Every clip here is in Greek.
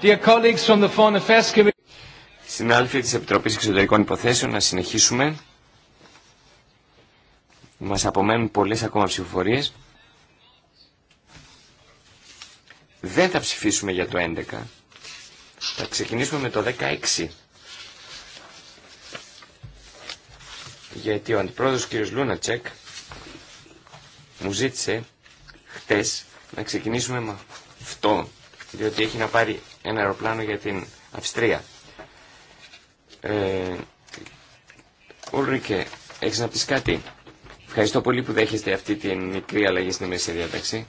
Dear colleagues της Επιτροπής Εξωτερικών Υποθέσεων, να συνεχίσουμε. Μας απομένουν πολλές ακόμα ψηφοφορίες. Δεν θα ψηφίσουμε για το 11. Θα ξεκινήσουμε με το 16. Γιατί ο αντιπρόεδρος κ. Λούνατσεκ μου ζήτησε χτες να ξεκινήσουμε με αυτό. Διότι έχει να πάρει ένα αεροπλάνο για την Αυστρία. Ε, Ούλρικε, έχεις να πεις κάτι. Ευχαριστώ πολύ που δέχεστε αυτή τη μικρή αλλαγή στην μέση διάταξη.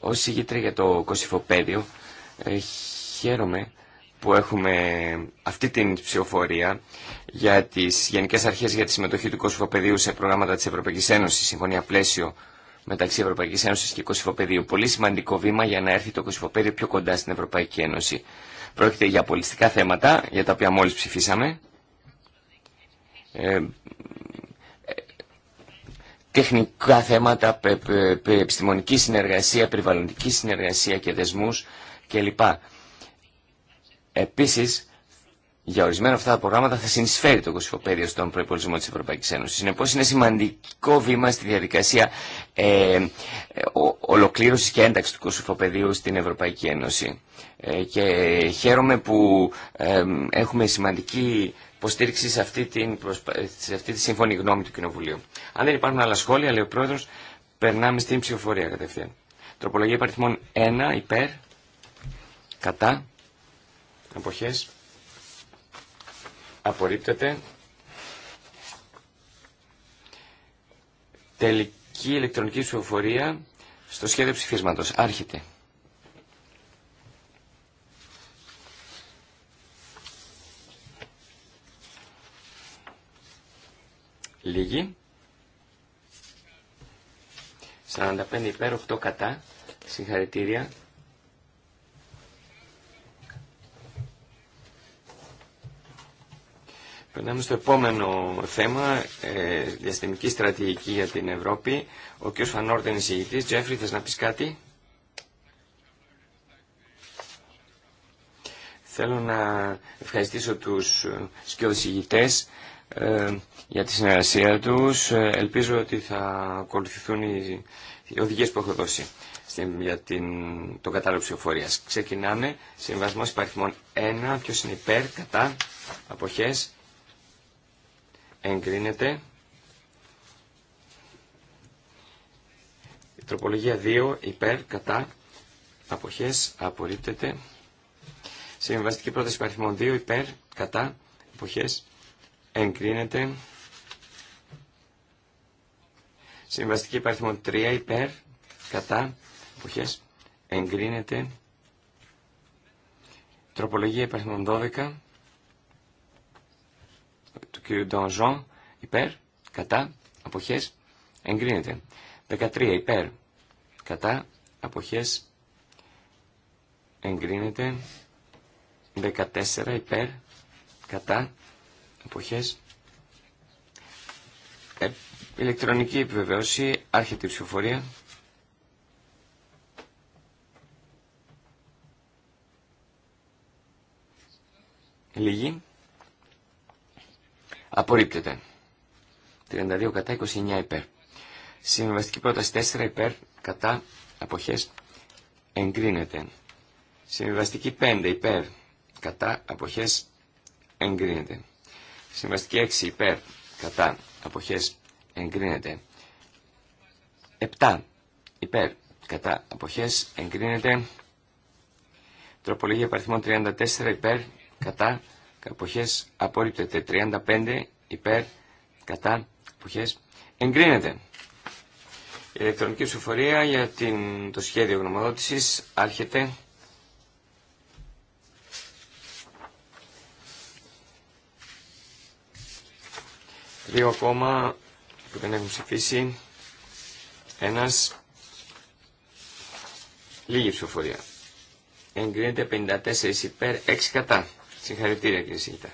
Ως ηγήτρια για το κοσυφοπέδιο, ε, χαίρομαι που έχουμε αυτή την ψηφοφορία για τις Γενικές Αρχές για τη Συμμετοχή του κοσυφοπεδίου σε προγράμματα της Ευρωπαϊκής Ένωσης, Συμφωνία Πλαίσιο μεταξύ Ευρωπαϊκής Ένωσης και Κωσυφοπεδίου. Πολύ σημαντικό βήμα για να έρθει το Κωσυφοπεδίο πιο κοντά στην Ευρωπαϊκή Ένωση. Πρόκειται για πολιτιστικά θέματα, για τα οποία μόλις ψηφίσαμε. Ε, ε, τεχνικά θέματα, επιστημονική συνεργασία, περιβαλλοντική συνεργασία και δεσμούς κλπ. Επίσης, για ορισμένα αυτά τα προγράμματα θα συνεισφέρει το κοσυφοπαίδιο στον προπολογισμό τη Ευρωπαϊκή Ένωση. Συνεπώ, είναι σημαντικό βήμα στη διαδικασία ε, ολοκλήρωση και ένταξη του κοσυφοπαιδίου στην Ευρωπαϊκή Ένωση. Ε, και χαίρομαι που ε, έχουμε σημαντική υποστήριξη σε αυτή, την αυτή τη σύμφωνη γνώμη του Κοινοβουλίου. Αν δεν υπάρχουν άλλα σχόλια, λέει ο Πρόεδρο, περνάμε στην ψηφοφορία κατευθείαν. Τροπολογία υπαριθμών 1 υπέρ, κατά, αποχές απορρίπτεται. Τελική ηλεκτρονική ψηφοφορία στο σχέδιο ψηφίσματος. Άρχεται. Λίγη. 45 υπέρ, 8 κατά. Συγχαρητήρια. Περνάμε στο επόμενο θέμα, ε, διαστημική στρατηγική για την Ευρώπη. Ο κ. Φανόρτεν, εισηγητής. Τζέφρι, θες να πεις κάτι? Θέλω να ευχαριστήσω τους ε, σκιοδησηγητές ε, για τη συνεργασία τους. Ε, ελπίζω ότι θα ακολουθηθούν οι, οι οδηγίες που έχω δώσει για την, τον κατάλογο ψηφοφορίας. Ξεκινάμε. Συμβασμός υπαριθμών 1. Ποιος είναι υπέρ, κατά, αποχές εγκρίνεται. Η τροπολογία 2 υπέρ κατά αποχές απορρίπτεται. Συμβαστική πρόταση παριθμών 2 υπέρ κατά αποχές εγκρίνεται. Συμβαστική υπαριθμών 3 υπέρ κατά αποχές εγκρίνεται. Τροπολογία υπαριθμών 12 και Ντονζόν υπέρ, κατά, αποχές, εγκρίνεται. 13 υπέρ, κατά, αποχές, εγκρίνεται. 14 υπέρ, κατά, αποχές, ε, ηλεκτρονική επιβεβαίωση, άρχεται η ψηφοφορία. Λίγη. Απορρίπτεται. 32 κατά 29 υπέρ. Συμβαστική πρόταση 4 υπέρ κατά αποχές εγκρίνεται. Συμβαστική 5 υπέρ κατά αποχές εγκρίνεται. Συμβαστική 6 υπέρ κατά αποχές εγκρίνεται. 7 υπέρ κατά αποχές εγκρίνεται. Τροπολογία παριθμών 34 υπέρ κατά καποχές απορρίπτεται 35 υπέρ κατά εποχές εγκρίνεται η ηλεκτρονική ψηφοφορία για την, το σχέδιο γνωμοδότησης άρχεται δύο ακόμα που δεν έχουν ψηφίσει ένας λίγη ψηφοφορία εγκρίνεται 54 υπέρ 6 κατά Συγχαρητήρια κύριε Σίγητα.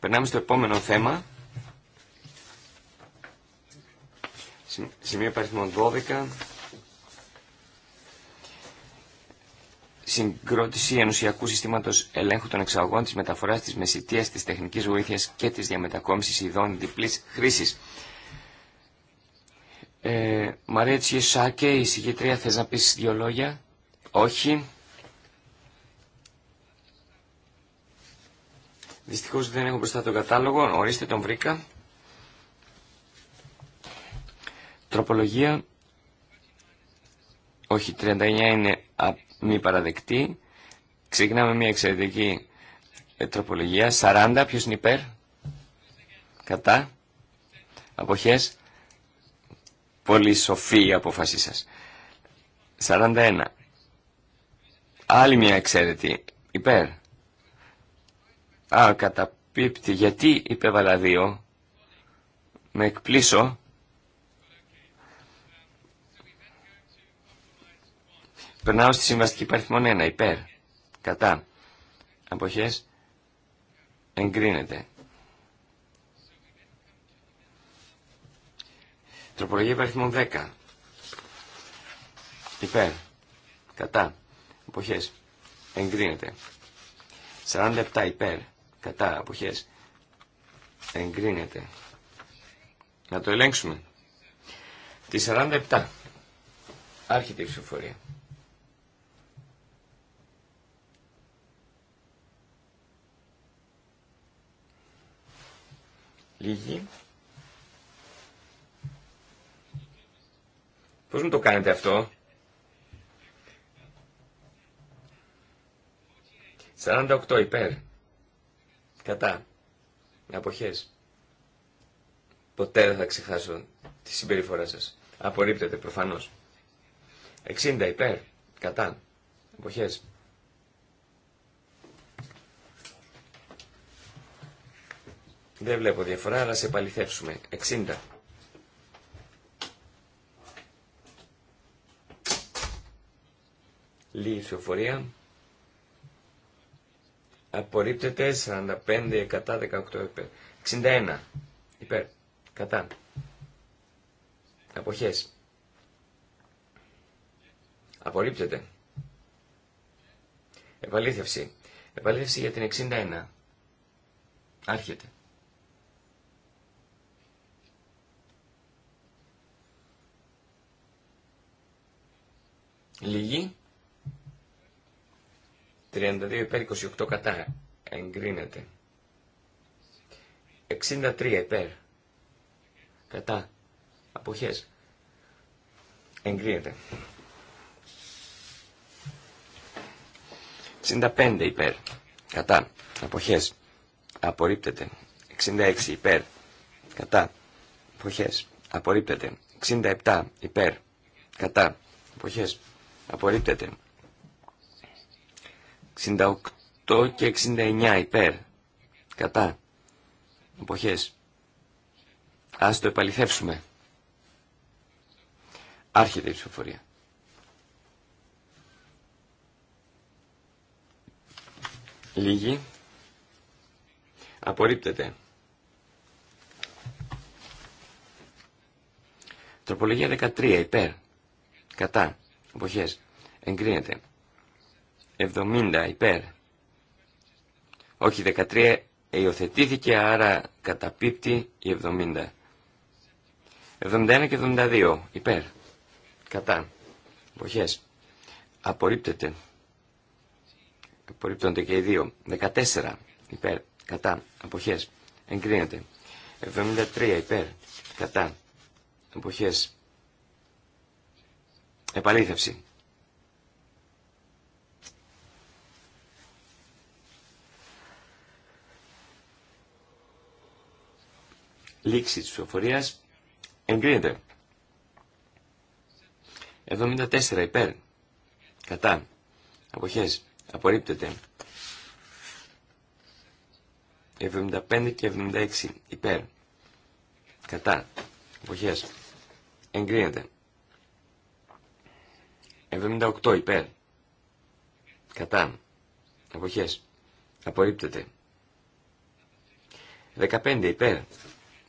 Περνάμε στο επόμενο θέμα. Σημείο παριθμών 12. Συγκρότηση ενωσιακού συστήματο ελέγχου των εξαγωγών τη μεταφορά τη μεσητεία, τη τεχνική βοήθεια και τη διαμετακόμιση ειδών διπλή χρήση. Ε, Μαρέτσιε Σάκε, η θε να πει δύο λόγια. Όχι. Δυστυχώς δεν έχω μπροστά τον κατάλογο. Ορίστε τον βρήκα. Τροπολογία. Όχι, 39 είναι μη παραδεκτή. Ξεκινάμε μια εξαιρετική ε, τροπολογία. 40, ποιος είναι υπέρ. Κατά. Αποχές. Πολύ σοφή η απόφασή σας. 41. Άλλη μια εξαίρετη. Υπέρ. Α, καταπίπτει. Γιατί είπε δύο. Με εκπλήσω. Περνάω στη συμβαστική παριθμόν 1. Υπέρ. Κατά. Αποχές. Εγκρίνεται. Τροπολογία παριθμόν 10. Υπέρ. Κατά. Εποχές. εγκρίνεται 47 υπέρ κατά εποχές. εγκρίνεται να το ελέγξουμε τη 47 άρχεται η ψηφοφορία λίγη Πώς μου το κάνετε αυτό 48 υπέρ. Κατά. Αποχές. Ποτέ δεν θα ξεχάσω τη συμπεριφορά σας. Απορρίπτεται προφανώς. 60 υπέρ. Κατά. Αποχές. Δεν βλέπω διαφορά, αλλά σε παληθεύσουμε. 60. Λίγη ψηφοφορία. Απορρίπτεται 45 κατά 18 υπέρ. 61 υπέρ. Κατά. Αποχές. Απορρίπτεται. Επαλήθευση. Επαλήθευση για την 61. Άρχεται. Λίγη. 32 υπέρ 28 κατά. Εγκρίνεται. 63 υπέρ. Κατά. Αποχές. Εγκρίνεται. 65 υπέρ. Κατά. Αποχές. Απορρίπτεται. 66 υπέρ. Κατά. Αποχές. Απορρίπτεται. 67 υπέρ. Κατά. Αποχές. Απορρίπτεται. 68 και 69 υπέρ. Κατά. Εποχές. Ας το επαληθεύσουμε. Άρχεται η ψηφοφορία. Λίγη. Απορρίπτεται. Τροπολογία 13 υπέρ. Κατά. Εποχές. Εγκρίνεται. 70 υπέρ. Όχι, 13 υιοθετήθηκε, άρα καταπίπτει η 70. 71 και 72 υπέρ. Κατά. εποχέ. Απορρίπτεται. Απορρίπτονται και οι δύο. 14 υπέρ. Κατά. εποχέ. Εγκρίνεται. 73 υπέρ. Κατά. Εποχές. Επαλήθευση. Λήξη της ψηφοφορίας. Εγκρίνεται. 74 υπέρ. Κατά. Αποχές. Απορρίπτεται. 75 και 76 υπέρ. Κατά. Αποχές. Εγκρίνεται. 78 υπέρ. Κατά. Αποχές. Απορρίπτεται. 15 υπέρ.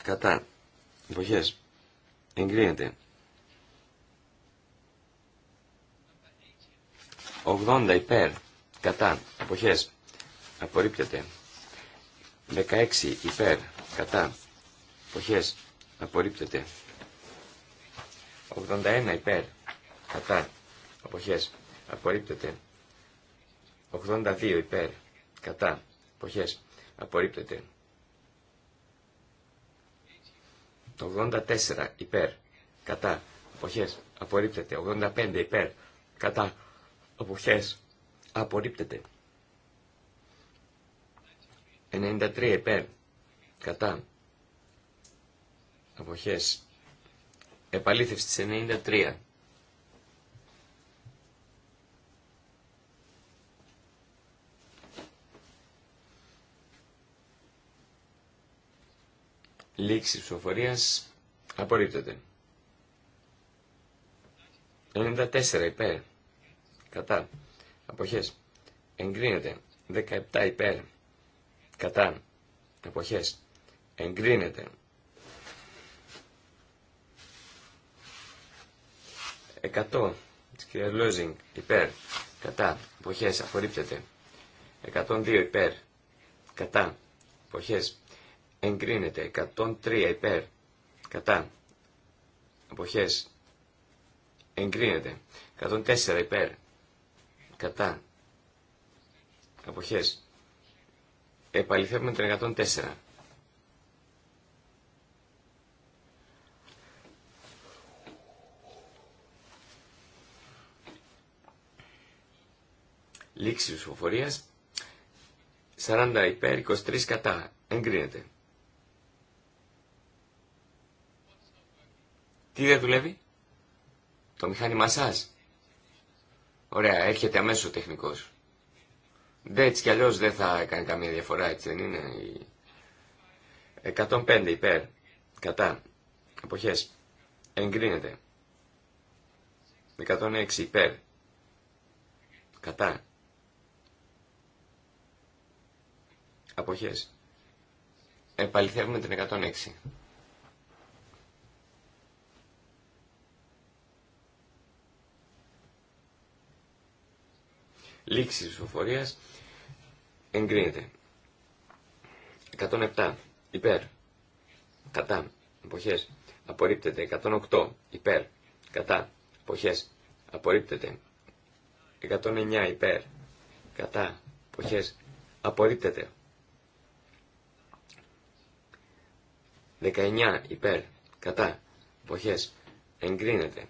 Κατά. Εποχές. Εγκρίνεται. 80 υπέρ. Κατά. Εποχές. Απορρίπτεται. 16 υπέρ. Κατά. Εποχές. Απορρίπτεται. 81 υπέρ. Κατά. Εποχές. Απορρίπτεται. 82 υπέρ. Κατά. Εποχές. Απορρίπτεται. 84 υπέρ, κατά, αποχές, απορρίπτεται. 85 υπέρ, κατά, αποχές, απορρίπτεται. 93 υπέρ, κατά, αποχές, επαλήθευση 93. Λήξη ψηφοφορίας απορρίπτεται. 94 υπέρ. Κατά. Αποχές. Εγκρίνεται. 17 υπέρ. Κατά. Αποχές. Εγκρίνεται. 100 της κυρίας Λόζινγκ υπέρ. Κατά. Αποχές. Απορρίπτεται. 102 υπέρ. Κατά. Αποχές εγκρίνεται 103 υπέρ κατά αποχές εγκρίνεται 104 υπέρ κατά αποχές επαληθεύουμε την 104 Λήξη ψηφοφορία 40 υπέρ 23 κατά εγκρίνεται Τι δεν δουλεύει? Το μηχάνημά σας. Ωραία, έρχεται αμέσως ο τεχνικός. δεν έτσι κι αλλιώς δεν θα κάνει καμία διαφορά, έτσι δεν είναι. 105 υπέρ, κατά, αποχές, εγκρίνεται. 106 υπέρ, κατά, αποχές. Επαληθεύουμε την 106. Λήξη τη ψηφοφορία Εγκρίνεται. 107. Υπέρ. Κατά. Εποχέ. Απορρίπτεται. 108. Υπέρ. Κατά. Εποχέ. Απορρίπτεται. 109. Υπέρ. Κατά. Εποχέ. Απορρίπτεται. 19. Υπέρ. Κατά. εποχέ. Εγκρίνεται.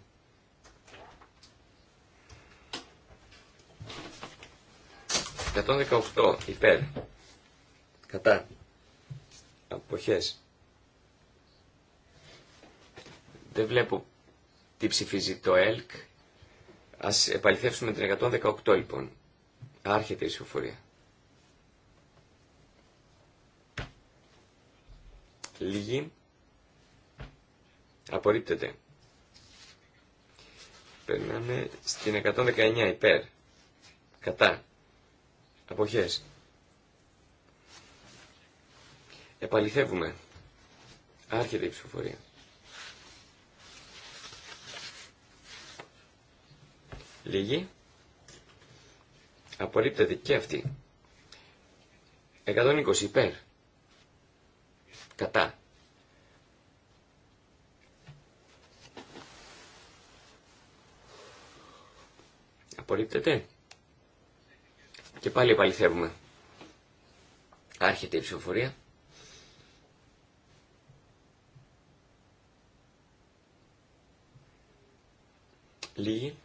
118 υπέρ. Κατά. Αποχές. Δεν βλέπω τι ψηφίζει το ΕΛΚ. Ας επαληθεύσουμε την 118 λοιπόν. Άρχεται η ψηφοφορία. Λίγη. Απορρίπτεται. Περνάμε στην 119 υπέρ. Κατά. Αποχές. Επαληθεύουμε. Άρχεται η ψηφοφορία. Λίγοι. Απορρίπτεται και αυτή. 120 υπέρ. Κατά. Απορρίπτεται. Και πάλι επαληθεύουμε. Άρχεται η ψηφοφορία. Λίγη.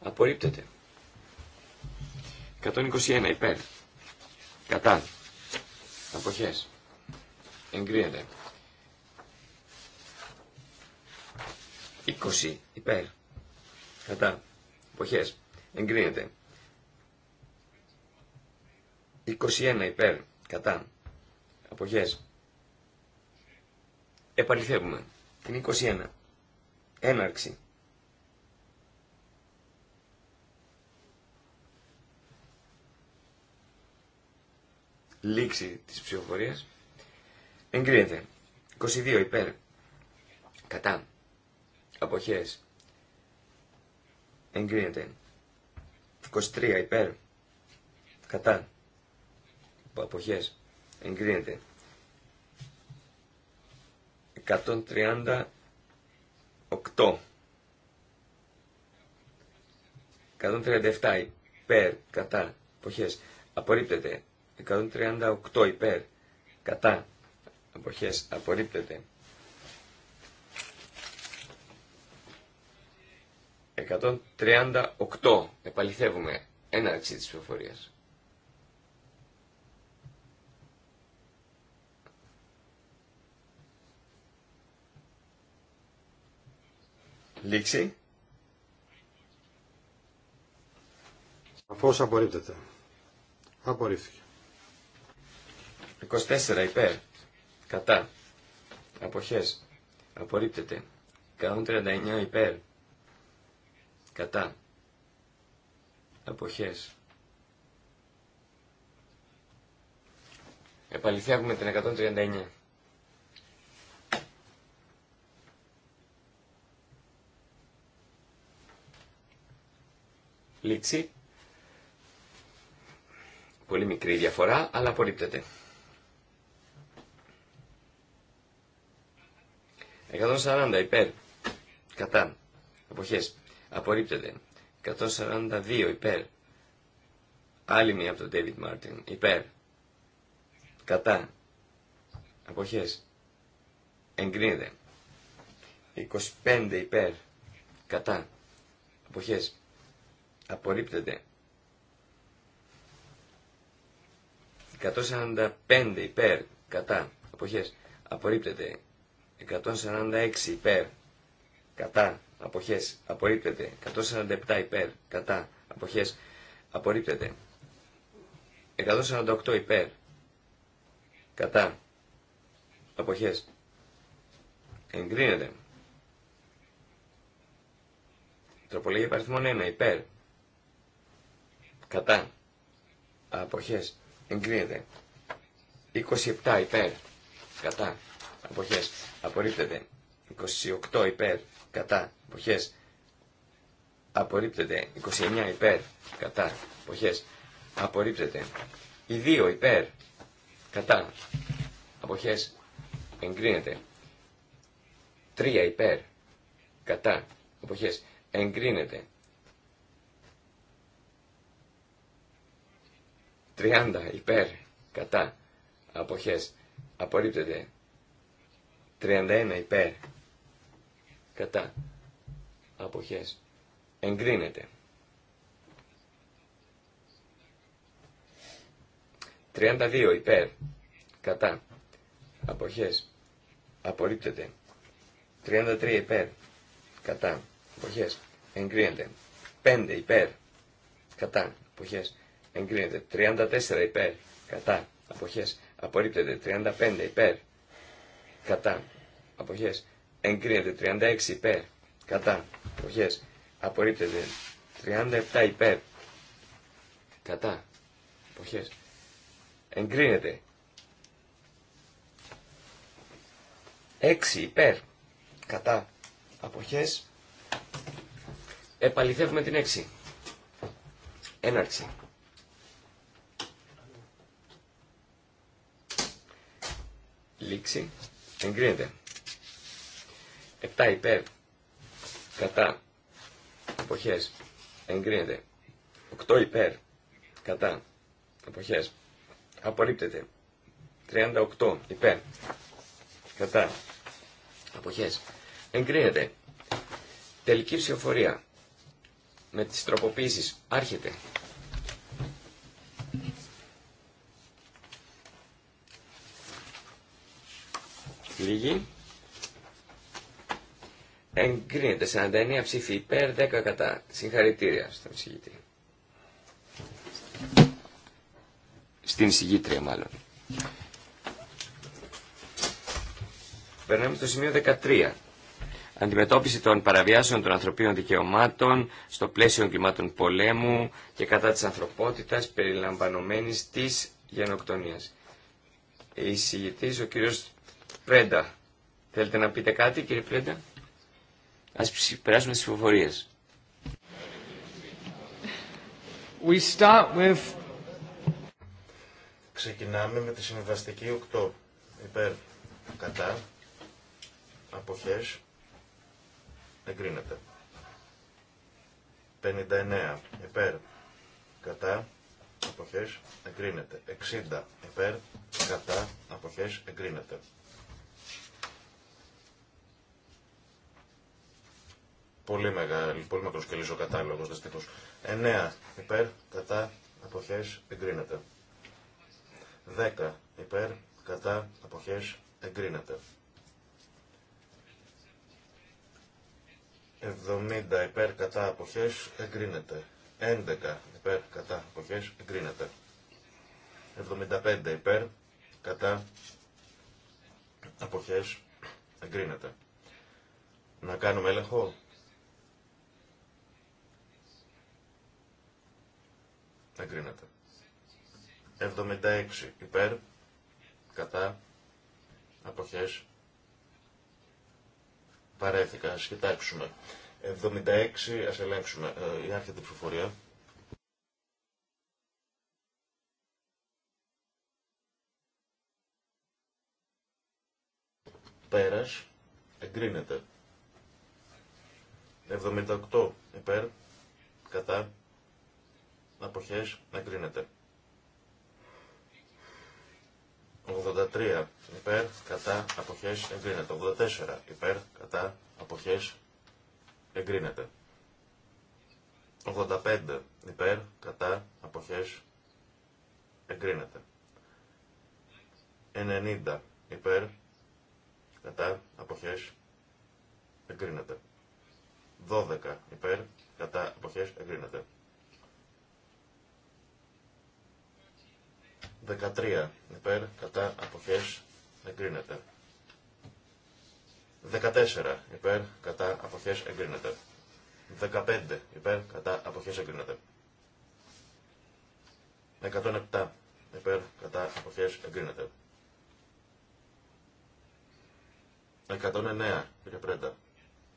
Απορρίπτεται. 121 υπέρ. Κατά. Αποχές. Εγκρίνεται. 20 υπέρ. Κατά. Αποχές. Εγκρίνεται. 21 υπέρ, κατά, αποχές. Επαληθεύουμε. Την 21. Έναρξη. Λήξη της ψηφοφορίας. Εγκρίνεται. 22 υπέρ. Κατά. Αποχές. Εγκρίνεται. 23 υπέρ. Κατά αποχές εγκρίνεται 138 137 υπέρ κατά εποχέ. απορρίπτεται 138 υπέρ κατά αποχές απορρίπτεται 138 επαληθεύουμε έναρξη της ψηφοφορίας Λήξη. Σαφώς απορρίπτεται. Απορρίφθηκε. 24 υπέρ. Κατά. Αποχές. Απορρίπτεται. 139 υπέρ. Κατά. Αποχές. Επαληθεύουμε την 139. Λήξη. Πολύ μικρή διαφορά, αλλά απορρίπτεται. 140 υπέρ. Κατά. Αποχές. Απορρίπτεται. 142 υπέρ. Άλλη μία από τον David Μάρτιν. Υπέρ. Κατά. Αποχές. Εγκρίνεται. 25 υπέρ. Κατά. Αποχές. Απορρίπτεται. 145 υπέρ. Κατά. Αποχές. Απορρίπτεται. 146 υπέρ. Κατά. Αποχές. Απορρίπτεται. 147 υπέρ. Κατά. Αποχές. Απορρίπτεται. 148 υπέρ. Κατά. Αποχές. Εγκρίνεται. Τροπολογία υπαριθμών 1 υπέρ κατά αποχές εγκρίνεται 27 υπέρ κατά αποχές απορρίπτεται 28 υπέρ κατά αποχές απορρίπτεται 29 υπέρ κατά αποχές απορρίπτεται οι δύο υπέρ κατά αποχές εγκρίνεται 3 υπέρ κατά αποχές εγκρίνεται 30 υπέρ κατά αποχές απορρίπτεται 31 υπέρ κατά αποχές εγκρίνεται 32 υπέρ κατά αποχές απορρίπτεται 33 υπέρ κατά αποχές εγκρίνεται 5 υπέρ κατά αποχές εγκρίνεται. 34 υπέρ, κατά, αποχές, απορρίπτεται. 35 υπέρ, κατά, αποχές, εγκρίνεται. 36 υπέρ, κατά, αποχές, απορρίπτεται. 37 υπέρ, κατά, αποχές, εγκρίνεται. 6 υπέρ, κατά, αποχές, επαληθεύουμε την 6. Έναρξη. λήξη εγκρίνεται. 7 υπέρ κατά εποχές εγκρίνεται. 8 υπέρ κατά εποχές απορρίπτεται. 38 υπέρ κατά εποχές εγκρίνεται. Τελική ψηφοφορία με τις τροποποίησεις άρχεται. λίγη. Εγκρίνεται 49 ψήφοι υπέρ, 10 κατά. Συγχαρητήρια στον εισηγητή. Στην εισηγήτρια μάλλον. Περνάμε στο σημείο 13. Αντιμετώπιση των παραβιάσεων των ανθρωπίνων δικαιωμάτων στο πλαίσιο εγκλημάτων πολέμου και κατά της ανθρωπότητας περιλαμβανομένης της γενοκτονίας. Εισηγητής ο κύριος Πρέντα. Θέλετε να πείτε κάτι κύριε Πρέντα. Ας περάσουμε στις υποφορίες. We start with... Ξεκινάμε με τη συμβαστική 8. Υπέρ. Κατά. Αποχές. Εγκρίνεται. 59. Υπέρ. Κατά. Αποχές. Εγκρίνεται. 60. Υπέρ. Κατά. Αποχές. Εγκρίνεται. Πολύ μεγάλη, πολύ και λύσο κατάλογος, δυστυχώς. 9 υπέρ, κατά, αποχές, εγκρίνεται. 10 υπέρ, κατά, αποχές, εγκρίνεται. 70 υπέρ, κατά, αποχές, εγκρίνεται. 11 υπέρ, κατά, αποχές, εγκρίνεται. 75 υπέρ, κατά, αποχές, εγκρίνεται. Να κάνουμε έλεγχο. εγκρίνεται. 76 υπέρ, κατά, αποχές, παρέθηκα, ας κοιτάξουμε. 76, ας ελέγξουμε, ε, η άρχεται ψηφοφορία. Πέρας, εγκρίνεται. 78 υπέρ, κατά, αποχές κρίνεται. 83 υπέρ κατά αποχές εγκρίνεται. 84 υπέρ κατά αποχές εγκρίνεται. 85 υπέρ κατά αποχές εγκρίνεται. 90 υπέρ κατά αποχές εγκρίνεται. 12 υπέρ κατά αποχές εγκρίνεται. 13 υπέρ κατά αποχές εγκρίνεται. 14 υπέρ κατά αποχές εγκρίνεται. 15 υπέρ κατά αποχές εγκρίνεται. 107 υπέρ κατά αποχές εγκρίνεται. 109 κύριε Πρέντα,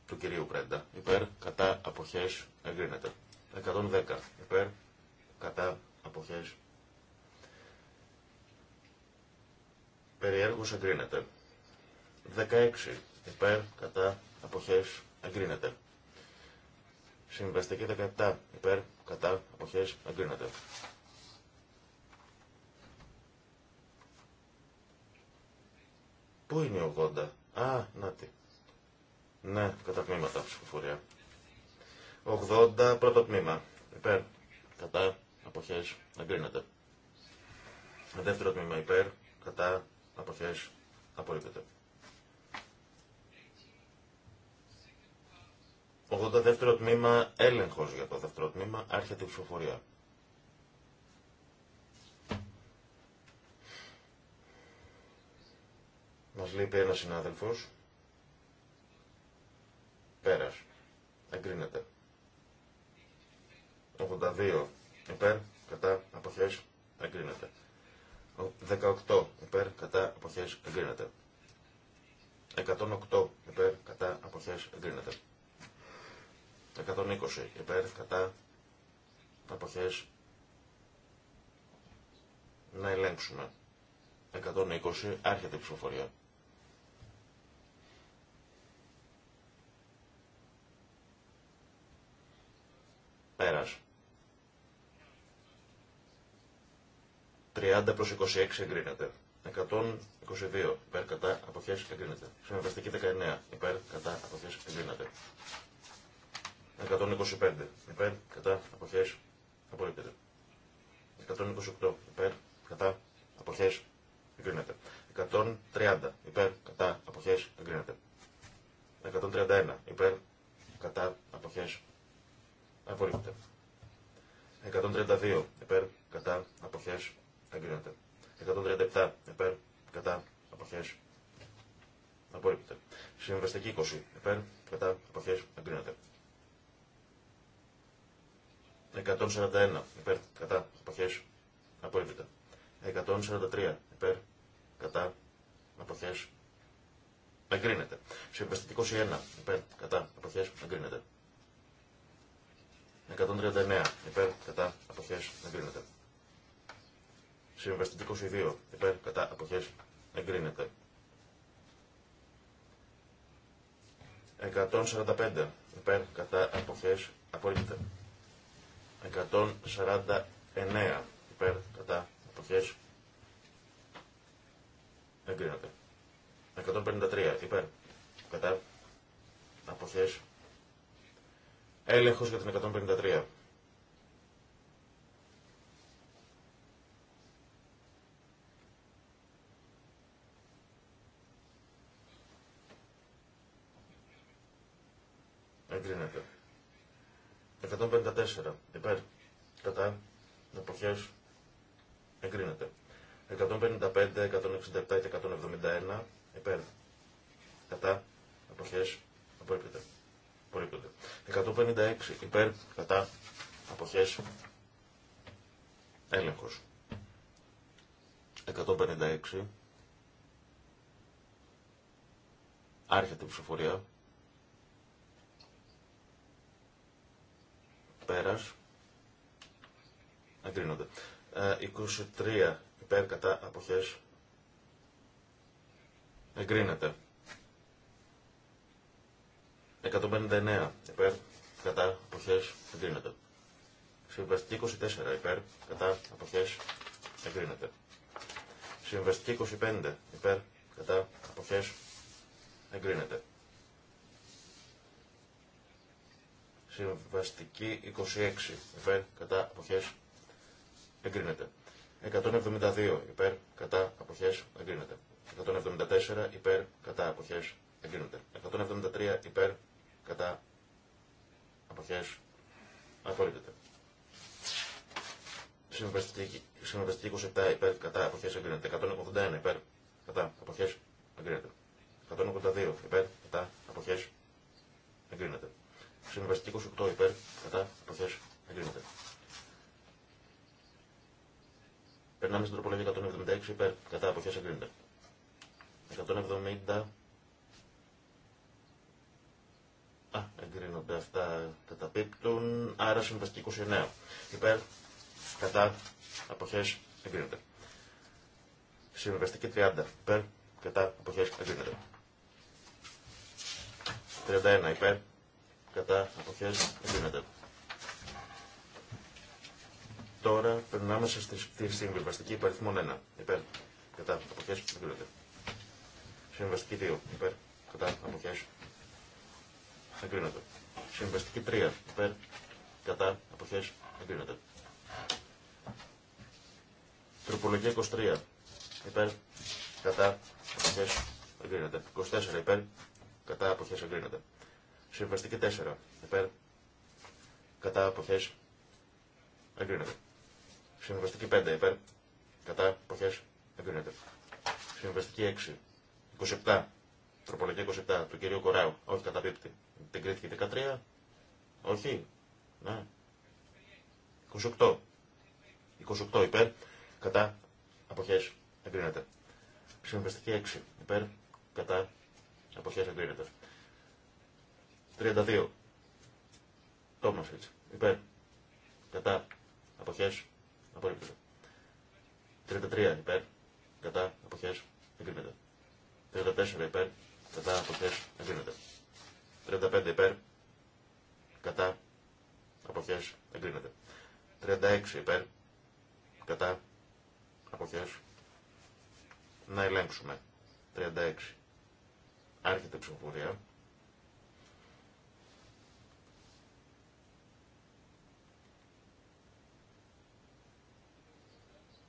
του κυρίου Πρέντα υπέρ κατά αποχές εγκρίνεται. 110 υπέρ κατά αποχές Περιέργως εγκρίνεται. 16 υπέρ κατά αποχές εγκρίνεται. Συμβαστική 17 υπέρ κατά αποχές εγκρίνεται. Πού είναι η 80. Α, να τι; Ναι, κατά τμήματα ψηφοφορία. 80 πρώτο τμήμα. Υπέρ. Κατά. Αποχές. Εγκρίνεται. Δεύτερο τμήμα υπέρ. Κατά αποχές απορρίπτεται. 82ο τμήμα έλεγχος για το δεύτερο τμήμα άρχεται η ψηφοφορία. Μας λείπει ένας συνάδελφος. εγκρίνεται. 108 υπέρ κατά αποχές εγκρίνεται. 120 υπέρ κατά αποχές να ελέγξουμε. 120 άρχεται η ψηφοφορία. Πέρας. 30 προς 26 εγκρίνεται. 122 υπέρ κατά αποχές εγκρίνεται. Συμβαστική 19 υπέρ κατά αποχές εγκρίνεται. 125 υπέρ κατά αποχές απορρίπτεται. 128 υπέρ κατά αποχές εγκρίνεται. 130 υπέρ κατά αποχές εγκρίνεται. 131 υπέρ κατά αποχές απορρίπτεται. 132 υπέρ κατά αποχές εγκρίνεται. 137 επερ κατά αποχές απορρίπτεται. Συμβαστική 20 επερ κατά αποχές εγκρίνεται. 141 επερ κατά αποχές απορρίπτεται. 143 επερ κατά αποχές εγκρίνεται. Συμβαστική 21 επερ κατά αποχές εγκρίνεται. 139 υπέρ κατά αποχές εγκρίνεται. Συμβαστική 22. Υπέρ κατά αποχές εγκρίνεται. 145. Υπέρ κατά αποχές απορρίπτεται. 149. Υπέρ κατά αποχές εγκρίνεται. 153. Υπέρ κατά αποχές έλεγχος για την 153. 154 υπέρ κατά εποχέ εγκρίνεται. 155, 167 και 171 υπέρ κατά εποχε απορρίπτεται. 156 υπέρ κατά αποχές έλεγχος. 156 άρχεται η ψηφορία. Πέρας. Εγκρίνονται. 23 ε, υπέρ κατά αποχές. Εγκρίνεται. 159 υπέρ κατά αποχές. Εγκρίνεται. Συμβαστική 24 υπέρ κατά αποχές. Εγκρίνεται. Συμβαστική 25 υπέρ κατά αποχές. Εγκρίνεται. Συμβαστική 26 υπέρ κατά αποχές εγκρίνεται. 172 υπέρ κατά αποχές εγκρίνεται. 174 υπέρ κατά αποχές εγκρίνεται. 173 υπέρ κατά αποχές απορρίπτεται. Συμβαστική 27 υπέρ κατά αποχές εγκρίνεται. 181 υπέρ κατά αποχές εγκρίνεται. 182 υπέρ κατά αποχές εγκρίνεται. Συμβαστική 28 υπέρ, κατά, αποχές, εγκρίνεται. Περνάμε στην τροπολογία 176 υπέρ, κατά, αποχές, εγκρίνεται. 170 Α, εγκρίνονται αυτά, καταπίπτουν, άρα συμβαστή 29. Υπέρ, κατά, αποχές, εγκρίνεται. Συμβαστική 30. Υπέρ, κατά, αποχές, εγκρίνεται. 31. Υπέρ, κατά εποχές εγκρίνεται. Τώρα περνάμε στη συμβιβαστική υπαριθμών 1. Υπέρ. Κατά εποχές εγκρίνεται. Συμβαστική 2. Υπέρ. Κατά εποχές εγκρίνεται. Συμβαστική 3. Υπέρ. Κατά εποχές εγκρίνεται. Τροπολογία 23. Υπέρ. Κατά εποχές εγκρίνεται. 24. Υπέρ. Κατά εποχές εγκρίνεται. Συμβαστική 4. Υπέρ. Κατά αποχές. Εγκρίνεται. Συμβαστική 5. Υπέρ. Κατά αποχές. Εγκρίνεται. Συμβαστική 6. 27. Τροπολογία 27 του κυρίου Κοράου. Όχι καταπίπτει. Την κρίθηκε 13. Όχι. Ναι. 28. 28 υπέρ. Κατά αποχές. Εγκρίνεται. Συμβαστική 6. Υπέρ. Κατά αποχές. Εγκρίνεται. 32. Υπέρ. Κατά. Αποχές. Απορρίπτεται. 33. Υπέρ. Κατά. Αποχές. Εγκρίνεται. 34. Υπέρ. Κατά. Αποχές. Εγκρίνεται. 35. Υπέρ. Κατά. Αποχές. Εγκρίνεται. 36. Υπέρ. Κατά. Αποχές. Να ελέγξουμε. 36. Άρχεται η ψηφοφορία.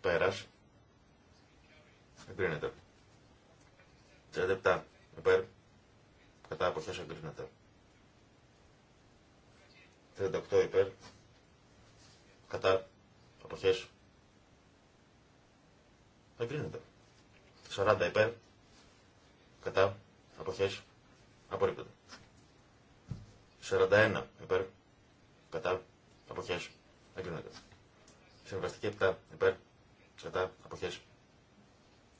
Πέρας. Εγκρίνεται. 37 υπέρ. Κατά αποχές εγκρίνεται. 38 υπέρ. Κατά αποχές. Εγκρίνεται. 40 υπέρ. Κατά αποχές. Απορρίπτεται. 41 υπέρ. Κατά αποχές. Εγκρίνεται. Συμβαστική 7 υπέρ κατά,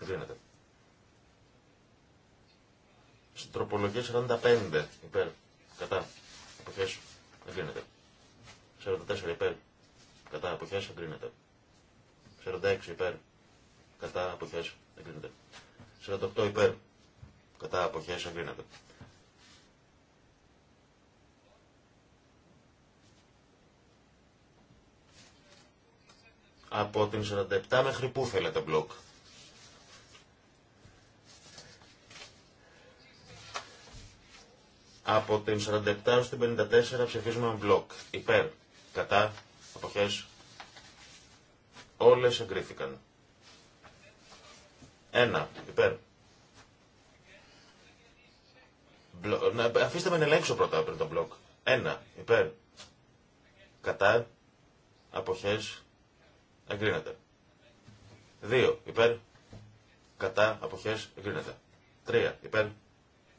εγκρίνεται. Στην τροπολογία 45 υπέρ, κατά, αποχές, εγκρίνεται. 44 υπέρ, κατά, αποχές, εγκρίνεται. 46 υπέρ, κατά, αποχές, εγκρίνεται. 48 υπέρ, κατά, αποχές, εγκρίνεται. Από την 47 μέχρι πού θέλετε μπλοκ. Από την 47 ως την 54 ψηφίζουμε μπλοκ. Υπέρ, κατά, αποχές. Όλες εγκρίθηκαν. Ένα, υπέρ. Μπλο... Να, αφήστε με να ελέγξω πρώτα πριν το μπλοκ. Ένα, υπέρ. Κατά, αποχές, εγκρίνεται. 2 υπέρ, κατά αποχές εγκρίνεται. 3 υπέρ,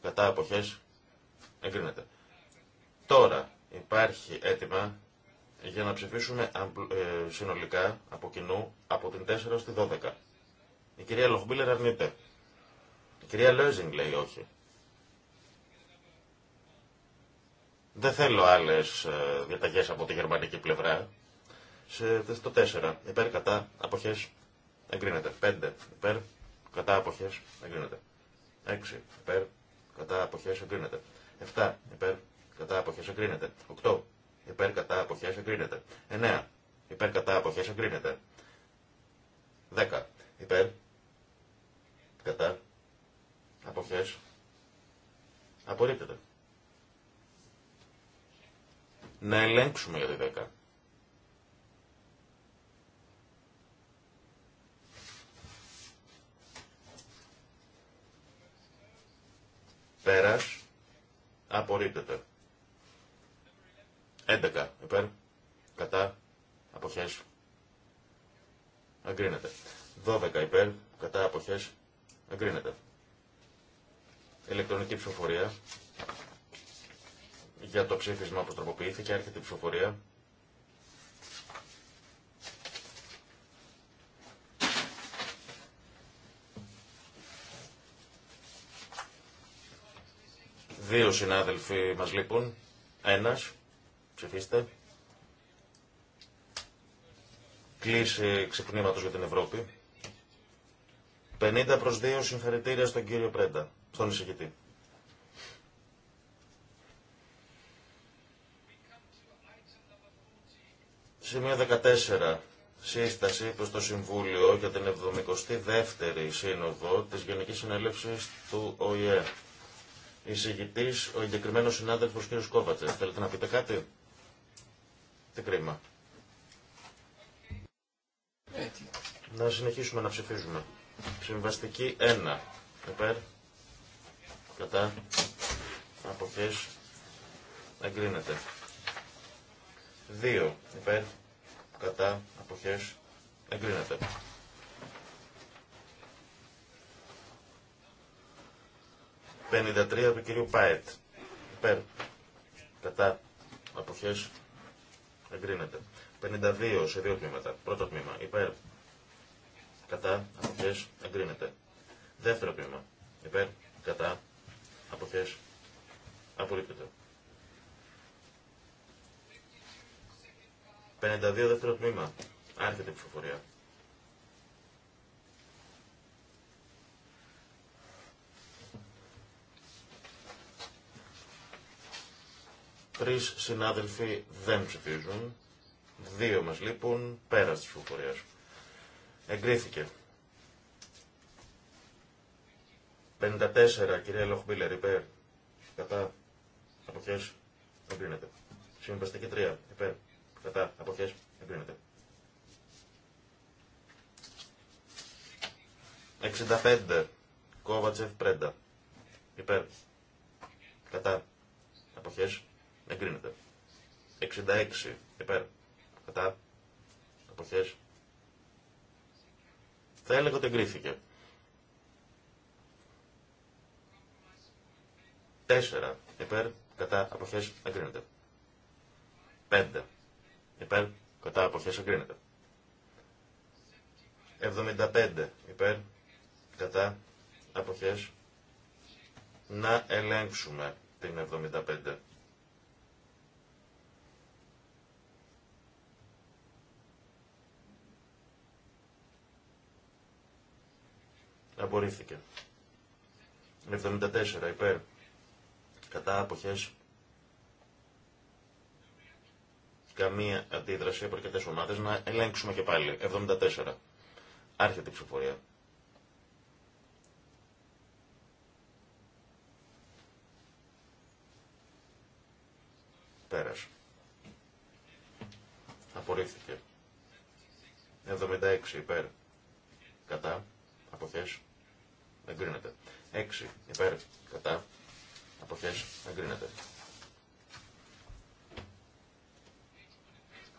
κατά αποχές εγκρίνεται. Τώρα υπάρχει αίτημα για να ψηφίσουμε ε, συνολικά από κοινού από την 4 στη 12. Η κυρία Λοχμπίλερ αρνείται. Η κυρία Λόιζινγκ λέει όχι. Δεν θέλω άλλες ε, διαταγές από τη γερμανική πλευρά σε, το 4. Υπέρ, κατά, αποχέ, εγκρίνεται. 5. Υπέρ, κατά, αποχέ, εγκρίνεται. 6. Υπέρ, κατά, αποχέ, εγκρίνεται. 7. Υπέρ, κατά, αποχέ, εγκρίνεται. 8. Υπέρ, κατά, αποχέ, εγκρίνεται. 9. Υπέρ, κατά, αποχέ, εγκρίνεται. 10. Υπέρ, κατά, απόχέ, απορρίπτεται. Να ελέγξουμε για τη 10. Πέρα, Απορρίπτεται. 11. Υπέρ. Κατά. Αποχές. Εγκρίνεται. 12. Υπέρ. Κατά. Αποχές. Εγκρίνεται. Ηλεκτρονική ψηφοφορία. Για το ψήφισμα που τροποποιήθηκε. Έρχεται η ψηφοφορία. Δύο συνάδελφοι μας λείπουν. Ένας. Ψηφίστε. Κλείση ξυπνήματος για την Ευρώπη. 50 προς 2 συγχαρητήρια στον κύριο Πρέντα, στον εισηγητή. Σημείο 14. Σύσταση προς το Συμβούλιο για την 72η Σύνοδο της Γενικής Συνέλευσης του ΟΗΕ εισηγητή, ο εγκεκριμένο συνάδελφο κ. Κόβατσε. Θέλετε να πείτε κάτι. Τι κρίμα. Να συνεχίσουμε να ψηφίζουμε. Συμβαστική 1. Υπέρ. Κατά. Αποχές. Εγκρίνεται. 2. Υπέρ. Κατά. Αποχές. Εγκρίνεται. 53 του κυρίου Πάετ. Υπέρ. Κατά. Αποχές. Εγκρίνεται. 52 σε δύο τμήματα. Πρώτο τμήμα. Υπέρ. Κατά. Αποχές. Εγκρίνεται. Δεύτερο τμήμα. Υπέρ. Κατά. Αποχές. Απορρίπτεται. 52 δεύτερο τμήμα. Άρχεται η ψηφοφορία. Τρεις συνάδελφοι δεν ψηφίζουν. Δύο μας λείπουν πέρα της ψηφοφορίας. Εγκρίθηκε. 54, κυρία Λοχμπίλερ, υπέρ. Κατά. Αποχές. Εγκρίνεται. Συμβαστική 3, υπέρ. Κατά. Αποχές. Εγκρίνεται. 65. Κόβατσεφ Πρέντα. Υπέρ. Κατά. Αποχές. Εγκρίνεται. 66 υπέρ. Κατά. Αποχές. Θα έλεγα ότι εγκρίθηκε. 4 υπέρ. Κατά. Αποχές. Εγκρίνεται. 5 υπέρ. Κατά. Αποχές. Εγκρίνεται. 75 υπέρ. Κατά. απόχέ Να ελέγξουμε την 75. Απορρίφθηκε. 74 υπέρ. Κατά αποχές. Καμία αντίδραση από αρκετέ ομάδες. Να ελέγξουμε και πάλι. 74. Άρχεται η ψηφοφορία. Πέρασε. Απορρίφθηκε. 76 υπέρ. Κατά. Αποθέσει εγκρίνεται. 6 υπέρ κατά αποχές εγκρίνεται.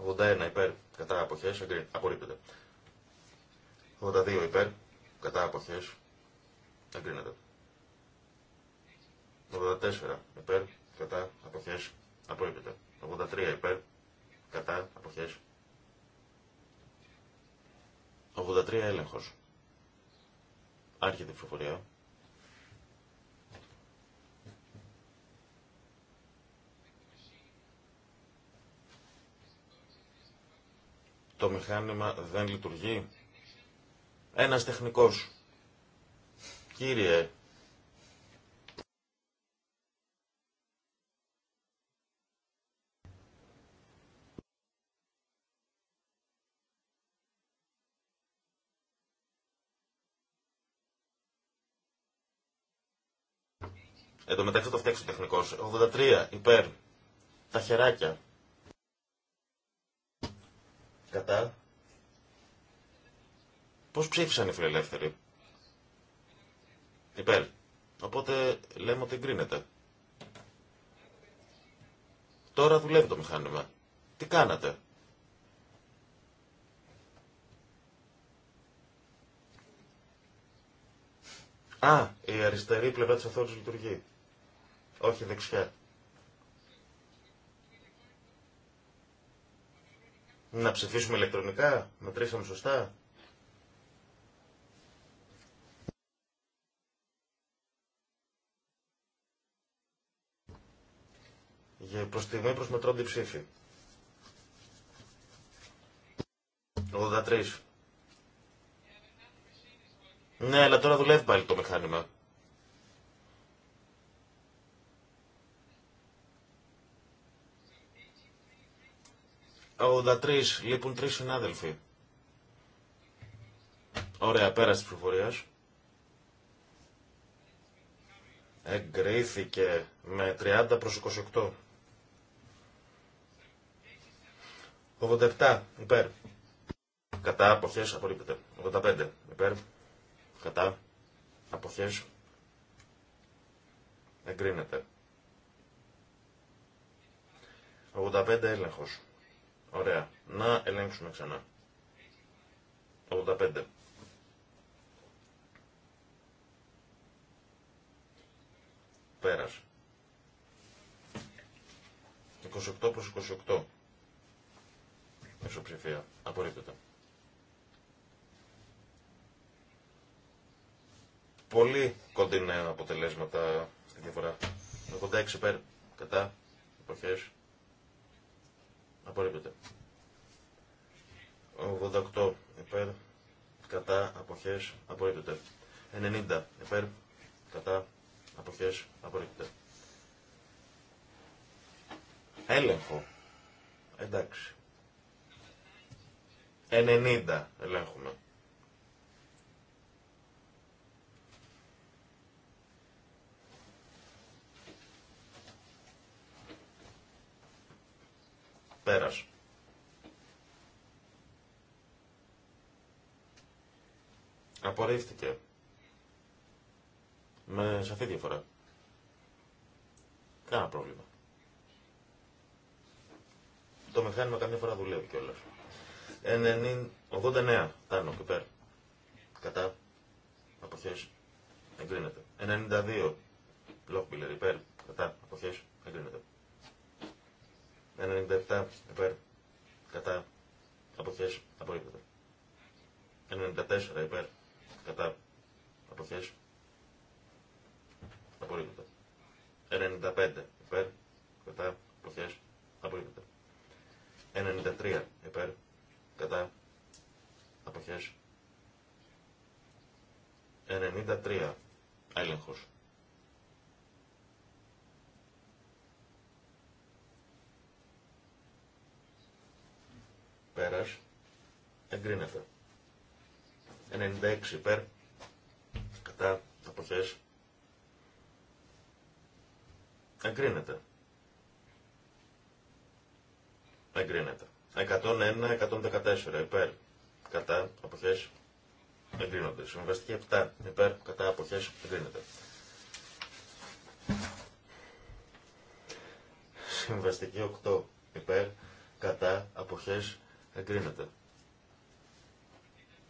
81 υπέρ κατά αποχές απορρίπτεται. 82 υπέρ κατά αποχές εγκρίνεται. 84 υπέρ κατά αποχές απορρίπτεται. 83 υπέρ κατά αποχές 83 έλεγχος. Άρχεται η ψηφοφορία. Το μηχάνημα δεν λειτουργεί. Ένας τεχνικός. Κύριε, Εν τω μεταξύ το φτιάξει ο τεχνικό. 83 υπέρ. Τα χεράκια. Κατά. Πώ ψήφισαν οι φιλελεύθεροι. Υπέρ. Οπότε λέμε ότι εγκρίνεται. Τώρα δουλεύει το μηχάνημα. Τι κάνατε. Α, η αριστερή πλευρά της οθόνης λειτουργεί όχι δεξιά. Να ψηφίσουμε ηλεκτρονικά, μετρήσαμε σωστά. Για προς στιγμή προσμετρώνται οι ψήφοι. 83. Ναι, αλλά τώρα δουλεύει πάλι το μηχάνημα. 83. Λείπουν τρεις συνάδελφοι. Ωραία, Πέραση τη ψηφοφορία. Εγκρίθηκε με 30 προς 28. 87 υπέρ. Κατά αποχές απορρίπτεται. 85 υπέρ. Κατά αποχές εγκρίνεται. 85 έλεγχος. Ωραία. Να ελέγξουμε ξανά. 85. Πέρας. 28 προς 28. Μεσοψηφία. Απορρίπτεται. Πολύ κοντινά αποτελέσματα στη διαφορά. 86 πέρα. κατά εποχές Απορρίπτεται. 88 υπέρ κατά αποχές απορρίπτεται. 90 υπέρ κατά αποχές απορρίπτεται. Έλεγχο. Εντάξει. 90 ελέγχουμε. Πέρας. Απορρίφθηκε. Με σαφή διαφορά. Κάνα πρόβλημα. Το μηχάνημα καμιά φορά δουλεύει κιόλα. 89. Τάνο και πέρα. Κατά. Αποχές. Εγκρίνεται. 92. Λόχμπιλερ υπέρ. Κατά. Αποχές. Εγκρίνεται. 97 υπέρ κατά αποχές απορρίπτεται. 94 υπέρ κατά αποχές απορρίπτεται. 95 υπέρ κατά αποχές απορρίπτεται. 93 υπέρ κατά αποχές 93 έλεγχος. Πέρας. Εγκρίνεται. 96 υπέρ. Κατά. Αποχές. Εγκρίνεται. Εγκρίνεται. 101-114 υπέρ. Κατά. αποχέ. Εγκρίνονται. Συμβαστική 7 υπέρ. Κατά. Αποχές. Εγκρίνεται. Συμβαστική 8 υπέρ. Κατά. Αποχές. Εγκρίνεται.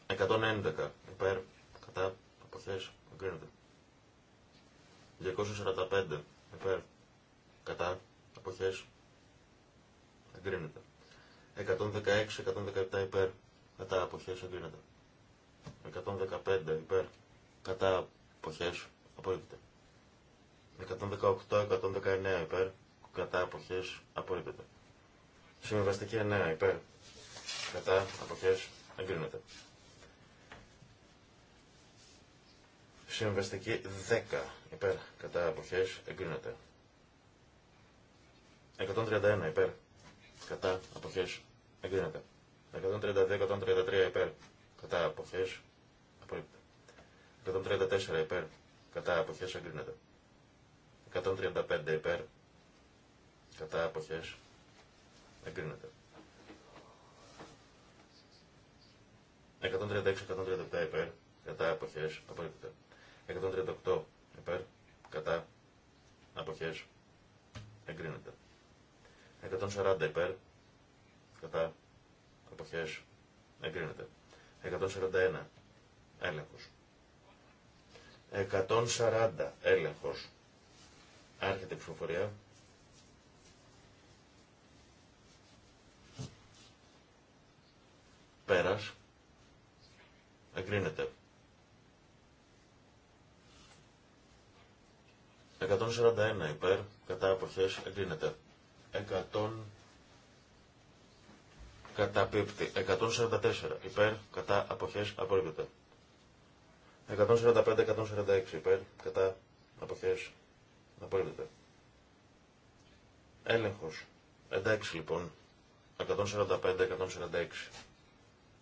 111 υπέρ κατά αποχές. Εγκρίνεται. 245 υπέρ κατά αποχές. Εγκρίνεται. 116-117 υπέρ κατά αποχές. Εγκρίνεται. 115 υπέρ κατά αποχές. Απορρίπτεται. 118-119 υπέρ κατά αποχές. Απορρίπτεται. Συμβαστική 9 υπέρ Κατά. Αποχές. Εγκρίνεται. Συμβαστική 10. Υπέρ. Κατά. Αποχές. Εγκρίνεται. 131. Υπέρ. Κατά. Αποχές. Εγκρίνεται. 132-133 υπέρ. Κατά αποχές. Απορρίπτεται. 134 υπέρ. Κατά αποχές εγκρίνεται. 135 υπέρ. Κατά αποχές εγκρίνεται. 136-137 υπέρ, κατά αποχές, απορρίπτεται. 138 υπέρ, κατά αποχές, εγκρίνεται. 140 υπέρ, κατά αποχές, εγκρίνεται. 141 έλεγχος. 140 έλεγχος. Άρχεται η ψηφοφορία. Πέρας. Εγκρίνεται. 141 υπέρ, κατά αποχές, εγκρίνεται. 100 κατά πίπτη. 144 υπέρ, κατά αποχές, απορρίπτεται. 145-146 υπέρ, κατά αποχές, απορρίπτεται. Έλεγχος. Εντάξει λοιπόν. 145-146.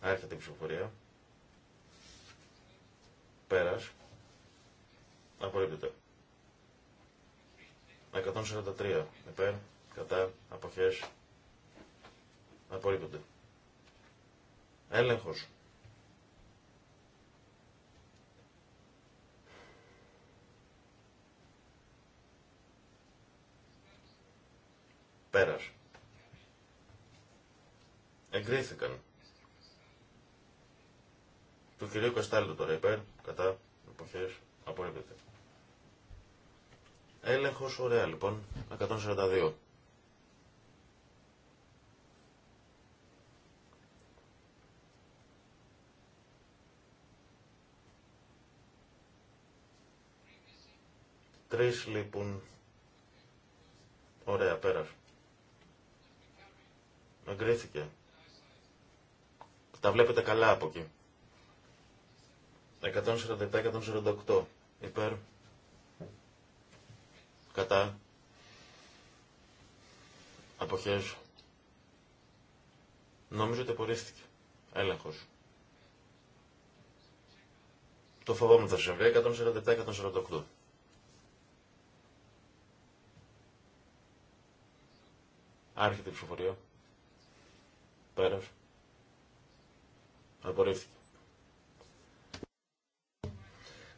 Άρχεται η ψηφοφορία. Πέρας. Απορρίπτεται. 143 υπέρ, κατά, αποχές, απορρίπτεται. Έλεγχος. Πέρας. Εγκρίθηκαν του κυρίου Καστάλλου τώρα υπέρ, κατά, εποχές, απορρίπτεται. Έλεγχος, ωραία λοιπόν, 142. Τρεις λοιπόν, ωραία πέρας. Εγκρίθηκε. Τα βλέπετε καλά από εκεί. 147-148 υπέρ κατά αποχές Νομίζω ότι απορρίφθηκε. Έλεγχο. Το φοβόμουν θα συμβεί. 147-148. Άρχεται η ψηφοφορία. Πέρας. Απορρίφθηκε.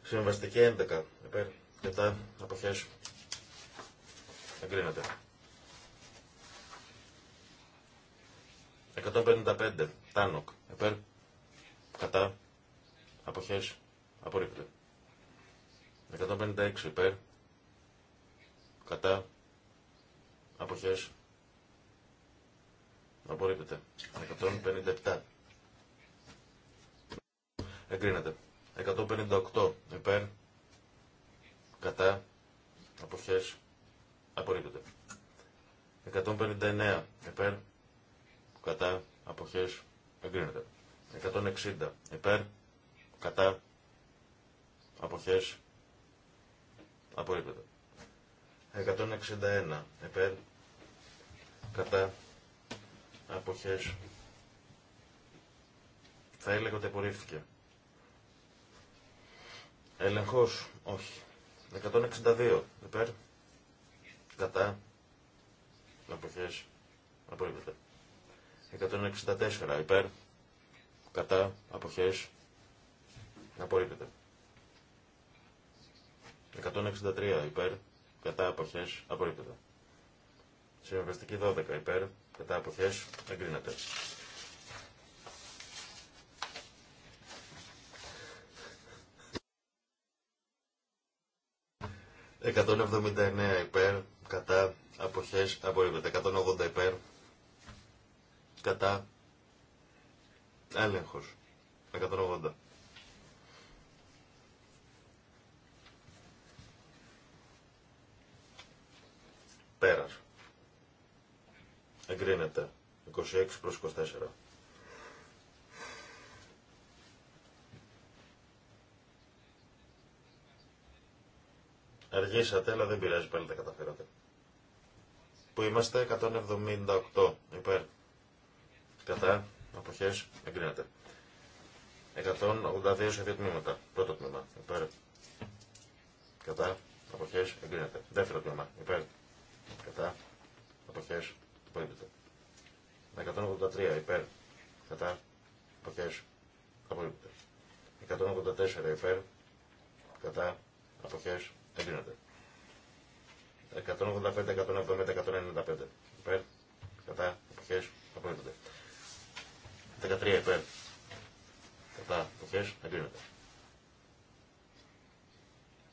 Συμβαστική 11. Επέρ. Κατά. αποχέ Εγκρίνεται. 155. Τάνοκ. Επέρ. Κατά. Αποχές. Απορρίπτεται. 156. επέρ, Κατά. Αποχές. Απορρίπτεται. 157. Εγκρίνεται. 158 υπέρ, κατά, αποχές, απορρίπτεται. 159 υπέρ, κατά, αποχές, εγκρίνεται. 160 υπέρ, κατά, αποχές, απορρίπτεται. 161 υπέρ, κατά, αποχές, θα έλεγα ότι απορρίφθηκε. Έλεγχος. Όχι. 162. Υπέρ. Κατά. Αποχές. Απορρίπτεται. 164. Υπέρ. Κατά. Αποχές. Απορρίπτεται. 163. Υπέρ. Κατά. Αποχές. Απορρίπτεται. Συμβαστική 12. Υπέρ. Κατά. Αποχές. Εγκρίνεται. 179 υπέρ, κατά, αποχές, απορρίβεται. 180 υπέρ, κατά, έλεγχος. 180. Πέρας. Εγκρίνεται. 26 προς 24. Αργήσατε, αλλά δεν πειράζει, πάλι τα καταφέρατε. Που είμαστε 178 υπέρ. Κατά, αποχές, εγκρίνεται. 182 σε δύο τμήματα. Πρώτο τμήμα, υπέρ. Κατά, αποχές, εγκρίνεται. Δεύτερο τμήμα, υπέρ. Κατά, αποχές, απορρίπτεται. 183 υπέρ. Κατά, αποχές, απορρίπτεται. 184 υπέρ. Κατά, αποχές, Εγκρίνονται. 185, 170, 195. Υπέρ. Κατά. Εποχέ. Απολύτω. 13 υπέρ. Κατά. Εποχέ. Εγκρίνεται.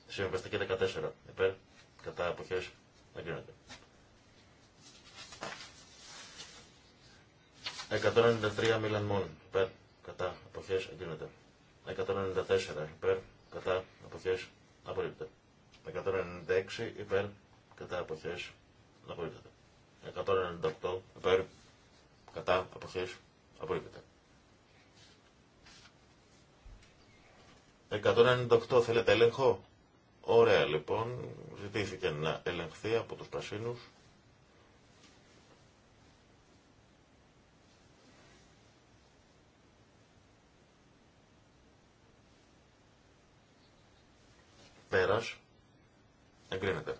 Συμβαστική 14 υπέρ. Κατά. Εποχέ. Εγκρίνεται. 193 μίλαν μόνο. Υπέρ. Κατά. Εποχέ. Εγκρίνεται. 194 υπέρ. Κατά. Εποχέ. απολύτω. 196 υπέρ κατά αποχές απορρίπτεται. 198 υπέρ κατά αποχές απορρίπτεται. 198 θέλετε έλεγχο. Ωραία λοιπόν, ζητήθηκε να ελεγχθεί από τους πρασίνους. Εγκρίνεται.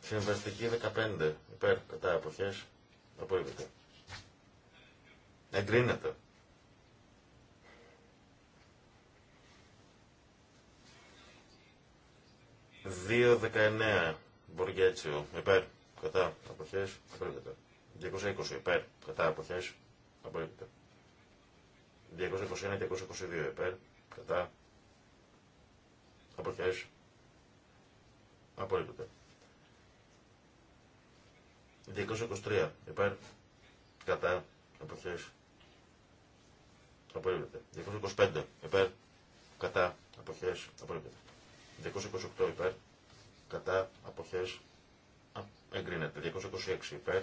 Συμβαστική 15 υπέρ κατά εποχές απορρίπτεται. Εγκρίνεται. Δύο δεκαεννέα Μποργέτσιο υπέρ κατά εποχές απορρίπτεται. 220 υπέρ κατά εποχές απορρίπτεται. 221 και 222 υπέρ Κατά. Αποχές. Απορρίπτεται. 223 υπέρ. Κατά. Αποχές. Απορρίπτεται. 225 υπέρ. Κατά. Αποχές. Απορρίπτεται. 228 υπέρ. Κατά. Αποχές. Εγκρίνεται. 226 υπέρ.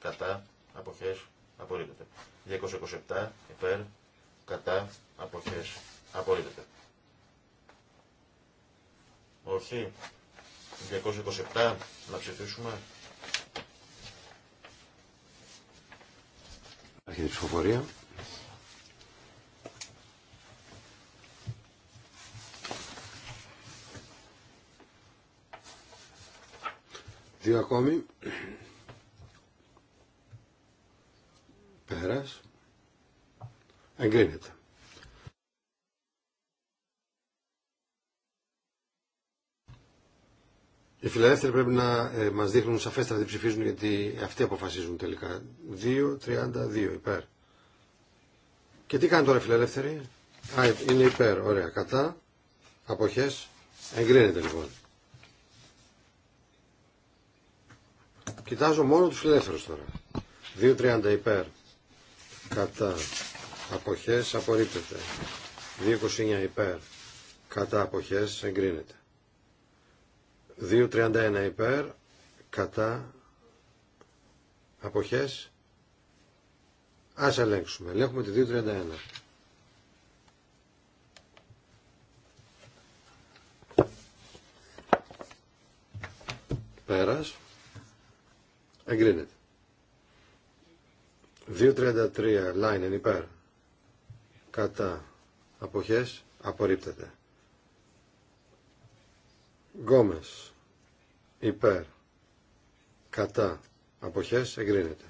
Κατά. Αποχές. Απορρίπτεται. 227 υπέρ. Κατά. Αποχές. Απορρίπτεται. Όχι. 227. Να ψηφίσουμε. Άρχεται ψηφοφορία. Δύο ακόμη. Πέρας. Εγκρίνεται. Οι φιλελεύθεροι πρέπει να ε, μα δείχνουν σαφέστερα τι ψηφίζουν γιατί αυτοί αποφασίζουν τελικά. 2-32 υπέρ. Και τι κάνουν τώρα οι φιλελεύθεροι. Α, είναι υπέρ. Ωραία. Κατά. Αποχές. Εγκρίνεται λοιπόν. Κοιτάζω μόνο του φιλελευθερου τώρα. τώρα. 2-30 υπέρ. Κατά. Αποχές απορρίπτεται. 29 υπέρ. Κατά αποχέ εγκρίνεται. 2.31 υπέρ κατά αποχές ας ελέγξουμε ελέγχουμε τη 2.31 Πέρας, εγκρίνεται. 2.33 line υπέρ κατά αποχές απορρίπτεται. Γκόμες υπέρ κατά αποχές εγκρίνεται.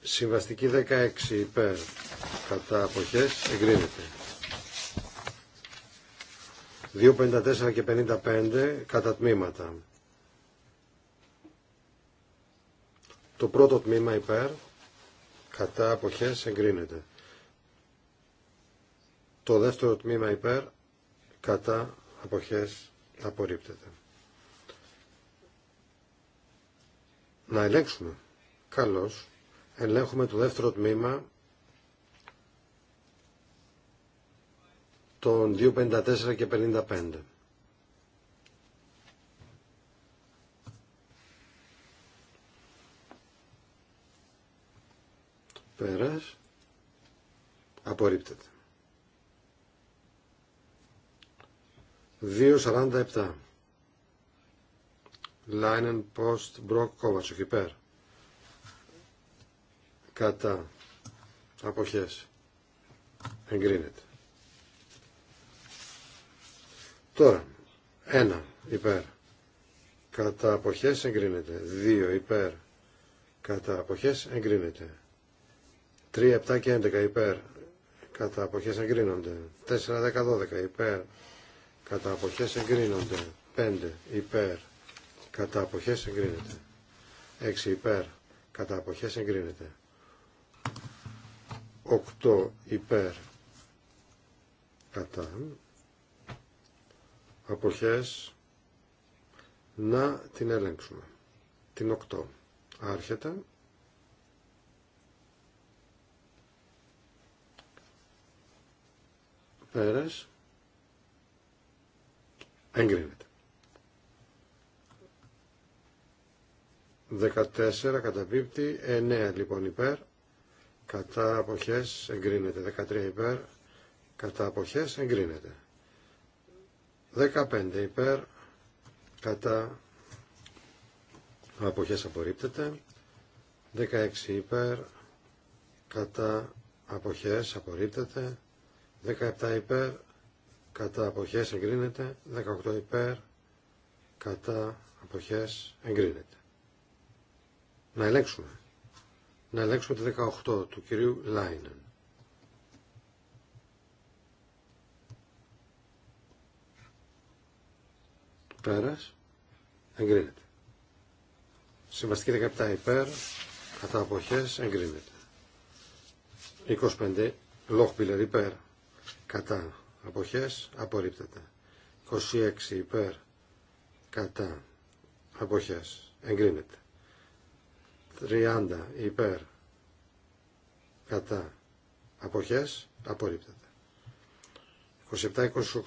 Συμβαστική 16 υπέρ κατά αποχές εγκρίνεται. 2.54 και 55 κατά τμήματα. Το πρώτο τμήμα υπέρ κατά αποχές εγκρίνεται. Το δεύτερο τμήμα υπέρ κατά αποχές απορρίπτεται. Να ελέγξουμε. Καλώς. Ελέγχουμε το δεύτερο τμήμα των 2.54 και 55. Πέρας. Απορρίπτεται. 2.47 Λάινεν Post Μπροκ Κόβατσοκ υπέρ κατά αποχές εγκρίνεται τώρα 1 υπέρ κατά αποχές εγκρίνεται 2 υπέρ κατά αποχές εγκρίνεται 3, 7 και 11 υπέρ κατά αποχές εγκρίνονται 4, 10, 12 υπέρ κατά αποχές εγκρίνονται 5 υπέρ κατά αποχές εγκρίνεται 6 υπέρ κατά αποχές εγκρίνεται 8 υπέρ κατά αποχές να την ελέγξουμε την 8 άρχεται πέρας Εγκρίνεται. 14 καταπίπτει, 9 λοιπόν υπέρ, κατά αποχές εγκρίνεται. 13 υπέρ, κατά αποχές εγκρίνεται. 15 υπέρ, κατά αποχές απορρίπτεται. 16 υπέρ, κατά αποχές απορρίπτεται. 17 υπέρ, κατά αποχές εγκρίνεται, 18 υπέρ, κατά αποχές εγκρίνεται. Να ελέγξουμε. Να ελέγξουμε το 18 του κυρίου Λάινεν. Πέρας, εγκρίνεται. Συμβαστική 17 υπέρ, κατά αποχές εγκρίνεται. 25 λόχπιλερ υπέρ, κατά αποχές απορρίπτεται. 26 υπέρ κατά αποχές εγκρίνεται. 30 υπέρ κατά αποχές απορρίπτεται.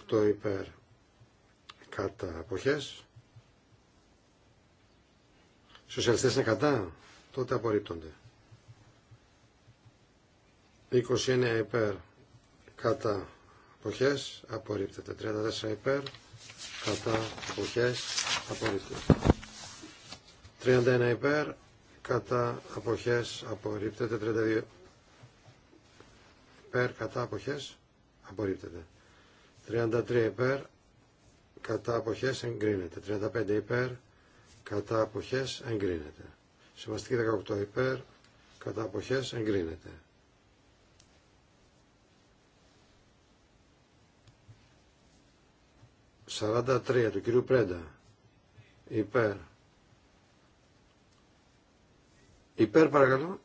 27-28 υπέρ κατά αποχές. Σοσιαλιστές είναι κατά, τότε απορρίπτονται. 29 υπέρ κατά αποχές απορρίπτεται. 34 υπέρ κατά αποχές απορρίπτεται. 31 υπέρ κατά αποχές απορρίπτεται. 32 υπέρ κατά αποχές απορρίπτεται. 33 υπέρ κατά αποχές εγκρίνεται. 35 υπέρ κατά αποχές εγκρίνεται. Συμβαστική 18 υπέρ κατά αποχές εγκρίνεται. 43 του κυρίου Πρέντα. Υπέρ. Υπέρ παρακαλώ.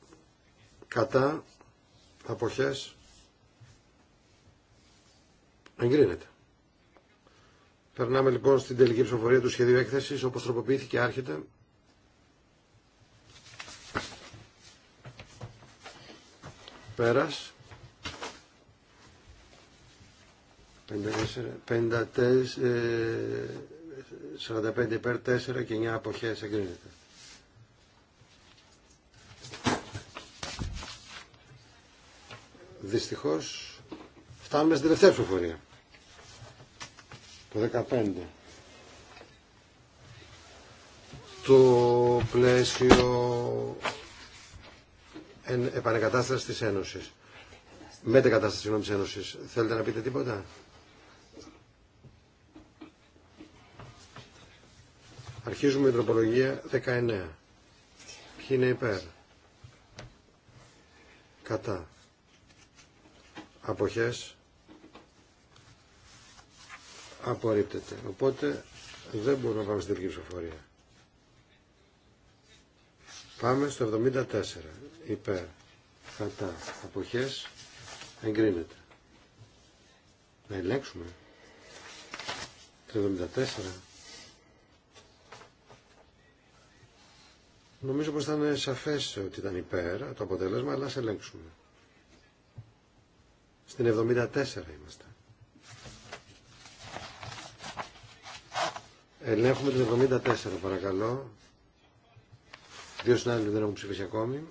Κατά. Αποχές. Εγκρίνεται. Περνάμε λοιπόν στην τελική ψηφοφορία του σχεδίου έκθεσης όπως τροποποιήθηκε άρχεται. Πέρας. 45 ε, ε, υπέρ 4 και 9 αποχές εγκρίνεται. Δυστυχώς φτάνουμε στην τελευταία ψηφοφορία. Το 15. Το πλαίσιο επανεκατάσταση της Ένωσης. Μετεκατάσταση, κατάσταση της Ένωσης. Θέλετε να πείτε τίποτα. Αρχίζουμε με τροπολογία 19. Ποιοι είναι υπέρ. Κατά. Αποχές. Απορρίπτεται. Οπότε δεν μπορούμε να πάμε στην τελική ψηφοφορία. Πάμε στο 74. Υπέρ. Κατά. Αποχές. Εγκρίνεται. Να ελέγξουμε. Το 74. Νομίζω πως ήταν σαφές ότι ήταν υπέρ το αποτέλεσμα, αλλά ας ελέγξουμε. Στην 74 είμαστε. Ελέγχουμε την 74 παρακαλώ. Δύο συνάδελφοι δεν έχουν ψηφίσει ακόμη.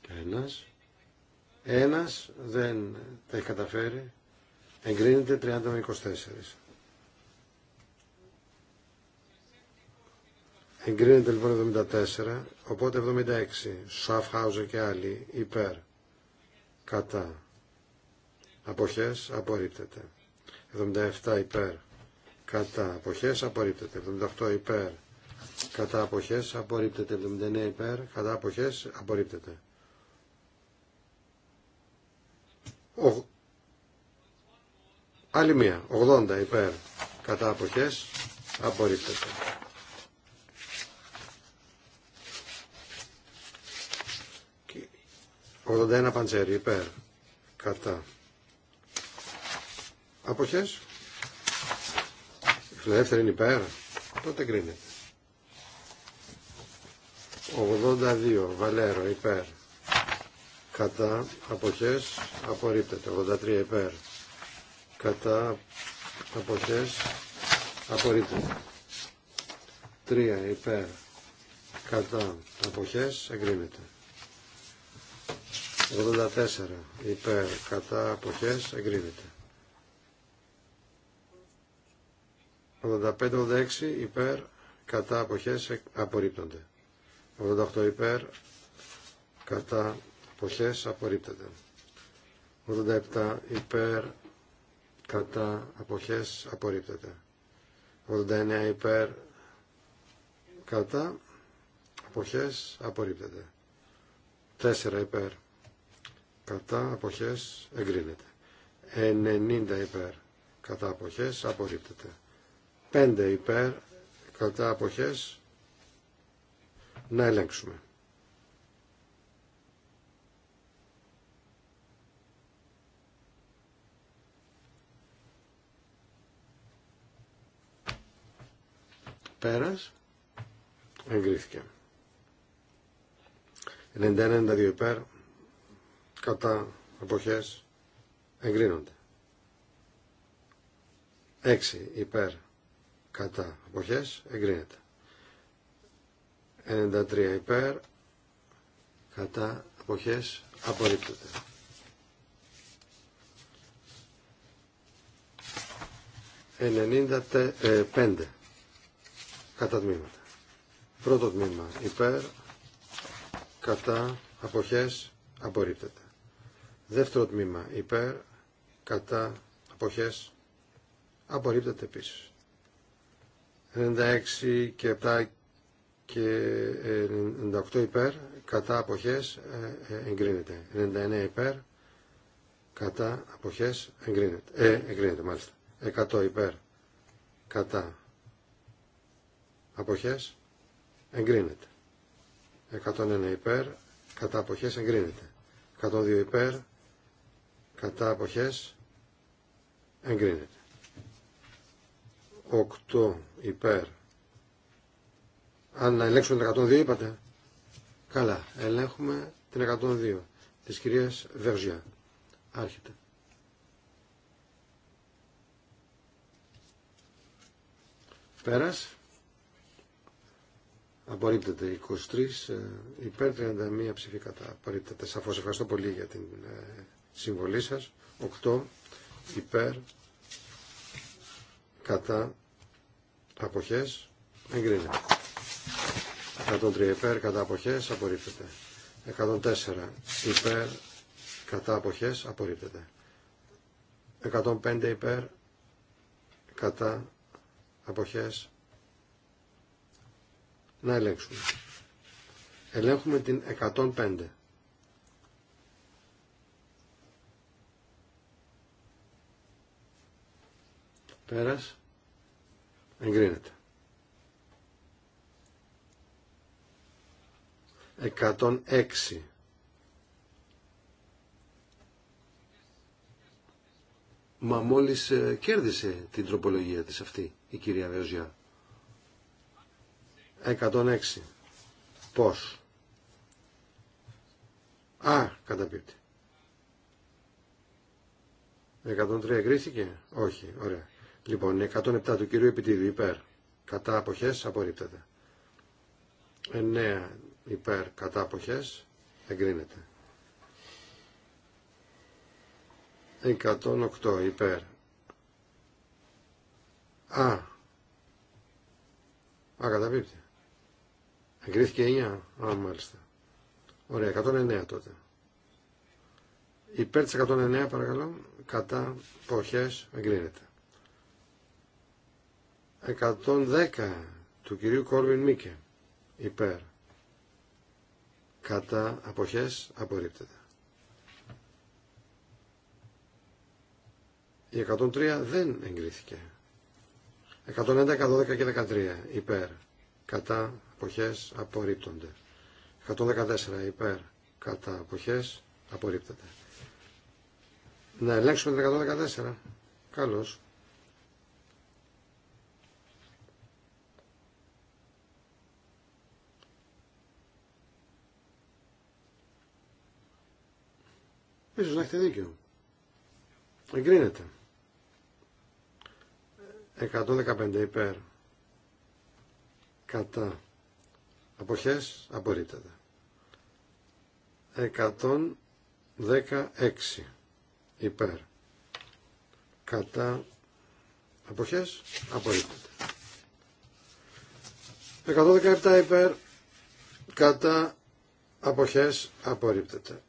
Και ένας. Ένας δεν τα έχει καταφέρει. Εγκρίνεται 30 με 24. Εγκρίνεται λοιπόν 74, οπότε 76, Σαφχάουζε και άλλοι, υπέρ, κατά, αποχές, απορρίπτεται. 77 υπέρ, κατά, αποχές, απορρίπτεται. 78 υπέρ, κατά, αποχές, απορρίπτεται. 79 υπέρ, κατά, αποχές, απορρίπτεται. Ο... Άλλη μία, 80 υπέρ, κατά, αποχές, απορρίπτεται. 81 παντζέρι υπέρ κατά αποχές η είναι υπέρ τότε κρίνεται 82 βαλέρο υπέρ κατά αποχές απορρίπτεται 83 υπέρ κατά αποχές απορρίπτεται 3 υπέρ κατά αποχές εγκρίνεται 84 υπέρ κατά αποχές εγκρίνεται. 85-86 υπέρ κατά αποχές ε, απορρίπτονται. 88 υπέρ κατά αποχές απορρίπτονται 87 υπέρ κατά αποχές απορρίπτεται. 89 υπέρ κατά αποχές απορρίπτεται. 4 υπέρ κατά αποχές εγκρίνεται. 90 υπέρ κατά αποχές απορρίπτεται. 5 υπέρ κατά αποχές να ελέγξουμε. Πέρας εγκρίθηκε. 91-92 υπέρ κατά αποχές εγκρίνονται. 6 υπέρ κατά αποχές εγκρίνεται. 93 υπέρ κατά αποχές απορρίπτεται. 95 ε, κατά τμήματα. Πρώτο τμήμα υπέρ κατά αποχές απορρίπτεται. Δεύτερο τμήμα υπέρ, κατά, αποχές, απορρίπτεται επίση. 96 και 7 και 98 ε, υπέρ, κατά αποχές ε, ε, εγκρίνεται. 99 υπέρ, κατά αποχές εγκρίνεται. Ε, εγκρίνεται μάλιστα. 100 υπέρ, κατά αποχές εγκρίνεται. 101 υπέρ, κατά αποχές εγκρίνεται. 102 υπέρ, κατά αποχές εγκρίνεται. 8 υπέρ. Αν να ελέγξουμε την 102 είπατε. Καλά, ελέγχουμε την 102 της κυρίας Βεργιά. Άρχεται. Πέρας. Απορρίπτεται 23 ε, υπέρ 31 ψηφί κατά. Απορρίπτεται. Σαφώς ευχαριστώ πολύ για την ε, συμβολή σας. 8 υπέρ κατά αποχές εγκρίνεται. 103 υπέρ κατά αποχές απορρίπτεται. 104 υπέρ κατά αποχές απορρίπτεται. 105 υπέρ κατά αποχές να ελέγξουμε. Ελέγχουμε την 105. Πέρας. Εγκρίνεται. 106. Μα μόλις ε, κέρδισε την τροπολογία της αυτή η κυρία Βεωζιά. 106. Πώς. Α, καταπίπτει. 103 εγκρίθηκε. Όχι, ωραία. Λοιπόν, 107 του κυρίου Επιτίδου υπέρ. Κατά αποχές απορρίπτεται. 9 υπέρ κατά αποχές εγκρίνεται. 108 υπέρ. Α. Α, καταπίπτει. Εγκρίθηκε 9. Α, μάλιστα. Ωραία, 109 τότε. Υπέρ της 109 παρακαλώ, κατά αποχές εγκρίνεται. 110 του κυρίου Κόρβιν Μίκε υπέρ κατά αποχές απορρίπτεται. Η 103 δεν εγκρίθηκε. 111, 12 και 13 υπέρ κατά αποχές απορρίπτονται. 114 υπέρ κατά αποχές απορρίπτεται. Να ελέγξουμε την 114. Καλώς. Ίσως να έχετε δίκιο. Εγκρίνεται. 115 υπέρ. Κατά. Αποχές απορρίπτεται. 116 υπέρ. Κατά. Αποχές απορρίπτεται. 117 υπέρ. Κατά. Αποχές απορρίπτεται.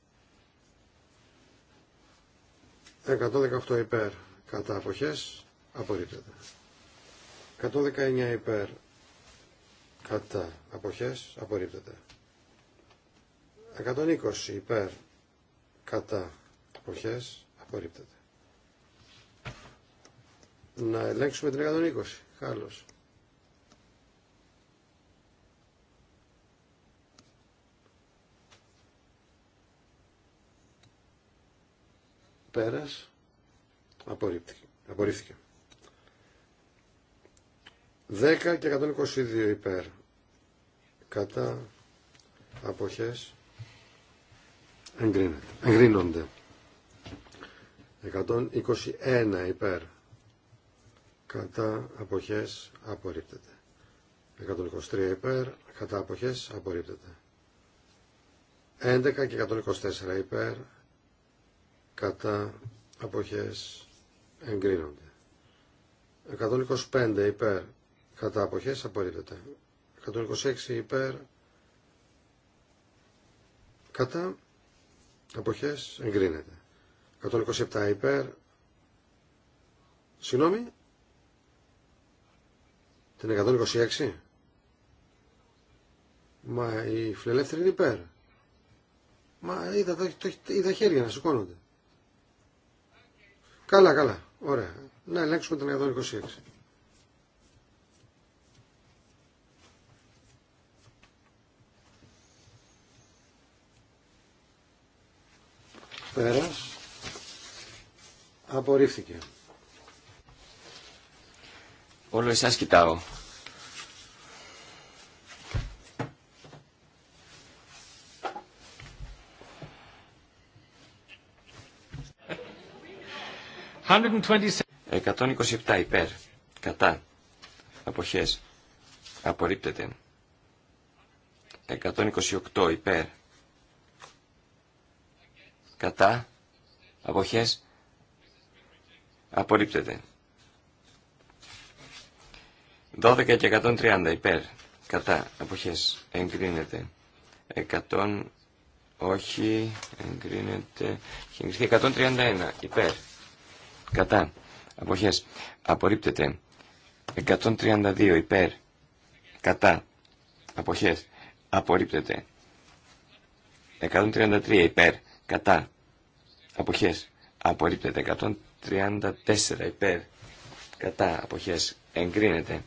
118 υπέρ κατά αποχές απορρίπτεται. 119 υπέρ κατά αποχές απορρίπτεται. 120 υπέρ κατά αποχές απορρίπτεται. Να ελέγξουμε την 120. χάλος. Πέρας. Απορρίφθηκε. 10 και 122 υπέρ. Κατά αποχές εγκρίνονται. 121 υπέρ. Κατά αποχές απορρίπτεται. 123 υπέρ. Κατά αποχές απορρίπτεται. 11 και 124 υπέρ κατά αποχές εγκρίνονται. 125 υπέρ κατά αποχές απορρίπτεται. 126 υπέρ κατά αποχές εγκρίνεται. 127 υπέρ συγγνώμη την 126 μα η φιλελεύθερη είναι υπέρ. Μα είδα, είδα χέρια να σηκώνονται. Καλά, καλά. Ωραία. Να ελέγξουμε την 126. Πέρας. Απορρίφθηκε. Όλο εσάς κοιτάω. 127 υπέρ. Κατά. Αποχές. Απορρίπτεται. 128 υπέρ. Κατά. Αποχές. Απορρίπτεται. 12 και 130 υπέρ. Κατά. Αποχές. Εγκρίνεται. 100. Όχι. Εγκρίνεται. Εγκρίνεται 131 υπέρ κατά αποχές απορρίπτεται 132 υπέρ κατά αποχές απορρίπτεται 133 υπέρ κατά αποχές απορρίπτεται 134 υπέρ κατά αποχές εγκρίνεται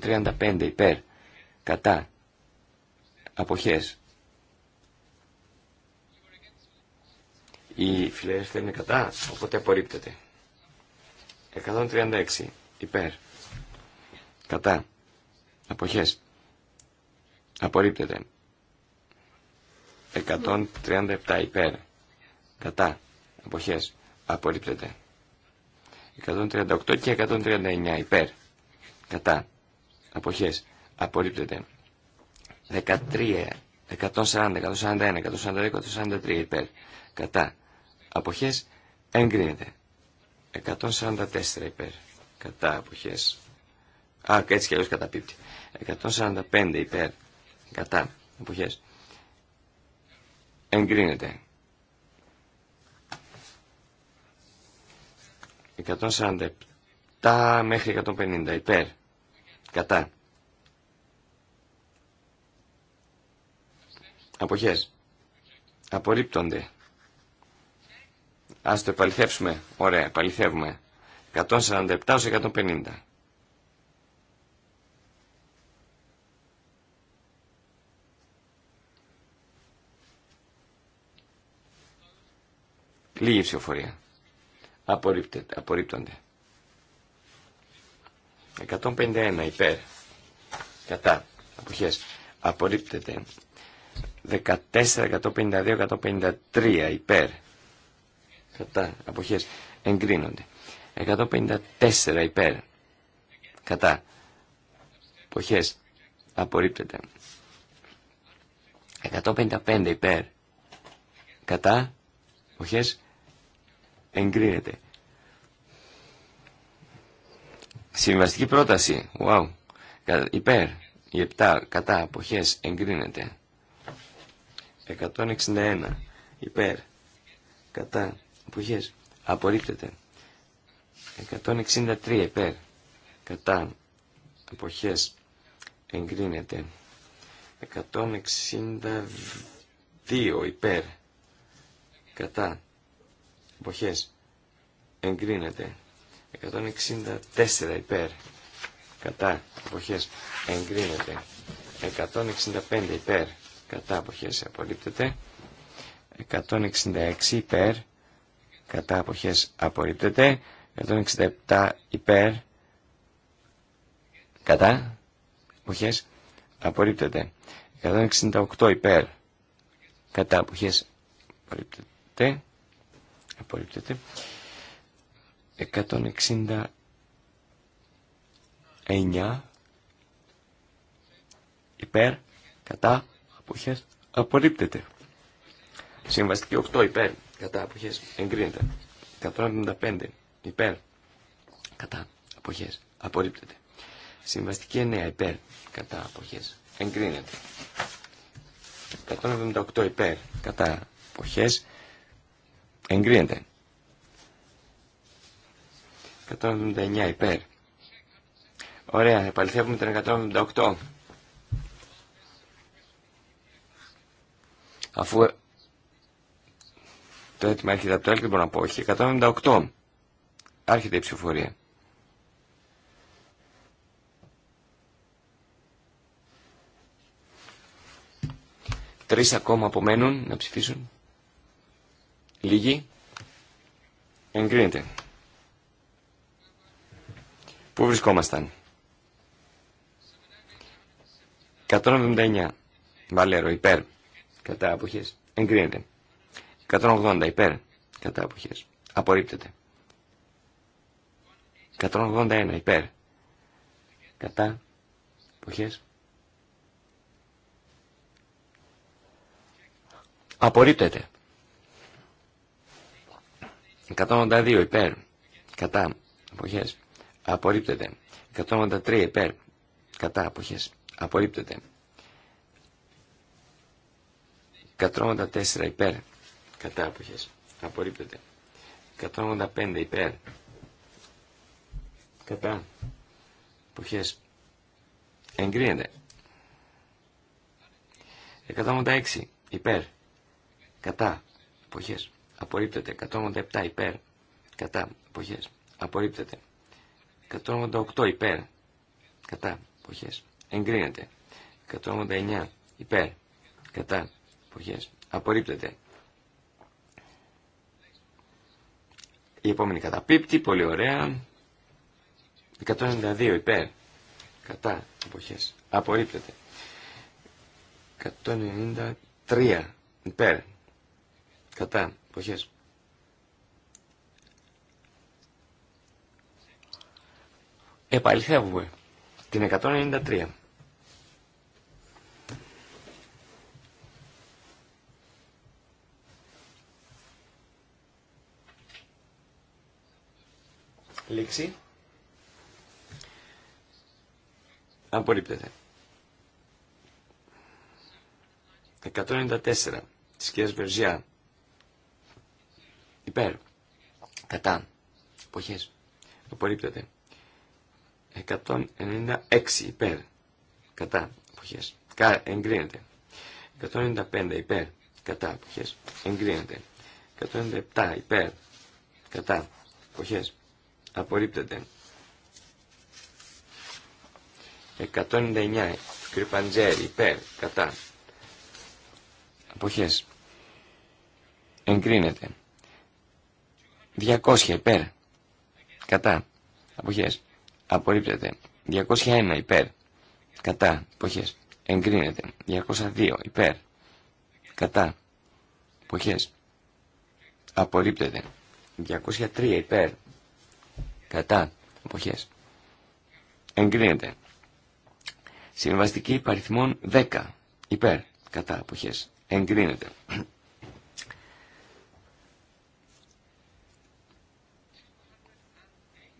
135 υπέρ κατά αποχές Η φιλελεύθερη είναι κατά, οπότε απορρίπτεται. 136 υπέρ. Κατά. Αποχές. Απορρίπτεται. 137 υπέρ. Κατά. Αποχές. Απορρίπτεται. 138 και 139 υπέρ. Κατά. Αποχές. Απορρίπτεται. 13, 140, 141, 142, 143 υπέρ. Κατά αποχές εγκρίνεται. 144 υπέρ κατά αποχές. Α, έτσι και αλλιώς καταπίπτει. 145 υπέρ κατά αποχές. Εγκρίνεται. 147 μέχρι 150 υπέρ κατά αποχές. Απορρίπτονται. Ας το επαληθεύσουμε. Ωραία, επαληθεύουμε. 147 ως 150. Λίγη ψηφοφορία. Απορρίπτονται. 151 υπέρ. Κατά. Αποχές. Απορρίπτεται. 14, 152, 153 υπέρ κατά αποχές εγκρίνονται 154 υπέρ κατά αποχές απορρίπτεται 155 υπέρ κατά αποχές εγκρίνεται Συμβαστική πρόταση, wow, υπέρ, οι 7 κατά αποχές εγκρίνεται. 161 υπέρ κατά είχε. Απορρίπτεται. 163 υπέρ. Κατά. Εποχέ. Εγκρίνεται. 162 υπέρ. Κατά. εποχέ. Εγκρίνεται. 164 υπέρ. Κατά. εποχέ. Εγκρίνεται. 165 υπέρ. Κατά. Εποχέ. Απορρίπτεται. 166 υπέρ κατά αποχές απορρίπτεται 167 υπέρ κατά αποχές απορρίπτεται 168 υπέρ κατά αποχές απορρίπτεται απορρίπτεται 169 υπέρ κατά αποχές απορρίπτεται συμβαστική 8 υπέρ κατά αποχές εγκρίνεται. 175 υπέρ κατά αποχές απορρίπτεται. Συμβαστική 9 υπέρ κατά αποχές εγκρίνεται. 178 υπέρ κατά αποχές εγκρίνεται. 179 υπέρ. Ωραία, επαληθεύουμε την 178. Αφού το έτοιμο έρχεται από το ΕΛΚ, να πω όχι. 198 Άρχεται η ψηφοφορία. Τρεις ακόμα απομένουν να ψηφίσουν. Λίγοι. Εγκρίνεται. Πού βρισκόμασταν. 179. Βαλέρο, υπέρ. Κατά αποχές. Εγκρίνεται. 180 υπέρ. Κατά αποχές. Απορρίπτεται. 181 υπέρ. Κατά αποχές. Απορρίπτεται. 182 υπέρ. Κατά αποχές. Απορρίπτεται. 183 υπέρ. Κατά αποχές. Απορρίπτεται. 184 υπέρ κατά απορρίπτεται 185 υπέρ κατά Εποχέ. εγκρίνεται 186 υπέρ κατά Εποχέ. απορρίπτεται 187 υπέρ κατά Εποχέ. απορρίπτεται 188 υπέρ κατά Εποχέ. εγκρίνεται 189 υπέρ κατά Εποχέ. απορρίπτεται Η επόμενη καταπίπτει, πολύ ωραία. 192 υπέρ. Κατά εποχές. Απορρίπτεται. 193 υπέρ. Κατά εποχές. Επαληθεύουμε την 193. Λήξη. Απορρίπτεται. 194. Της κυρίας Βερζιά. Υπέρ. Κατά. Εποχές. Απορρίπτεται. 196. Υπέρ. Κατά. Εποχές. Κα, εγκρίνεται. 195. Υπέρ. Κατά. Εποχές. Εγκρίνεται. 197. Υπέρ. Κατά. Εποχές. Απορρίπτεται. 199. κρυπαντζέρι. Υπέρ. Κατά. Αποχές. Εγκρίνεται. 200. Υπέρ. Κατά. Αποχές. Απορρίπτεται. 201. Υπέρ. Κατά. Αποχές. Εγκρίνεται. 202. Υπέρ. Κατά. Αποχές. Απορρίπτεται. 203. Υπέρ. Κατά. εποχές. Εγκρίνεται. Συμβαστική υπαριθμών 10. Υπέρ. Κατά. εποχές. Εγκρίνεται.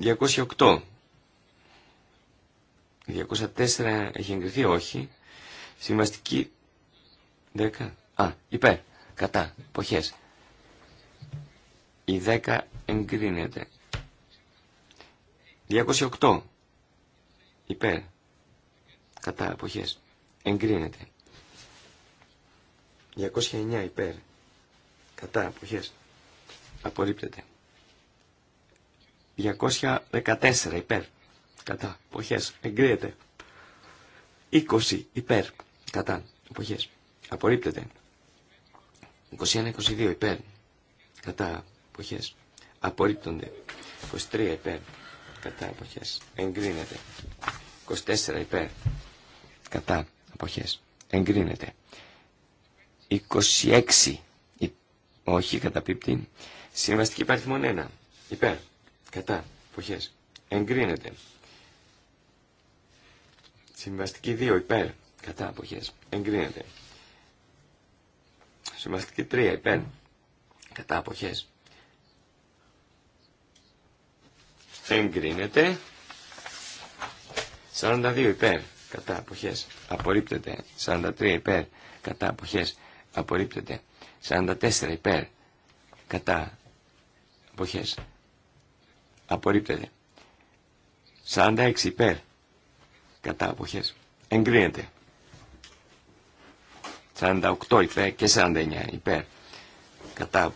...208. 204 έχει εγκριθεί, όχι. Συμβαστική 10. Α, υπέρ. Κατά. Εποχές. Η 10 εγκρίνεται. 208 υπέρ κατά εποχές. εγκρίνεται 209 υπέρ κατά εποχές απορρίπτεται 214 υπέρ κατά εποχές εγκρίνεται 20 υπέρ κατά αποχές απορρίπτεται 21-22 υπέρ κατά εποχές. απορρίπτονται 23 υπέρ κατά αποχές εγκρίνεται 24 υπέρ κατά αποχές εγκρίνεται 26 υ... όχι πίπτη. συμβαστική παριθμόν 1 υπέρ κατά αποχές εγκρίνεται συμβαστική 2 υπέρ κατά αποχές εγκρίνεται συμβαστική 3 υπέρ κατά αποχές εγκρίνεται. 42 υπέρ κατά αποχές απορρίπτεται. 43 υπέρ κατά αποχές απορρίπτεται. 44 υπέρ κατά αποχές απορρίπτεται. 46 υπέρ κατά αποχές εγκρίνεται. 48 υπέρ και 49 υπέρ κατά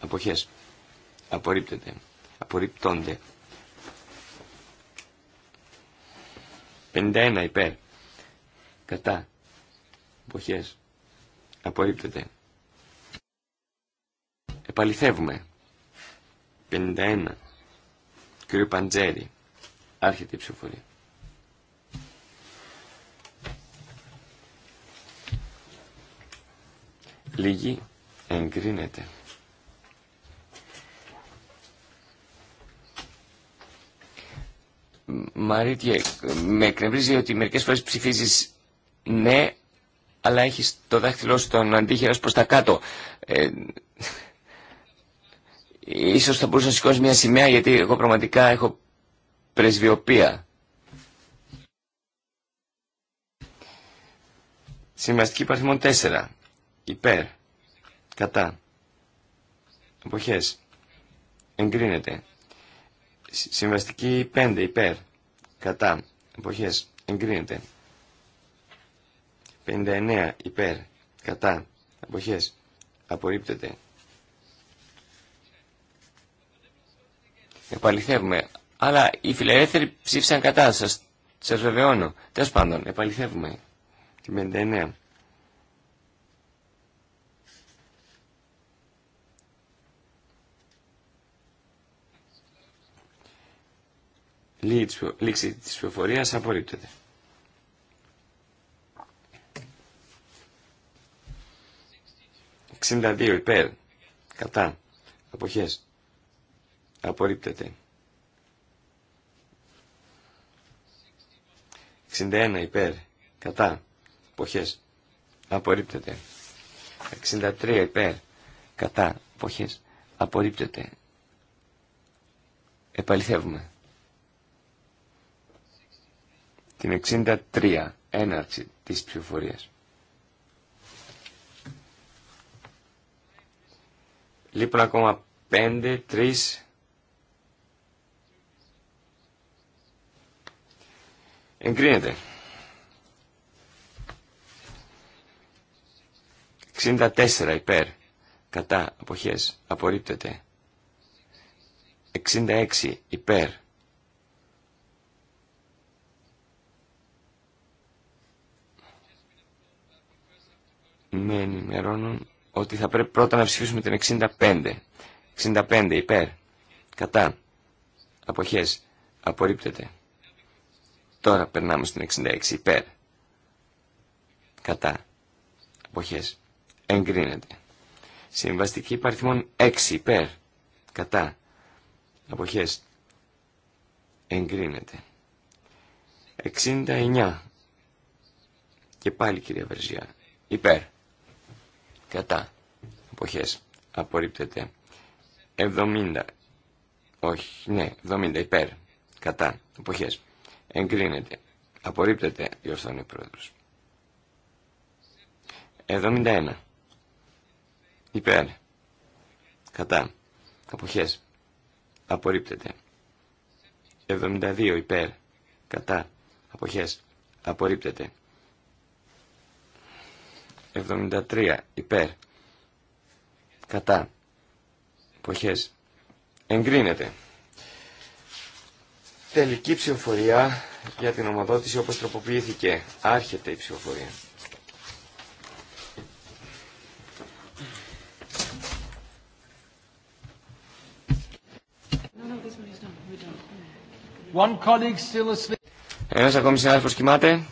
αποχές απορρίπτεται απορριπτώνται. 51 υπέρ. Κατά. Εποχές. Απορρίπτεται. Επαληθεύουμε. 51. Κύριο Παντζέρη. Άρχεται η ψηφοφορία. Λίγη εγκρίνεται. Μαρίτια, με εκνευρίζει ότι μερικέ φορέ ψηφίζει ναι, αλλά έχει το δάχτυλό στον αντίχειρας προ τα κάτω. Ε, ίσως θα μπορούσα να σηκώσει μια σημαία, γιατί εγώ πραγματικά έχω πρεσβειοπία. Συμβαστική παρθυμόν 4. Υπέρ. Κατά. Εποχές. Εγκρίνεται. Συμβαστική 5 υπέρ. Κατά. Εποχές. Εγκρίνεται. 59 υπέρ. Κατά. Εποχές. Απορρίπτεται. Επαληθεύουμε. Αλλά οι φιλελεύθεροι ψήφισαν κατά σας. Σας βεβαιώνω. Τέλος πάντων. Επαληθεύουμε. Την 59. Λήξη της ψηφοφορίας απορρίπτεται. «62 υπέρ, κατά, αποχές, απορρίπτεται». «61 υπέρ, κατά, αποχές, απορρίπτεται». «63 υπέρ, κατά, αποχές, απορρίπτεται». Επαληθεύουμε. Την 63 έναρξη της ψηφοφορίας. Λείπουν ακόμα 5, 3... Εγκρίνεται. 64 υπέρ. Κατά αποχές απορρίπτεται. 66 υπέρ. με ναι, ενημερώνουν ότι θα πρέπει πρώτα να ψηφίσουμε την 65. 65 υπέρ. Κατά. Αποχές. Απορρίπτεται. Τώρα περνάμε στην 66 υπέρ. Κατά. Αποχές. Εγκρίνεται. Συμβαστική υπαριθμών 6 υπέρ. Κατά. Αποχές. Εγκρίνεται. 69. Και πάλι κυρία Βερζιά. Υπέρ. Κατά. Αποχές. Απορρίπτεται. 70. Όχι, ναι, 70 υπέρ. Κατά. Αποχές. Εγκρίνεται. Απορρίπτεται η ο πρόεδρος. 71. Υπέρ. Κατά. Αποχές. Απορρίπτεται. 72 υπέρ. Κατά. Αποχές. Απορρίπτεται. 73 υπέρ κατά εποχές εγκρίνεται. Τελική ψηφοφορία για την ομοδότηση όπως τροποποιήθηκε. Άρχεται η ψηφοφορία. Ένας ακόμη συνάδελφος κοιμάται.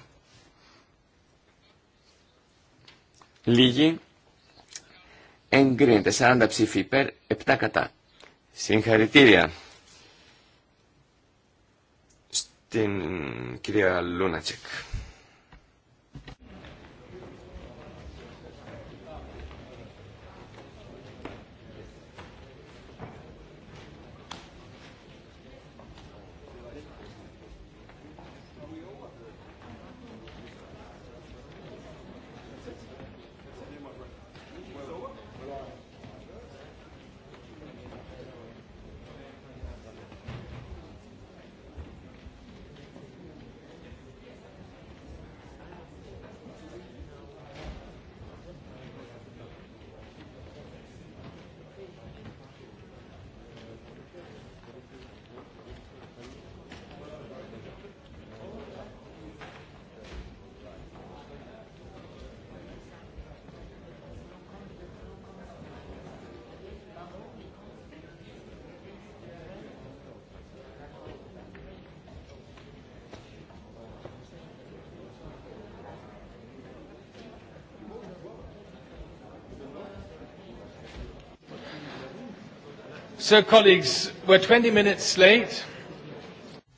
Λίγοι. Εγκρίνεται. 40 ψήφοι υπέρ, 7 κατά. Συγχαρητήρια στην κυρία Λούνατσεκ.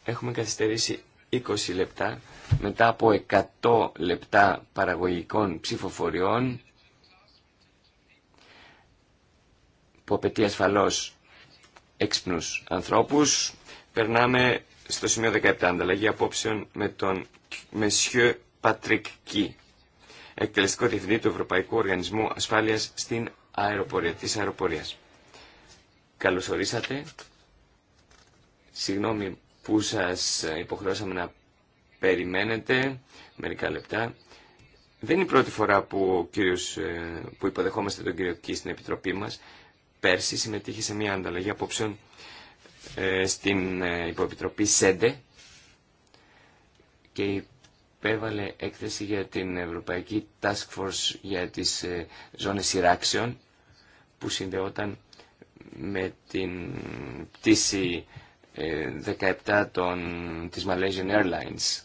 Έχουμε καθυστερήσει 20 λεπτά μετά από 100 λεπτά παραγωγικών ψηφοφοριών που απαιτεί ασφαλώς έξυπνους ανθρώπους. Περνάμε στο σημείο 17, ανταλλαγή απόψεων με τον Μεσιό Πατρικ Κι, εκτελεστικό διευθυντή του Ευρωπαϊκού Οργανισμού Ασφάλειας στην αεροπορία, της αεροπορίας. Καλωσορίσατε. Συγγνώμη που σας υποχρεώσαμε να περιμένετε μερικά λεπτά. Δεν είναι η πρώτη φορά που, ο κύριος, ε, που υποδεχόμαστε τον κύριο Κι στην Επιτροπή μας. Πέρσι συμμετείχε σε μια ανταλλαγή απόψεων ε, στην ε, υποεπιτροπή ΣΕΝΤΕ και υπέβαλε έκθεση για την Ευρωπαϊκή Task Force για τις ζώνες σειράξεων που συνδεόταν με την πτήση 17 ε, των, της Malaysian Airlines.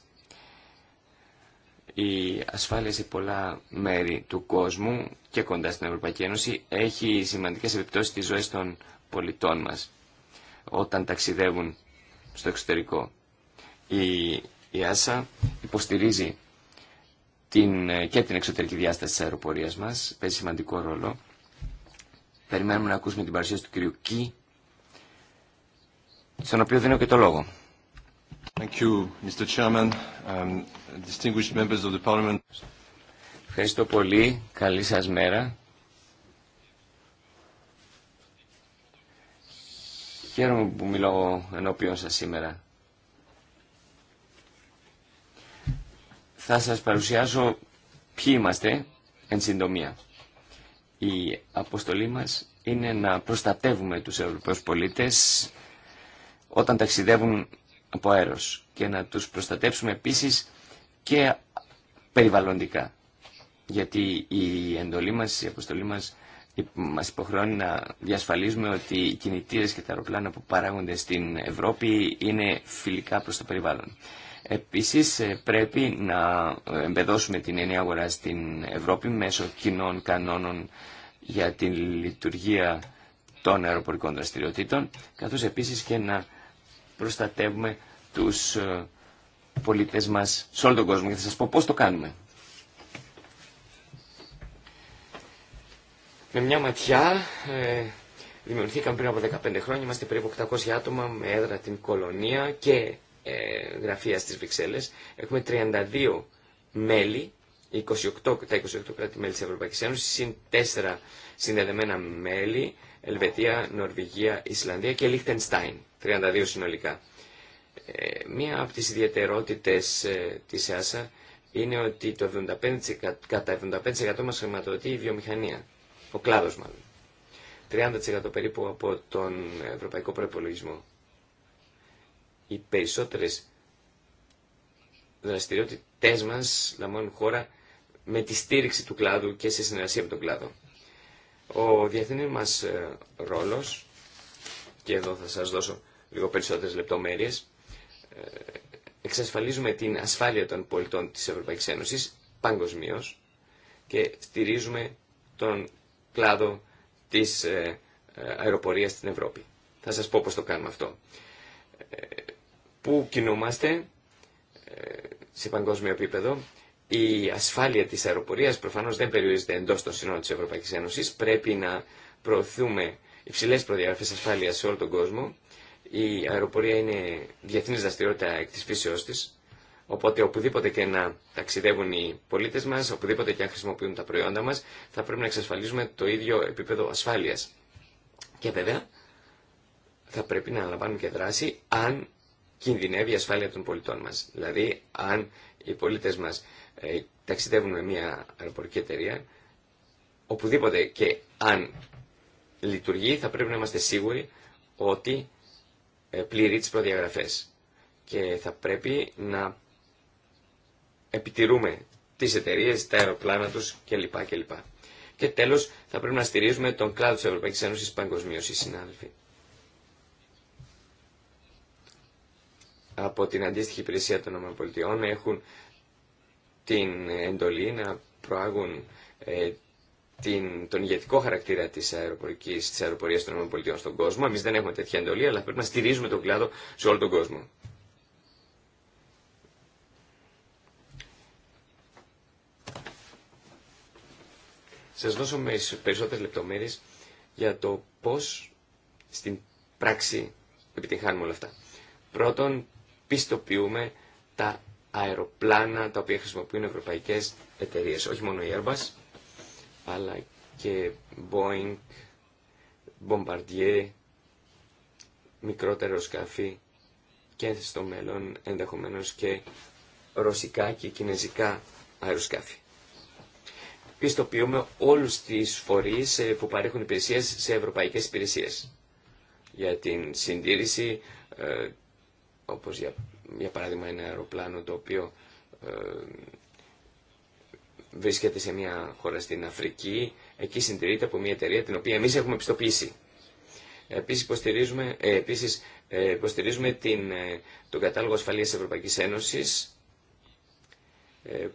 Η ασφάλεια σε πολλά μέρη του κόσμου και κοντά στην Ευρωπαϊκή Ένωση έχει σημαντικές επιπτώσεις στις ζωές των πολιτών μας όταν ταξιδεύουν στο εξωτερικό. Η, ΙΑΣΑ υποστηρίζει την, ε, και την εξωτερική διάσταση της αεροπορίας μας, παίζει σημαντικό ρόλο Περιμένουμε να ακούσουμε την παρουσίαση του κυρίου Κι, στον οποίο δίνω και το λόγο. Um, Ευχαριστώ πολύ. Καλή σας μέρα. Χαίρομαι που μιλώ ενώπιον σας σήμερα. Θα σας παρουσιάσω ποιοι είμαστε εν συντομία. Η αποστολή μας είναι να προστατεύουμε τους Ευρωπαίους πολίτες όταν ταξιδεύουν από αέρος και να τους προστατεύσουμε επίσης και περιβαλλοντικά. Γιατί η εντολή μας, η αποστολή μας μας υποχρεώνει να διασφαλίζουμε ότι οι κινητήρες και τα αεροπλάνα που παράγονται στην Ευρώπη είναι φιλικά προς το περιβάλλον. Επίσης ε, πρέπει να εμπεδώσουμε την έννοια αγορά στην Ευρώπη μέσω κοινών κανόνων για την λειτουργία των αεροπορικών δραστηριοτήτων, καθώς επίσης και να προστατεύουμε τους ε, πολίτες μας σε όλο τον κόσμο. Και θα σας πω πώς το κάνουμε. Με μια ματιά ε, πριν από 15 χρόνια, είμαστε περίπου 800 άτομα με έδρα την κολονία και ε, γραφεία στις Βρυξέλλες. Έχουμε 32 μέλη, 28, τα 28 κράτη-μέλη της Ευρωπαϊκής Ένωσης, συν 4 συνδεδεμένα μέλη, Ελβετία, Νορβηγία, Ισλανδία και Λίχτενστάιν, 32 συνολικά. Ε, μία από τις ιδιαιτερότητες ε, της ΕΑΣΑ είναι ότι το 75, κατά 75% μας χρηματοδοτεί η βιομηχανία, ο κλάδος μάλλον. 30% περίπου από τον ευρωπαϊκό προπολογισμό οι περισσότερες δραστηριότητές μας λαμβάνουν χώρα με τη στήριξη του κλάδου και σε συνεργασία με τον κλάδο. Ο διεθνή μας ε, ρόλος, και εδώ θα σας δώσω λίγο περισσότερες λεπτομέρειες, ε, εξασφαλίζουμε την ασφάλεια των πολιτών της Ευρωπαϊκής Ένωσης παγκοσμίω και στηρίζουμε τον κλάδο της ε, αεροπορίας στην Ευρώπη. Θα σας πω πώς το κάνουμε αυτό που κινούμαστε ε, σε παγκόσμιο επίπεδο. Η ασφάλεια της αεροπορίας προφανώς δεν περιορίζεται εντός των συνόρων της Ευρωπαϊκής Ένωσης. Πρέπει να προωθούμε υψηλές προδιαγραφές ασφάλειας σε όλο τον κόσμο. Η αεροπορία είναι διεθνής δραστηριότητα εκ της φύσεώς της. Οπότε οπουδήποτε και να ταξιδεύουν οι πολίτες μας, οπουδήποτε και να χρησιμοποιούν τα προϊόντα μας, θα πρέπει να εξασφαλίζουμε το ίδιο επίπεδο ασφάλειας. Και βέβαια θα πρέπει να αναλαμβάνουμε και δράση αν κινδυνεύει η ασφάλεια των πολιτών μας. Δηλαδή, αν οι πολίτες μας ε, ταξιδεύουν με μια αεροπορική εταιρεία, οπουδήποτε και αν λειτουργεί, θα πρέπει να είμαστε σίγουροι ότι ε, πληρεί τις προδιαγραφές. Και θα πρέπει να επιτηρούμε τις εταιρείε, τα αεροπλάνα τους κλπ. Και τέλος, θα πρέπει να στηρίζουμε τον κλάδο της Ευρωπαϊκής Ένωσης παγκοσμίως, συνάδελφοι. από την αντίστοιχη υπηρεσία των ΗΠΑ έχουν την εντολή να προάγουν ε, την, τον ηγετικό χαρακτήρα της, αεροπορικής, της αεροπορίας των ΗΠΑ στον κόσμο. Εμεί δεν έχουμε τέτοια εντολή, αλλά πρέπει να στηρίζουμε τον κλάδο σε όλο τον κόσμο. Σας δώσω με περισσότερες λεπτομέρειες για το πώς στην πράξη επιτυγχάνουμε όλα αυτά. Πρώτον, πιστοποιούμε τα αεροπλάνα τα οποία χρησιμοποιούν ευρωπαϊκές εταιρείες. Όχι μόνο η Airbus, αλλά και Boeing, Bombardier, μικρότερο σκάφη και στο μέλλον ενδεχομένως και ρωσικά και κινέζικα αεροσκάφη. Πιστοποιούμε όλους τις φορείς ε, που παρέχουν υπηρεσίες σε ευρωπαϊκές υπηρεσίες για την συντήρηση ε, όπως για, παράδειγμα ένα αεροπλάνο το οποίο ε, βρίσκεται σε μια χώρα στην Αφρική, εκεί συντηρείται από μια εταιρεία την οποία εμείς έχουμε πιστοποιήσει. Επίσης υποστηρίζουμε, ε, επίσης, ε, την, ε, τον κατάλογο ασφαλείας της Ευρωπαϊκής Ένωσης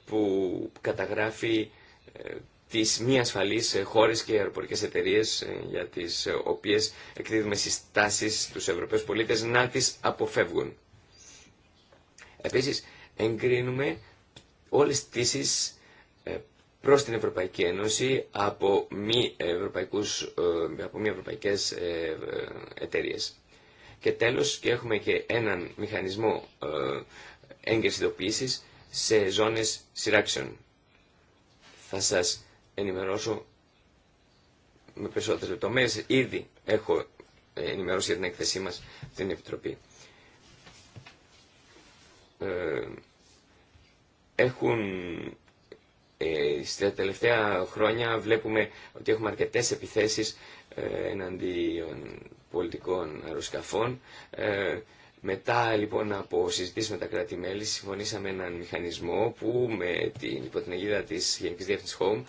που καταγράφει τις μη ασφαλείς χώρες και αεροπορικές εταιρείες για τις οποίες εκδίδουμε συστάσεις στους Ευρωπαίους πολίτες να τις αποφεύγουν. Επίσης, εγκρίνουμε όλες τις τήσεις ε, προς την Ευρωπαϊκή Ένωση από μη, ευρωπαϊκούς, ε, από μη ευρωπαϊκές ε, εταιρείες. Και τέλος, και έχουμε και έναν μηχανισμό έγκρισης σε ζώνες σειράξεων. Θα σας ενημερώσω με περισσότερες λεπτομέρειες. Ήδη έχω ενημερώσει για την έκθεσή μας στην Επιτροπή. Ε, έχουν ε, στα τελευταία χρόνια βλέπουμε ότι έχουμε αρκετές επιθέσεις ε, εναντίον πολιτικών αεροσκαφών. Μετά λοιπόν από συζητήσεις με τα κράτη-μέλη συμφωνήσαμε έναν μηχανισμό που με την, υπό την αιγίδα της Γενικής Διεύθυνσης Home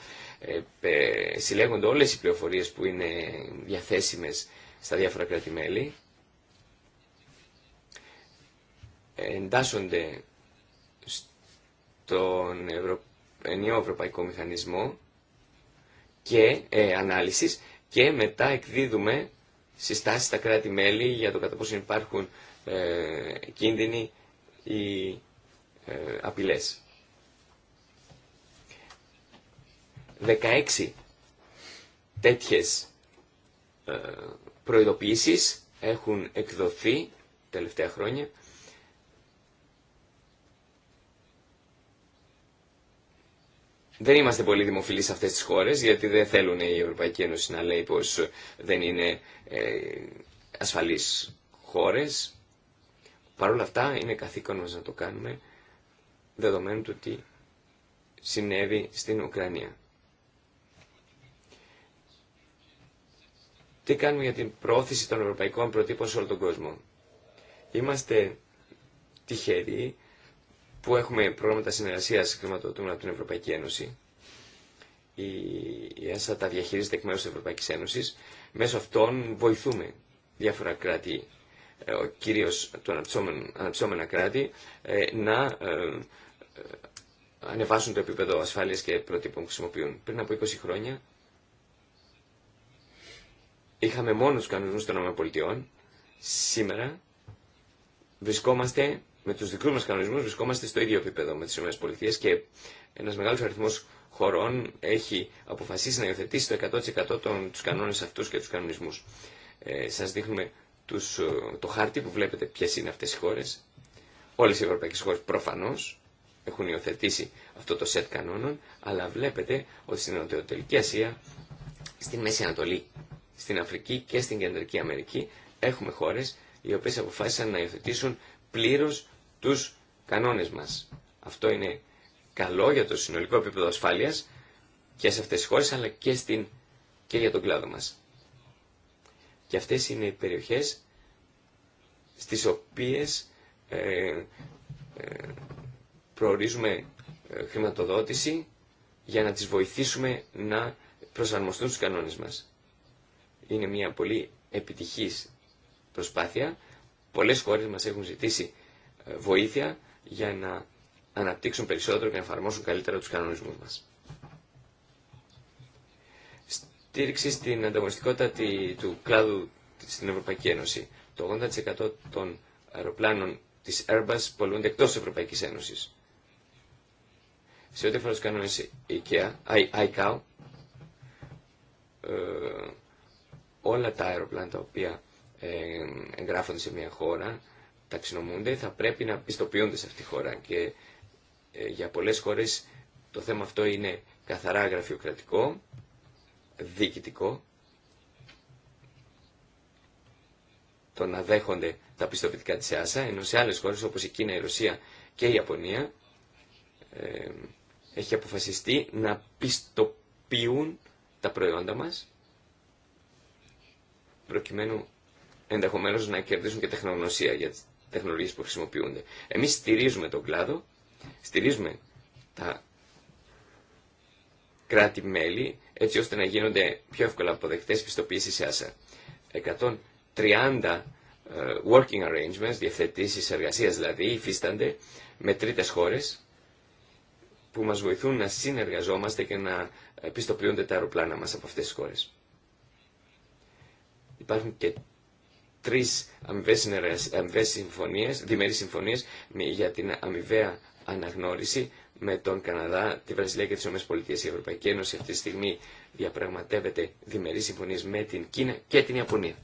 συλλέγονται όλες οι πληροφορίες που είναι διαθέσιμες στα διάφορα κράτη-μέλη εντάσσονται στον Ευρω... ευρωπαϊκό μηχανισμό και ε, ανάλυσης και μετά εκδίδουμε συστάσεις στα κράτη-μέλη για το κατά πόσο υπάρχουν ε, κίνδυνοι ή ε, απειλές. 16 τέτοιες ε, έχουν εκδοθεί τελευταία χρόνια Δεν είμαστε πολύ δημοφιλείς σε αυτές τις χώρες γιατί δεν θέλουν η Ευρωπαϊκή Ένωση να λέει πως δεν είναι ε, ασφαλείς χώρες. Παρ' όλα αυτά είναι καθήκον μας να το κάνουμε δεδομένου του ότι συνέβη στην Ουκρανία. Τι κάνουμε για την πρόθεση των ευρωπαϊκών προτύπων σε όλο τον κόσμο. Είμαστε τυχεροί που έχουμε προγράμματα συνεργασία χρηματοδοτούμενα από την Ευρωπαϊκή Ένωση. Η, η ΕΣΑ τα διαχειρίζεται εκ μέρου της Ευρωπαϊκής Ένωσης. Μέσω αυτών βοηθούμε διάφορα κράτη, κυρίω κυρίως το αναψώμενα κράτη, ε, να ε, ε, ανεβάσουν το επίπεδο ασφάλειας και προτύπων που χρησιμοποιούν. Πριν από 20 χρόνια είχαμε μόνο του κανονισμού των ΗΠΑ. Σήμερα βρισκόμαστε με τους δικούς μα κανονισμού βρισκόμαστε στο ίδιο επίπεδο με τις ΗΠΑ και ένα μεγάλο αριθμό χωρών έχει αποφασίσει να υιοθετήσει το 100% των, κανόνε αυτού και του κανονισμού. Ε, σας δείχνουμε ε, το χάρτη που βλέπετε ποιε είναι αυτέ οι χώρε. Όλε οι ευρωπαϊκέ χώρε προφανώ έχουν υιοθετήσει αυτό το σετ κανόνων, αλλά βλέπετε ότι στην Νοτιοτελική Ασία, στην Μέση Ανατολή, στην Αφρική και στην Κεντρική Αμερική έχουμε χώρε οι οποίε αποφάσισαν να υιοθετήσουν πλήρω τους κανόνες μας. Αυτό είναι καλό για το συνολικό επίπεδο ασφάλειας και σε αυτές τις χώρες αλλά και, στην, και για τον κλάδο μας. Και αυτές είναι οι περιοχές στις οποίες ε, ε προορίζουμε ε, χρηματοδότηση για να τις βοηθήσουμε να προσαρμοστούν στους κανόνες μας. Είναι μια πολύ επιτυχής προσπάθεια. Πολλές χώρες μας έχουν ζητήσει ε, βοήθεια για να αναπτύξουν περισσότερο και να εφαρμόσουν καλύτερα τους κανονισμούς μας. Στήριξη στην ανταγωνιστικότητα του κλάδου στην Ευρωπαϊκή Ένωση. Το 80% των αεροπλάνων της Airbus πολλούνται εκτός της Ευρωπαϊκής Ένωσης. Σε ό,τι αφορά τους κανόνες IKEA, ICAO, ε, όλα τα αεροπλάνα τα οποία ε, εγγράφονται σε μια χώρα ταξινομούνται θα πρέπει να πιστοποιούνται σε αυτή τη χώρα και ε, για πολλές χώρες το θέμα αυτό είναι καθαρά γραφειοκρατικό, διοικητικό. Το να δέχονται τα πιστοποιητικά της ΕΑΣΑ, ενώ σε άλλες χώρες όπως η Κίνα, η Ρωσία και η Ιαπωνία ε, έχει αποφασιστεί να πιστοποιούν τα προϊόντα μας προκειμένου ενδεχομένως να κερδίσουν και τεχνογνωσία για τεχνολογίες που χρησιμοποιούνται. Εμείς στηρίζουμε τον κλάδο, στηρίζουμε τα κράτη-μέλη έτσι ώστε να γίνονται πιο εύκολα αποδεκτέ πιστοποιήσει σε άσα. 130 ε, working arrangements, διευθετήσει εργασία, δηλαδή, υφίστανται με τρίτες χώρες που μας βοηθούν να συνεργαζόμαστε και να ε, πιστοποιούνται τα αεροπλάνα μας από αυτές τις χώρες. Υπάρχουν και τρεις αμοιβές συμφωνίες, διμερείς συμφωνίες για την αμοιβαία αναγνώριση με τον Καναδά, τη Βραζιλία και τις ΗΠΑ. Η Ευρωπαϊκή Ένωση αυτή τη στιγμή διαπραγματεύεται διμερείς συμφωνίες με την Κίνα και την Ιαπωνία.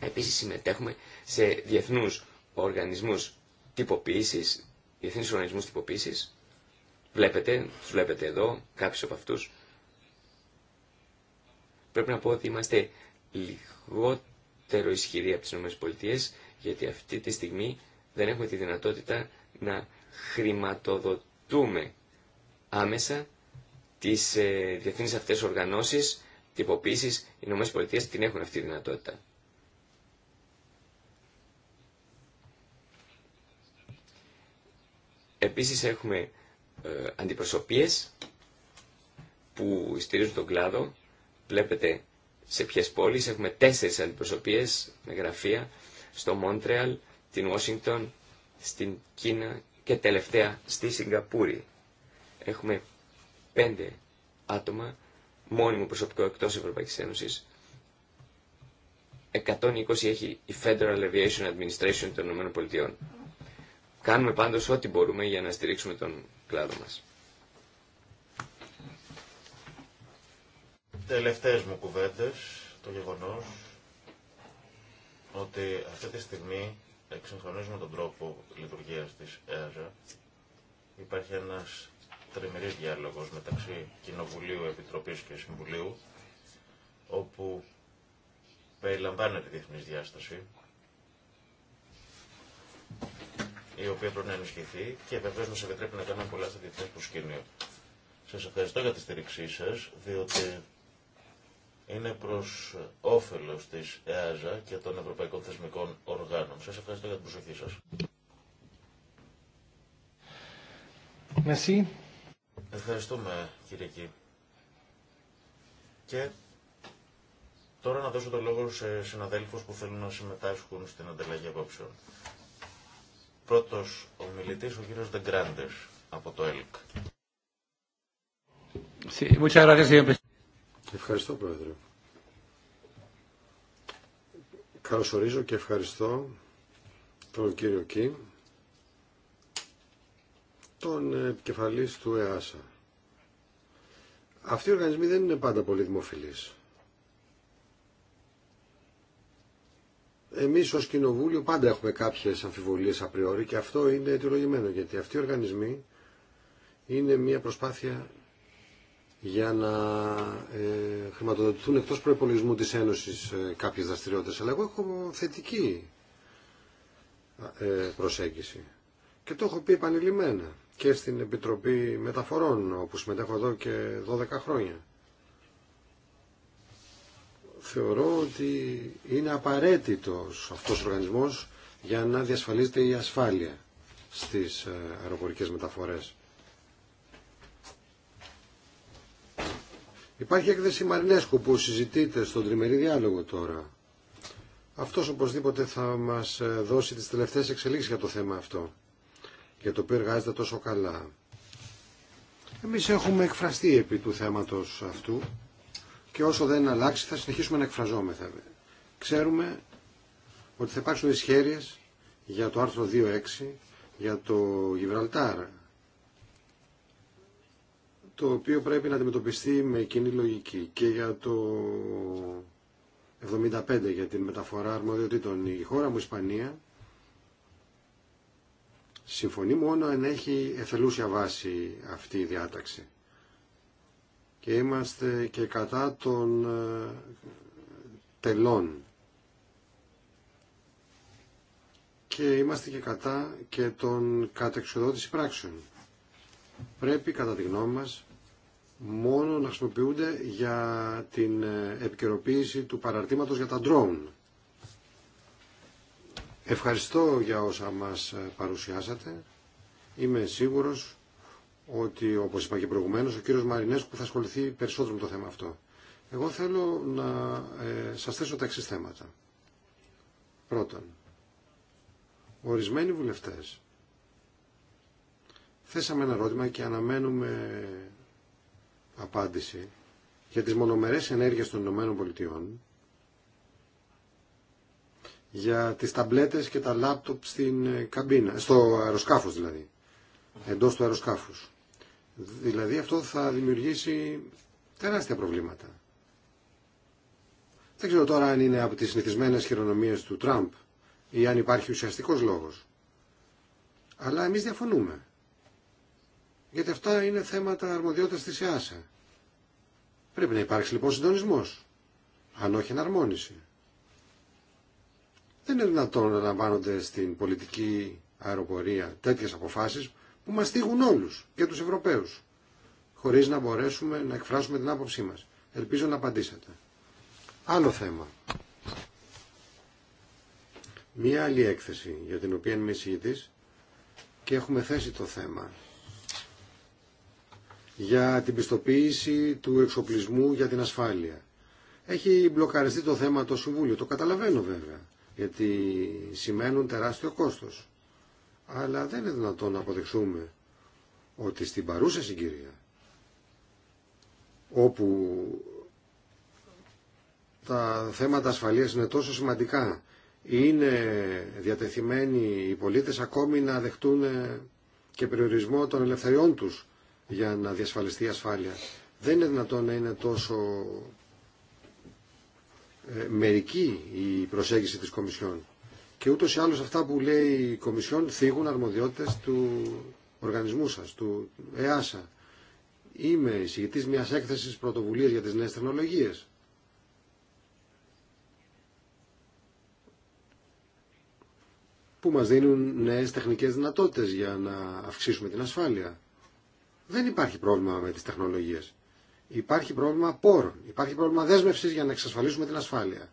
Επίσης συμμετέχουμε σε διεθνούς οργανισμούς τυποποίησης, διεθνείς οργανισμούς τυποποίησης. Βλέπετε, βλέπετε εδώ, κάποιους από αυτούς. Πρέπει να πω ότι είμαστε λιγότερο ουδέτερο ισχυρή από τις ΗΠΑ, γιατί αυτή τη στιγμή δεν έχουμε τη δυνατότητα να χρηματοδοτούμε άμεσα τι ε, διεθνεί αυτές οργανώσεις τυποποίηση. Οι ΗΠΑ την έχουν αυτή τη δυνατότητα. Επίσης έχουμε ε, αντιπροσωπείες που στηρίζουν τον κλάδο. Βλέπετε σε ποιε πόλει Έχουμε τέσσερι αντιπροσωπείες με γραφεία στο Μόντρεαλ, την Ουάσιγκτον, στην Κίνα και τελευταία στη Σιγκαπούρη. Έχουμε πέντε άτομα, μόνιμο προσωπικό εκτό Ευρωπαϊκή Ένωση, 120 έχει η Federal Aviation Administration των ΗΠΑ. Κάνουμε πάντως ό,τι μπορούμε για να στηρίξουμε τον κλάδο μας. τελευταίες μου κουβέντες το γεγονός ότι αυτή τη στιγμή εξυγχρονίζουμε τον τρόπο λειτουργίας της ΕΑΖΑ. Υπάρχει ένας τριμερής διάλογος μεταξύ Κοινοβουλίου, Επιτροπής και Συμβουλίου, όπου περιλαμβάνεται διεθνής διάσταση, η οποία πρέπει να ενισχυθεί και βεβαίω μας επιτρέπει να κάνουμε πολλά στα διεθνέ προσκήνιο. Σα ευχαριστώ για τη στήριξή σα, διότι είναι προς όφελος της ΕΑΖΑ και των Ευρωπαϊκών Θεσμικών Οργάνων. Σας ευχαριστώ για την προσοχή σας. Μεσή. Ευχαριστούμε Κυριακή. Και τώρα να δώσω το λόγο σε συναδέλφους που θέλουν να συμμετάσχουν στην ανταλλαγή απόψεων. Πρώτος ο μιλητής, ο κύριος Δεγκράντες από το ΕΛΚ. Ευχαριστώ, Πρόεδρε. Καλωσορίζω και ευχαριστώ τον κύριο Κι, τον επικεφαλής του ΕΑΣΑ. Αυτοί οι οργανισμοί δεν είναι πάντα πολύ δημοφιλείς. Εμείς ως Κοινοβούλιο πάντα έχουμε κάποιες αμφιβολίες απριόρι και αυτό είναι αιτιολογημένο γιατί αυτοί οι οργανισμοί είναι μια προσπάθεια για να ε, χρηματοδοτηθούν εκτός προπολογισμού της Ένωσης ε, κάποιες δραστηριότητες. Αλλά εγώ έχω θετική ε, προσέγγιση. Και το έχω πει επανειλημμένα και στην Επιτροπή Μεταφορών, όπου συμμετέχω εδώ και 12 χρόνια. Θεωρώ ότι είναι απαραίτητος αυτός ο οργανισμός για να διασφαλίζεται η ασφάλεια στις ε, αεροπορικές μεταφορές. Υπάρχει έκδεση Μαρινέσκου που συζητείται στον τριμερή διάλογο τώρα. Αυτός οπωσδήποτε θα μας ε, δώσει τις τελευταίες εξελίξεις για το θέμα αυτό, για το οποίο εργάζεται τόσο καλά. Εμείς έχουμε εκφραστεί επί του θέματος αυτού και όσο δεν αλλάξει θα συνεχίσουμε να εκφραζόμεθα. Ξέρουμε ότι θα υπάρξουν δυσχέρειε για το άρθρο 2.6, για το Γιβραλτάρ το οποίο πρέπει να αντιμετωπιστεί με κοινή λογική και για το 75 για την μεταφορά αρμοδιοτήτων η χώρα μου Ισπανία συμφωνεί μόνο αν έχει εθελούσια βάση αυτή η διάταξη και είμαστε και κατά των ε, τελών και είμαστε και κατά και των κατεξοδότηση πράξεων πρέπει κατά τη γνώμη μας μόνο να χρησιμοποιούνται για την ε, επικαιροποίηση του παραρτήματος για τα ντρόουν. Ευχαριστώ για όσα μας ε, παρουσιάσατε. Είμαι σίγουρος ότι, όπως είπα και προηγουμένως, ο κύριος Μαρινέσκου θα ασχοληθεί περισσότερο με το θέμα αυτό. Εγώ θέλω να ε, σας θέσω τα εξής θέματα. Πρώτον, ορισμένοι βουλευτές θέσαμε ένα ερώτημα και αναμένουμε απάντηση για τις μονομερές ενέργειες των Πολιτειών για τις ταμπλέτες και τα λάπτοπ στην ε, καμπίνα, στο αεροσκάφος δηλαδή, εντός του αεροσκάφους. Δηλαδή αυτό θα δημιουργήσει τεράστια προβλήματα. Δεν ξέρω τώρα αν είναι από τις συνηθισμένες χειρονομίες του Τραμπ ή αν υπάρχει ουσιαστικός λόγος. Αλλά εμείς διαφωνούμε. Γιατί αυτά είναι θέματα αρμοδιότητας της ΕΑΣΑ. Πρέπει να υπάρξει λοιπόν συντονισμός, αν όχι εναρμόνιση. Δεν είναι δυνατόν να λαμβάνονται στην πολιτική αεροπορία τέτοιες αποφάσεις που μας στίγουν όλους και τους Ευρωπαίους, χωρίς να μπορέσουμε να εκφράσουμε την άποψή μας. Ελπίζω να απαντήσετε. Άλλο θέμα. Μία άλλη έκθεση για την οποία είμαι και έχουμε θέσει το θέμα για την πιστοποίηση του εξοπλισμού για την ασφάλεια. Έχει μπλοκαριστεί το θέμα το Συμβούλιο. Το καταλαβαίνω βέβαια, γιατί σημαίνουν τεράστιο κόστος. Αλλά δεν είναι δυνατόν να αποδεχθούμε ότι στην παρούσα συγκυρία, όπου τα θέματα ασφαλείας είναι τόσο σημαντικά, είναι διατεθειμένοι οι πολίτες ακόμη να δεχτούν και περιορισμό των ελευθεριών τους για να διασφαλιστεί η ασφάλεια. Δεν είναι δυνατόν να είναι τόσο ε, μερική η προσέγγιση της Κομισιόν. Και ούτως ή άλλως αυτά που λέει η Κομισιόν θίγουν αρμοδιότητες του οργανισμού σας, του ΕΑΣΑ. Είμαι εισηγητής μιας έκθεσης πρωτοβουλίας για τις νέες τεχνολογίες. που μας δίνουν νέες τεχνικές δυνατότητες για να αυξήσουμε την ασφάλεια δεν υπάρχει πρόβλημα με τις τεχνολογίες. Υπάρχει πρόβλημα πόρων, υπάρχει πρόβλημα δέσμευσης για να εξασφαλίσουμε την ασφάλεια.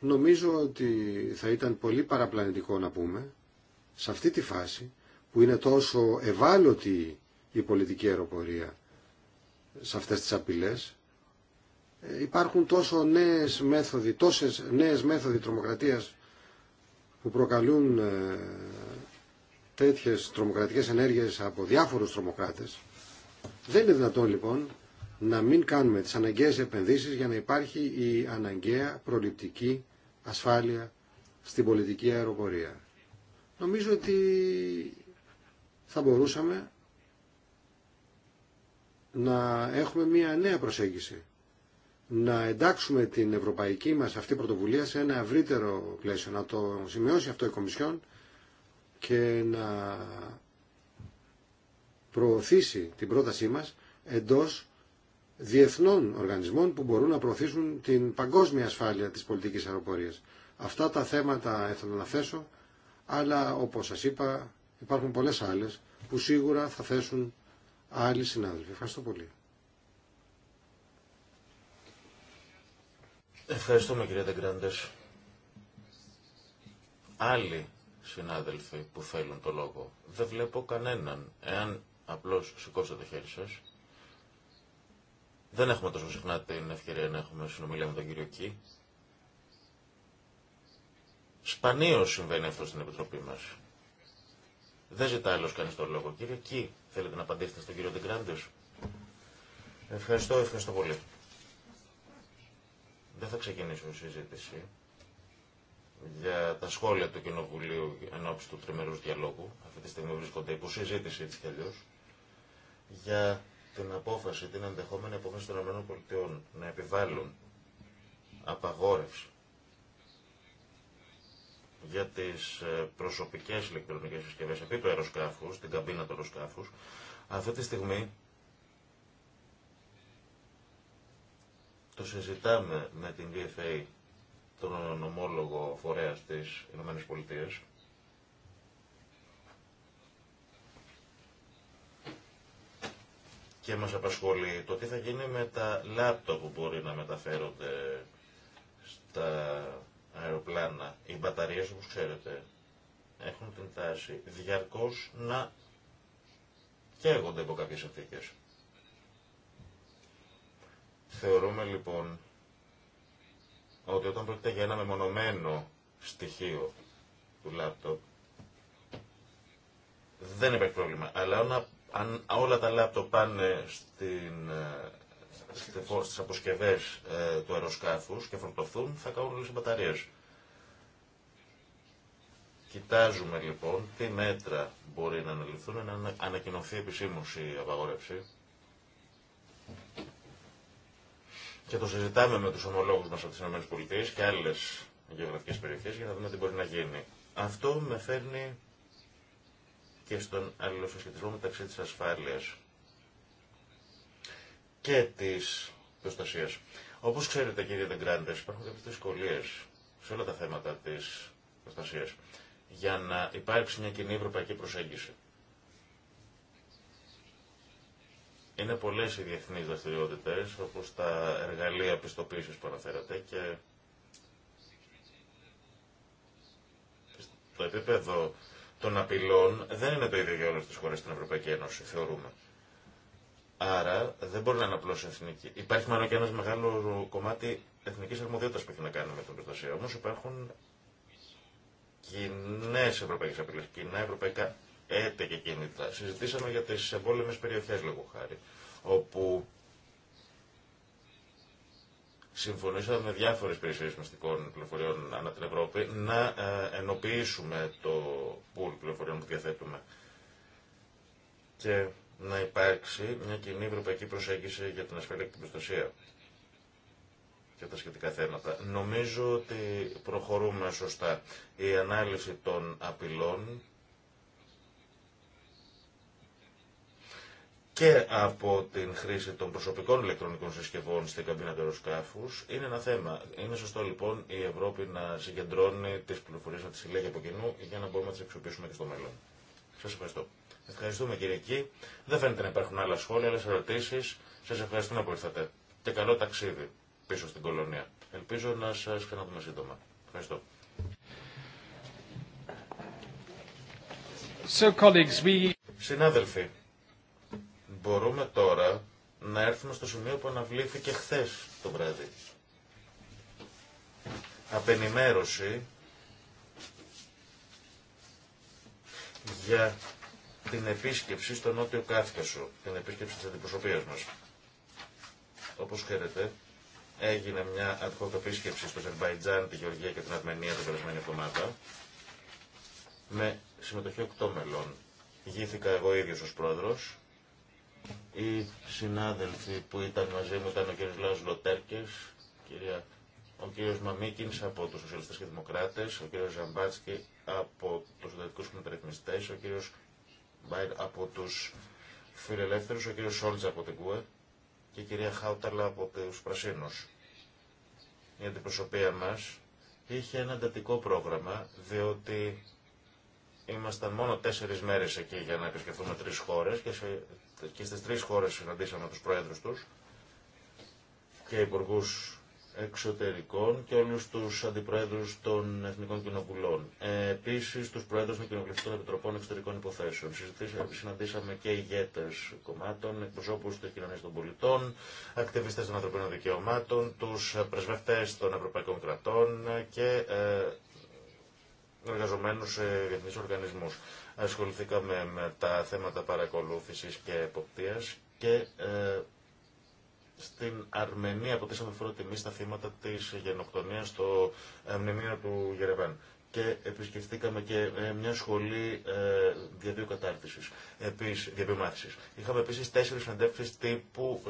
Νομίζω ότι θα ήταν πολύ παραπλανητικό να πούμε, σε αυτή τη φάση, που είναι τόσο ευάλωτη η πολιτική αεροπορία σε αυτές τις απειλές, ε, υπάρχουν τόσο νέες μέθοδοι, τόσες νέες μέθοδοι τρομοκρατίας που προκαλούν ε, τέτοιες τρομοκρατικές ενέργειες από διάφορους τρομοκράτες. Δεν είναι δυνατόν λοιπόν να μην κάνουμε τις αναγκαίες επενδύσεις για να υπάρχει η αναγκαία προληπτική ασφάλεια στην πολιτική αεροπορία. Νομίζω ότι θα μπορούσαμε να έχουμε μια νέα προσέγγιση. Να εντάξουμε την ευρωπαϊκή μας αυτή πρωτοβουλία σε ένα ευρύτερο πλαίσιο. Να το σημειώσει αυτό η Κομισιόν και να προωθήσει την πρότασή μας εντός διεθνών οργανισμών που μπορούν να προωθήσουν την παγκόσμια ασφάλεια της πολιτικής αεροπορίας. Αυτά τα θέματα ήθελα να θέσω, αλλά όπως σας είπα υπάρχουν πολλές άλλες που σίγουρα θα θέσουν άλλοι συνάδελφοι. Ευχαριστώ πολύ. Ευχαριστούμε κύριε Δεγκράντες. Άλλοι συνάδελφοι που θέλουν το λόγο. Δεν βλέπω κανέναν. Εάν απλώς σηκώσετε το χέρι σας, δεν έχουμε τόσο συχνά την ευκαιρία να έχουμε συνομιλία με τον κύριο Κι. Σπανίως συμβαίνει αυτό στην Επιτροπή μας. Δεν ζητά άλλος κανείς το λόγο. Κύριε Κι, θέλετε να απαντήσετε στον κύριο Ντεγκράντες. Ευχαριστώ, ευχαριστώ πολύ. Δεν θα ξεκινήσω συζήτηση για τα σχόλια του Κοινοβουλίου εν του τριμερούς διαλόγου. Αυτή τη στιγμή βρίσκονται υποσυζήτηση έτσι κι αλλιώ. Για την απόφαση, την ενδεχόμενη απόφαση των ΗΠΑ να επιβάλλουν απαγόρευση για τις ε, προσωπικές ηλεκτρονικές συσκευές επί του αεροσκάφου, την καμπίνα του αεροσκάφου. Αυτή τη στιγμή το συζητάμε με την DFA τον ομόλογο φορέα της ΗΠΑ. Και μας απασχολεί το τι θα γίνει με τα λάπτοπ που μπορεί να μεταφέρονται στα αεροπλάνα. Οι μπαταρίες, όπως ξέρετε, έχουν την τάση διαρκώς να καίγονται από κάποιες συνθήκες. Θεωρούμε λοιπόν ότι όταν πρόκειται για ένα μεμονωμένο στοιχείο του λάπτοπ, δεν υπάρχει πρόβλημα. Αλλά αν όλα τα λάπτοπ πάνε στην, ε, στις αποσκευές ε, του αεροσκάφους και φορτωθούν, θα κάνουν όλες οι μπαταρίες. Κοιτάζουμε λοιπόν τι μέτρα μπορεί να αναλυθούν, να ανακοινωθεί επισήμως η απαγόρευση Και το συζητάμε με τους ομολόγους μας από τις ΗΠΑ και άλλες γεωγραφικές περιοχές για να δούμε τι μπορεί να γίνει. Αυτό με φέρνει και στον αλληλοσυσχετισμό μεταξύ της ασφάλειας και της προστασίας. Όπως ξέρετε κύριε Δεγκράντες, υπάρχουν κάποιε δυσκολίε σε όλα τα θέματα της προστασίας για να υπάρξει μια κοινή ευρωπαϊκή προσέγγιση. Είναι πολλέ οι διεθνεί δραστηριότητε, όπω τα εργαλεία πιστοποίηση που αναφέρατε και το επίπεδο των απειλών δεν είναι το ίδιο για όλε τι χώρε στην Ευρωπαϊκή Ένωση, θεωρούμε. Άρα δεν μπορεί να είναι απλώ εθνική. Υπάρχει μάλλον και ένα μεγάλο κομμάτι εθνική αρμοδιότητα που έχει να κάνει με την προστασία. Όμω υπάρχουν κοινέ ευρωπαϊκέ απειλέ, κοινά ευρωπαϊκά έτε και κινητά. Συζητήσαμε για τις εμπόλεμε περιοχέ λόγω χάρη, όπου συμφωνήσαμε με διάφορες υπηρεσίες μυστικών πληροφοριών ανά την Ευρώπη να ε, ενοποιήσουμε το πουλ πληροφοριών που διαθέτουμε και να υπάρξει μια κοινή ευρωπαϊκή προσέγγιση για την ασφαλή και την προστασία και τα σχετικά θέματα. Νομίζω ότι προχωρούμε σωστά. Η ανάλυση των απειλών και από την χρήση των προσωπικών ηλεκτρονικών συσκευών στην καμπίνα του αεροσκάφου είναι ένα θέμα. Είναι σωστό λοιπόν η Ευρώπη να συγκεντρώνει τι πληροφορίε, να τι συλλέγει από κοινού για να μπορούμε να τι αξιοποιήσουμε και στο μέλλον. Σα ευχαριστώ. Ευχαριστούμε κύριε Κύ. Δεν φαίνεται να υπάρχουν άλλα σχόλια, άλλε ερωτήσει. Σα ευχαριστούμε που ήρθατε. Και καλό ταξίδι πίσω στην κολονία. Ελπίζω να σα ξαναδούμε σύντομα. Ευχαριστώ. So, colleagues, we... Συνάδελφοι, μπορούμε τώρα να έρθουμε στο σημείο που αναβλήθηκε χθες το βράδυ. Απενημέρωση για την επίσκεψη στο Νότιο Κάφκασο, την επίσκεψη της αντιπροσωπείας μας. Όπως ξέρετε, έγινε μια ad επίσκεψη στο Σερμπαϊτζάν, τη Γεωργία και την Αρμενία την περασμένη εβδομάδα, με συμμετοχή οκτώ μελών. Γήθηκα εγώ ίδιος ως πρόεδρος, οι συνάδελφοι που ήταν μαζί μου ήταν ο κ. Λάζλο Τέρκες, ο κ. Μαμίκιν από του Σοσιαλιστέ και Δημοκράτε, ο κ. Ζαμπάτσκι από του Συντατικού Μεταρρυθμιστέ, ο κ. Μπάιρ από του Φιλελεύθερου, ο κ. Σόλτζ από την ΚΟΕ και η κυρία Χάουταλα από του Πρασίνου. Η αντιπροσωπεία μα είχε ένα εντατικό πρόγραμμα, διότι ήμασταν μόνο τέσσερι μέρε εκεί για να επισκεφθούμε τρει χώρε και σε και στις τρεις χώρες συναντήσαμε τους πρόεδρους τους και υπουργού εξωτερικών και όλους τους αντιπρόεδρους των Εθνικών Κοινοβουλών. Ε, επίσης, τους πρόεδρους των Κοινοβουλευτικών Επιτροπών Εξωτερικών Υποθέσεων. Συναντήσαμε και ηγέτες κομμάτων, εκπροσώπους της κοινωνίας των πολιτών, ακτιβιστές των ανθρωπίνων δικαιωμάτων, τους πρεσβευτές των ευρωπαϊκών κρατών και ε, εργαζομένους σε διεθνείς οργανισμούς ασχοληθήκαμε με τα θέματα παρακολούθησης και εποπτείας και ε, στην Αρμενία αποτίσαμε φορό τιμή στα θύματα της γενοκτονίας στο ε, μνημείο του Γερεβάν και επισκεφτήκαμε και ε, μια σχολή ε, διαβίου κατάρτισης, επίσης, Είχαμε επίσης τέσσερις συνεντεύξεις τύπου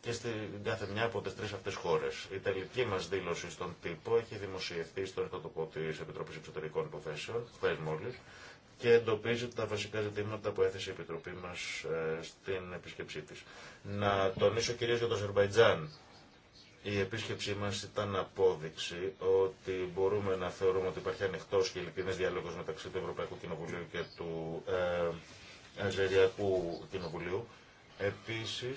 και στην κάθε μια από τις τρεις αυτές χώρες. Η τελική μας δήλωση στον τύπο έχει δημοσιευθεί στο ιστοτοπό της Επιτροπής Εξωτερικών Υποθέσεων, χθες μόλις, και εντοπίζει τα βασικά ζητήματα που έθεσε η Επιτροπή μα ε, στην επίσκεψή τη. Να τονίσω κυρίω για το Αζερβαϊτζάν. Η επίσκεψή μα ήταν απόδειξη ότι μπορούμε να θεωρούμε ότι υπάρχει ανοιχτό και ειλικρινή διάλογο μεταξύ του Ευρωπαϊκού Κοινοβουλίου και του ε, Αζεριακού Κοινοβουλίου. Επίση,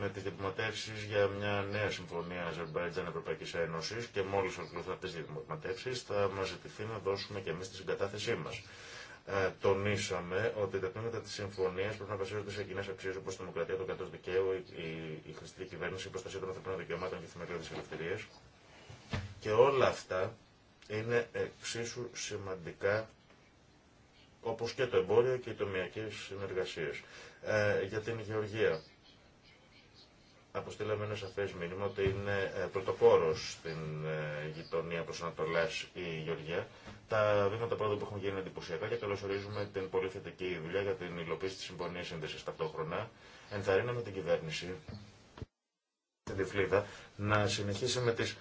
με τι διαπραγματεύσει για μια νέα συμφωνία συμφωνία Ευρωπαϊκή Ένωση και μόλι ολοκληρωθούν αυτέ τι διαπραγματεύσει, θα μα ζητηθεί να δώσουμε και εμεί τη συγκατάθεσή μα. Ε, τονίσαμε ότι τα τμήματα τη συμφωνία πρέπει να βασίζονται σε κοινέ αξίε όπω η δημοκρατία, το κράτο δικαίου, η, η χρηστή κυβέρνηση, η προστασία των ανθρωπίνων δικαιωμάτων και τι θεμελιώδει ελευθερίε. Και όλα αυτά είναι εξίσου σημαντικά όπω και το εμπόριο και οι τομιακές συνεργασίες. Ε, για την Γεωργία αποστήλαμε ένα σαφέ μήνυμα ότι είναι ε, πρωτοπόρο στην ε, γειτονία προ Ανατολά η Γεωργία. Τα βήματα πρώτα που έχουν γίνει είναι εντυπωσιακά και καλωσορίζουμε την πολύ θετική δουλειά για την υλοποίηση τη συμφωνία σύνδεση ταυτόχρονα. Ενθαρρύναμε την κυβέρνηση, την Διφλίδα, να συνεχίσει με τι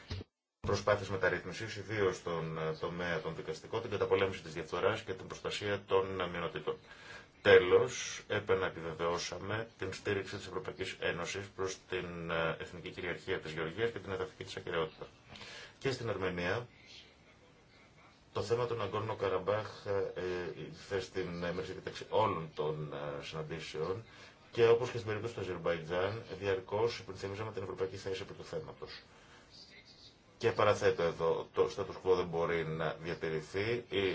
προσπάθειε μεταρρύθμιση, ιδίω στον ε, τομέα των δικαστικών, την καταπολέμηση τη διαφθορά και την προστασία των μειονοτήτων. Τέλος, επαναεπιβεβαιώσαμε την στήριξη της Ευρωπαϊκής Ένωσης προς την ε, εθνική κυριαρχία της Γεωργίας και την εδαφική της ακυρεότητα. Και στην Αρμενία, το θέμα των Αγκόρνο Καραμπάχ ήθελε ε, ε, στην μέση κοιτάξη όλων των συναντήσεων και όπως και στην περίπτωση του Αζερβαϊτζάν, διαρκώς υπενθυμίζαμε την ευρωπαϊκή θέση επί του θέματος. Και παραθέτω εδώ, το status quo δεν μπορεί να διατηρηθεί, η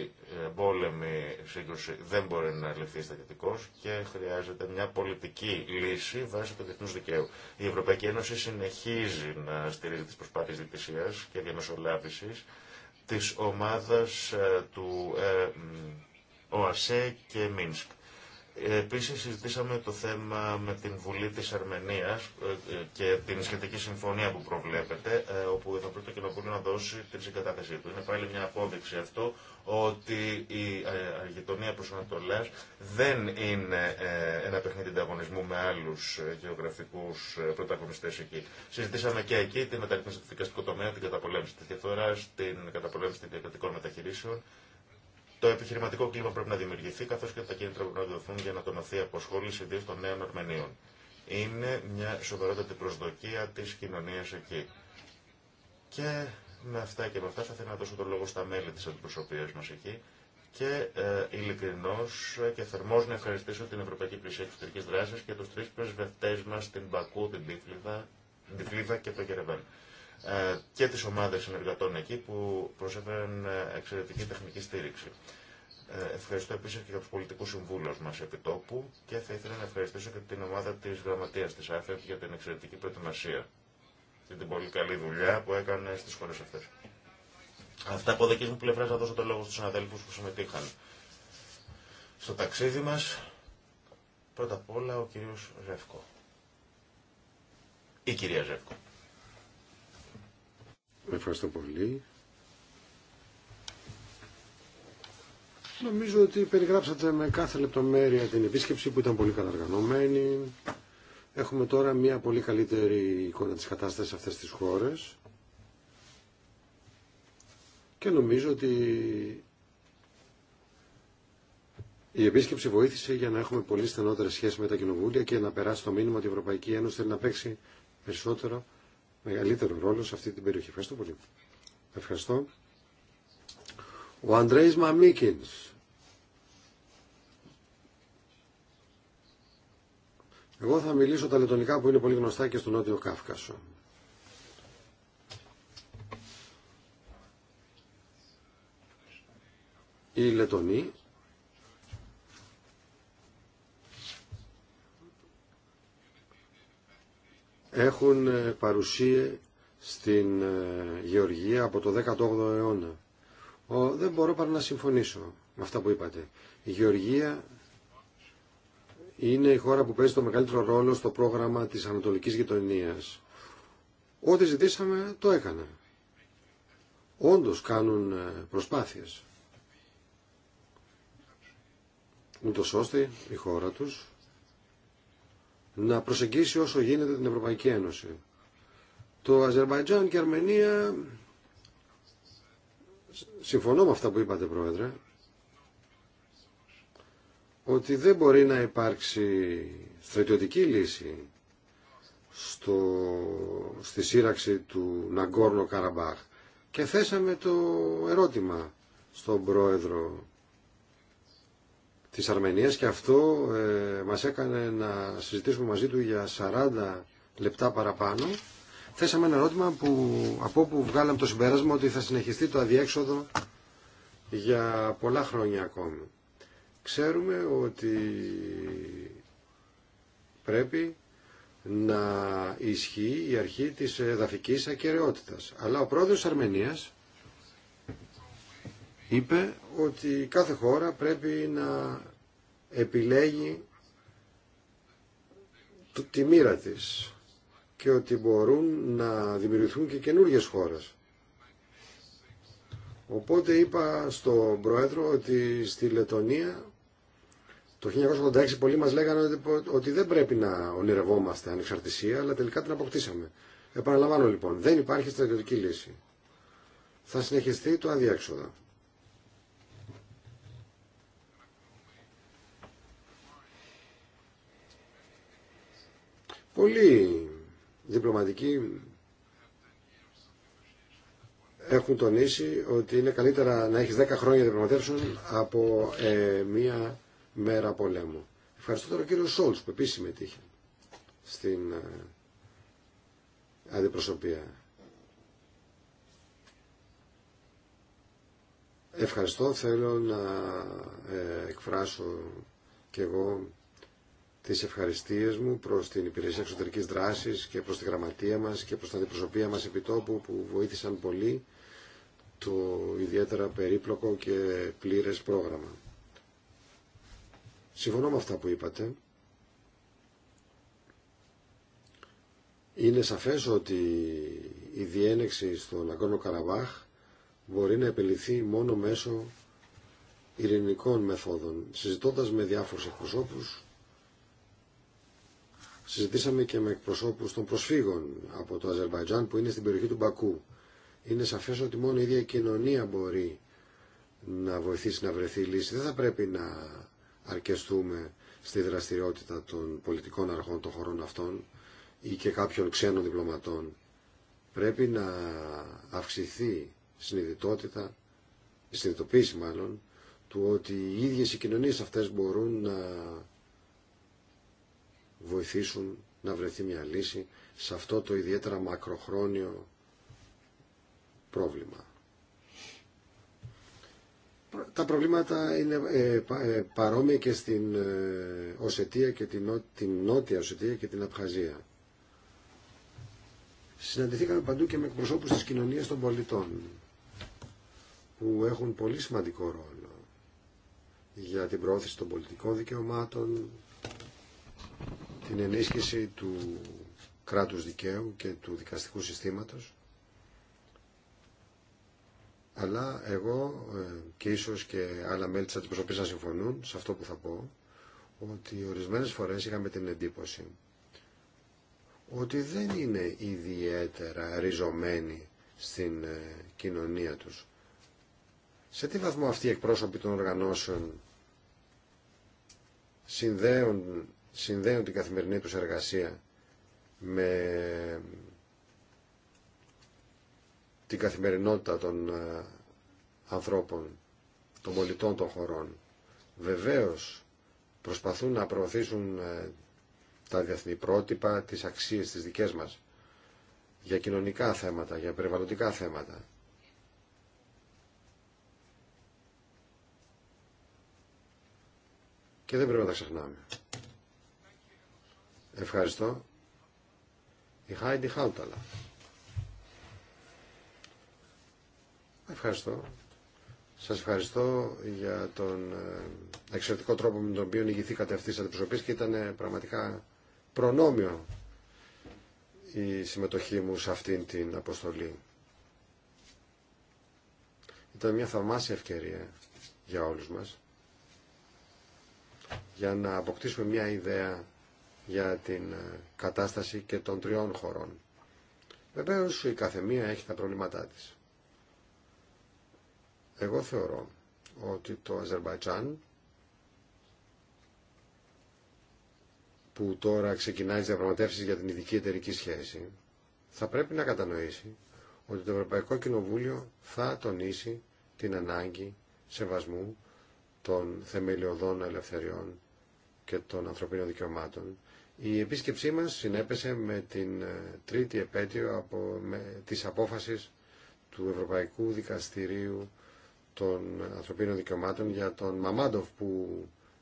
ε, πόλεμη σύγκρουση δεν μπορεί να λυθεί στατιστικώ και χρειάζεται μια πολιτική λύση βάσει του διεθνού δικαίου. Η Ευρωπαϊκή Ένωση συνεχίζει να στηρίζει τι προσπάθειες διαιτησία και διαμεσολάβηση τη ομάδα ε, του ε, ΟΑΣΕ και Μίνσκ. Επίσης συζητήσαμε το θέμα με την Βουλή της Αρμενίας ε, ε, και την σχετική συμφωνία που προβλέπεται, ε, όπου θα πρέπει το Κοινοβούλιο να δώσει την συγκατάθεσή του. Είναι πάλι μια απόδειξη αυτό ότι η γειτονία προς Ανατολάς δεν είναι ένα παιχνίδι ανταγωνισμού με άλλους γεωγραφικούς πρωταγωνιστές εκεί. Συζητήσαμε και εκεί τη μεταρρύθμιση του δικαστικού τομέα, την καταπολέμηση της διαφθοράς, την καταπολέμηση των διακριτικών μεταχειρήσεων το επιχειρηματικό κλίμα πρέπει να δημιουργηθεί, καθώ και τα κίνητρα πρέπει να δοθούν για να τονωθεί η αποσχόληση ιδίω των νέων Αρμενίων. Είναι μια σοβαρότατη προσδοκία τη κοινωνία εκεί. Και με αυτά και με αυτά θα θέλω να δώσω τον λόγο στα μέλη τη αντιπροσωπεία μα εκεί και ε, ειλικρινώ και θερμό να ευχαριστήσω την Ευρωπαϊκή Υπηρεσία Εξωτερική Δράση και του τρει πρεσβευτέ μα, την Πακού, την Τιφλίδα, την και το Κερεβέν. Ε, και τις ομάδες συνεργατών εκεί που προσέφεραν ε, εξαιρετική τεχνική στήριξη. Ε, ευχαριστώ επίση και για του πολιτικού συμβούλου μα τόπου και θα ήθελα να ευχαριστήσω και την ομάδα τη γραμματεία τη ΑΦΕΠ για την εξαιρετική προετοιμασία και την πολύ καλή δουλειά που έκανε στι χώρε αυτέ. Αυτά από δική μου πλευρά θα δώσω το λόγο στου συναδέλφου που συμμετείχαν στο ταξίδι μα. Πρώτα απ' όλα ο κύριο Ζεύκο. Η κυρία Ζεύκο. Ευχαριστώ πολύ. Νομίζω ότι περιγράψατε με κάθε λεπτομέρεια την επίσκεψη που ήταν πολύ καταργανωμένη. Έχουμε τώρα μια πολύ καλύτερη εικόνα της κατάστασης σε αυτές τις χώρες και νομίζω ότι η επίσκεψη βοήθησε για να έχουμε πολύ στενότερες σχέσεις με τα κοινοβούλια και να περάσει το μήνυμα ότι η Ευρωπαϊκή Ένωση θέλει να παίξει περισσότερο μεγαλύτερο ρόλο σε αυτή την περιοχή. Ευχαριστώ πολύ. Ευχαριστώ. Ο Αντρέης Μαμίκινς. Εγώ θα μιλήσω τα λετωνικά που είναι πολύ γνωστά και στο Νότιο Κάφκασο. Οι Λετωνοί έχουν ε, παρουσία στην ε, Γεωργία από το 18ο αιώνα. δεν μπορώ παρά να συμφωνήσω με αυτά που είπατε. Η Γεωργία είναι η χώρα που παίζει το μεγαλύτερο ρόλο στο πρόγραμμα της Ανατολικής Γειτονίας. Ό,τι ζητήσαμε το έκανα. Όντως κάνουν ε, προσπάθειες. Ούτως ώστε η χώρα τους να προσεγγίσει όσο γίνεται την Ευρωπαϊκή Ένωση. Το Αζερβαϊτζάν και η Αρμενία, συμφωνώ με αυτά που είπατε Πρόεδρε, ότι δεν μπορεί να υπάρξει στρατιωτική λύση στο, στη σύραξη του Ναγκόρνο Καραμπάχ. Και θέσαμε το ερώτημα στον πρόεδρο της Αρμενίας και αυτό ε, μας έκανε να συζητήσουμε μαζί του για 40 λεπτά παραπάνω. Θέσαμε ένα ερώτημα που, από όπου βγάλαμε το συμπέρασμα ότι θα συνεχιστεί το αδιέξοδο για πολλά χρόνια ακόμη. Ξέρουμε ότι πρέπει να ισχύει η αρχή της εδαφικής ακαιρεότητας. Αλλά ο πρόεδρος της Αρμενίας είπε ότι κάθε χώρα πρέπει να επιλέγει τη μοίρα της και ότι μπορούν να δημιουργηθούν και καινούργιες χώρες. Οπότε είπα στον Πρόεδρο ότι στη Λετωνία το 1986 πολλοί μας λέγανε ότι δεν πρέπει να ονειρευόμαστε ανεξαρτησία, αλλά τελικά την αποκτήσαμε. Επαναλαμβάνω λοιπόν, δεν υπάρχει στρατιωτική λύση. Θα συνεχιστεί το αδιέξοδο. πολύ διπλωματικοί έχουν τονίσει ότι είναι καλύτερα να έχεις 10 χρόνια διπλωματεύσεων από ε, μία μέρα πολέμου. Ευχαριστώ τώρα τον κύριο Σόλτς που επίσης συμμετείχε στην ε, αντιπροσωπεία. Ευχαριστώ. Θέλω να ε, εκφράσω και εγώ τις ευχαριστίες μου προς την Υπηρεσία Εξωτερικής Δράσης και προς τη γραμματεία μας και προς την αντιπροσωπεία μας επιτόπου που βοήθησαν πολύ το ιδιαίτερα περίπλοκο και πλήρες πρόγραμμα. Συμφωνώ με αυτά που είπατε. Είναι σαφές ότι η διένεξη στον Αγκόνο Καραβάχ μπορεί να επιληθεί μόνο μέσω ειρηνικών μεθόδων. Συζητώντας με διάφορους εκπροσώπους Συζητήσαμε και με εκπροσώπους των προσφύγων από το Αζερβαϊτζάν που είναι στην περιοχή του Μπακού. Είναι σαφέ ότι μόνο η ίδια η κοινωνία μπορεί να βοηθήσει να βρεθεί λύση. Δεν θα πρέπει να αρκεστούμε στη δραστηριότητα των πολιτικών αρχών των χωρών αυτών ή και κάποιων ξένων διπλωματών. Πρέπει να αυξηθεί συνειδητότητα, συνειδητοποίηση μάλλον, του ότι οι ίδιες οι κοινωνίες αυτές μπορούν να βοηθήσουν να βρεθεί μια λύση σε αυτό το ιδιαίτερα μακροχρόνιο πρόβλημα. Τα προβλήματα είναι ε, ε, παρόμοια και στην ε, Οσετία και την, την Νότια Οσετία και την Απχαζία. Συναντηθήκαμε παντού και με εκπροσώπους της κοινωνίας των πολιτών που έχουν πολύ σημαντικό ρόλο για την προώθηση των πολιτικών δικαιωμάτων, την ενίσχυση του κράτους δικαίου και του δικαστικού συστήματος αλλά εγώ ε, και ίσως και άλλα μέλη της αντιπροσωπής να συμφωνούν σε αυτό που θα πω ότι ορισμένες φορές είχαμε την εντύπωση ότι δεν είναι ιδιαίτερα ριζωμένοι στην ε, κοινωνία τους. Σε τι βαθμό αυτοί οι εκπρόσωποι των οργανώσεων συνδέουν συνδέουν την καθημερινή τους εργασία με την καθημερινότητα των ε, ανθρώπων, των πολιτών των χωρών. Βεβαίως προσπαθούν να προωθήσουν ε, τα διεθνή πρότυπα, τις αξίες της δικές μας για κοινωνικά θέματα, για περιβαλλοντικά θέματα. Και δεν πρέπει να τα ξεχνάμε. Ευχαριστώ. Η Χάιντι Χάουταλα. Ευχαριστώ. Σας ευχαριστώ για τον ε, εξαιρετικό τρόπο με τον οποίο ηγηθήκατε αυτής της αντιπροσωπής και ήταν πραγματικά προνόμιο η συμμετοχή μου σε αυτήν την αποστολή. Ήταν μια θαυμάσια ευκαιρία για όλους μας για να αποκτήσουμε μια ιδέα για την ε, κατάσταση και των τριών χωρών. Βεβαίω η καθεμία έχει τα προβλήματά της. Εγώ θεωρώ ότι το Αζερβαϊτζάν που τώρα ξεκινάει τις διαπραγματεύσεις για την ειδική εταιρική σχέση θα πρέπει να κατανοήσει ότι το Ευρωπαϊκό Κοινοβούλιο θα τονίσει την ανάγκη σεβασμού των θεμελιωδών ελευθεριών και των ανθρωπίνων δικαιωμάτων η επίσκεψή μας συνέπεσε με την ε, τρίτη επέτειο από, με, της απόφασης του Ευρωπαϊκού Δικαστηρίου των Ανθρωπίνων Δικαιωμάτων για τον Μαμάντοφ που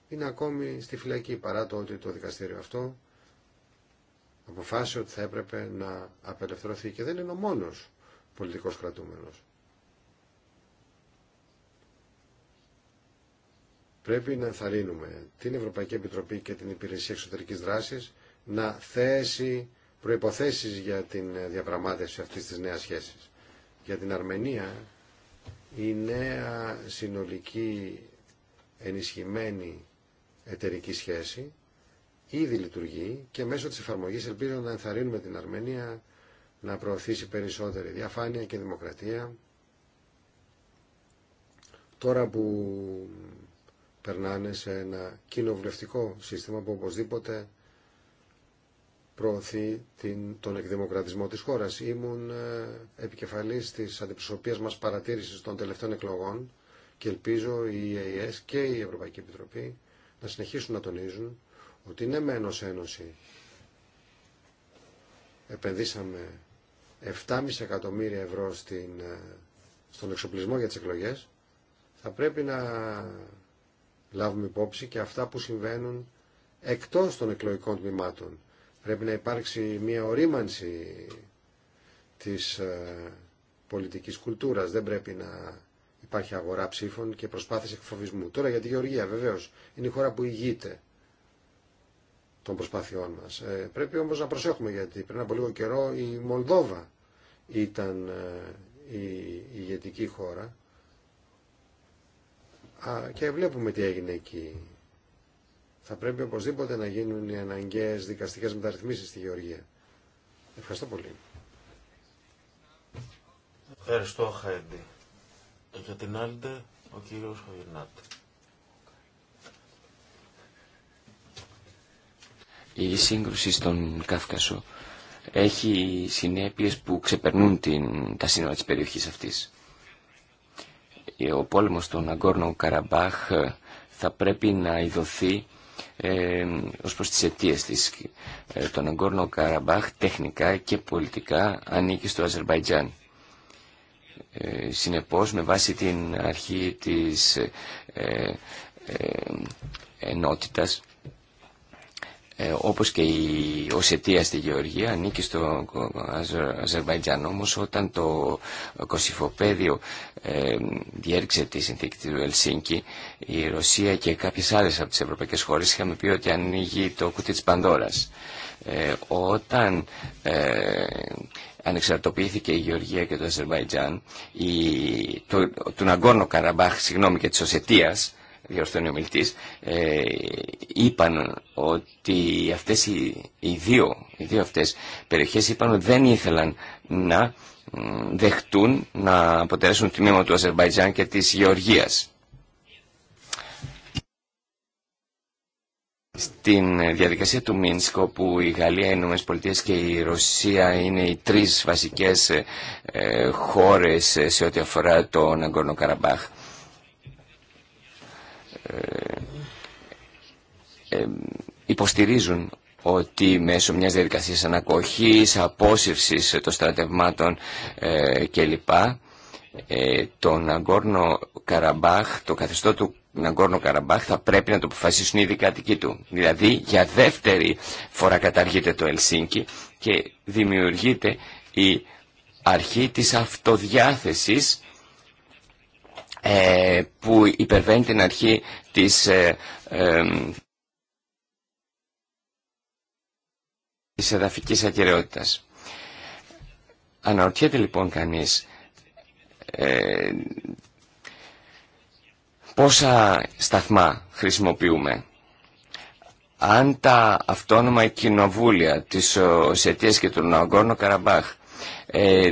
είναι ακόμη στη φυλακή παρά το ότι το δικαστήριο αυτό αποφάσισε ότι θα έπρεπε να απελευθερωθεί και δεν είναι ο μόνος πολιτικός κρατούμενος. Πρέπει να ενθαρρύνουμε την Ευρωπαϊκή Επιτροπή και την Υπηρεσία Εξωτερικής Δράσης να θέσει προϋποθέσεις για την διαπραγμάτευση αυτής της νέας σχέσης. Για την Αρμενία η νέα συνολική ενισχυμένη εταιρική σχέση ήδη λειτουργεί και μέσω της εφαρμογής ελπίζω να ενθαρρύνουμε την Αρμενία να προωθήσει περισσότερη διαφάνεια και δημοκρατία τώρα που περνάνε σε ένα κοινοβουλευτικό σύστημα που οπωσδήποτε προωθεί την, τον εκδημοκρατισμό της χώρας. Ήμουν ε, επικεφαλής της αντιπροσωπείας μας παρατήρησης των τελευταίων εκλογών και ελπίζω η ΕΕΣ και η Ευρωπαϊκή Επιτροπή να συνεχίσουν να τονίζουν ότι ναι με ένωση ένωση επενδύσαμε 7,5 εκατομμύρια ευρώ στην, ε, στον εξοπλισμό για τις εκλογές θα πρέπει να λάβουμε υπόψη και αυτά που συμβαίνουν εκτός των εκλογικών τμήματων. Πρέπει να υπάρξει μια ορίμανση της ε, πολιτικής κουλτούρας. Δεν πρέπει να υπάρχει αγορά ψήφων και προσπάθειες εκφοβισμού. Τώρα για τη Γεωργία βεβαίως είναι η χώρα που ηγείται των προσπάθειών μας. Ε, πρέπει όμως να προσέχουμε γιατί πριν από λίγο καιρό η Μολδόβα ήταν ε, η ηγετική χώρα και βλέπουμε τι έγινε εκεί. Θα πρέπει οπωσδήποτε να γίνουν οι αναγκαίες δικαστικές μεταρρυθμίσεις στη Γεωργία. Ευχαριστώ πολύ. Ευχαριστώ, Χαϊντή. Για την άλλη, ο κύριος Χαγερνάτη. Η σύγκρουση στον Κάφκασο έχει συνέπειες που ξεπερνούν την, τα σύνορα της περιοχής αυτής ο πόλεμος των Αγκόρνο Καραμπάχ ε, θα πρέπει να ειδωθεί ε, ως προς τις αιτίες της. Ε, τον Αγκόρνο Καραμπάχ τεχνικά και πολιτικά ανήκει στο Αζερβαϊτζάν. Ε, συνεπώς με βάση την αρχή της ε, ε, ε ενότητας ε, όπως και η Οσετία στη Γεωργία ανήκει στο Αζερβαϊτζάν όμως όταν το κοσυφοπέδιο ε, διέριξε τη συνθήκη του Ελσίνκη η Ρωσία και κάποιες άλλες από τις ευρωπαϊκές χώρες είχαμε πει ότι ανοίγει το κουτί της Πανδώρας ε, όταν ε, ανεξαρτοποιήθηκε η Γεωργία και το Αζερβαϊτζάν η, το, του Ναγκόρνο Καραμπάχ συγγνώμη και της Οσετίας διορθώνει ο μιλτής, ε, είπαν ότι αυτές οι, δύο, οι δύο αυτές περιοχές είπαν ότι δεν ήθελαν να δεχτούν να αποτελέσουν τμήμα του Αζερβαϊτζάν και της Γεωργίας. Στην διαδικασία του Μίνσκ, όπου η Γαλλία, οι και η Ρωσία είναι οι τρεις βασικές ε, ε, χώρες σε ό,τι αφορά τον Αγκόρνο Καραμπάχ, ε, ε, υποστηρίζουν ότι μέσω μιας διαδικασίας ανακοχής, απόσυρσης των στρατευμάτων ε, κλπ. Ε, το Ναγκόρνο Καραμπάχ, το καθεστώ του Ναγκόρνο Καραμπάχ θα πρέπει να το αποφασίσουν οι δικατικοί του. Δηλαδή για δεύτερη φορά καταργείται το Ελσίνκι και δημιουργείται η αρχή της αυτοδιάθεσης ε, που υπερβαίνει την αρχή της, ε, ε, της εδαφικής Αναρωτιέται λοιπόν κανείς ε, πόσα σταθμά χρησιμοποιούμε. Αν τα αυτόνομα κοινοβούλια της Οσετίας και του Ναγκόρνο Καραμπάχ ε,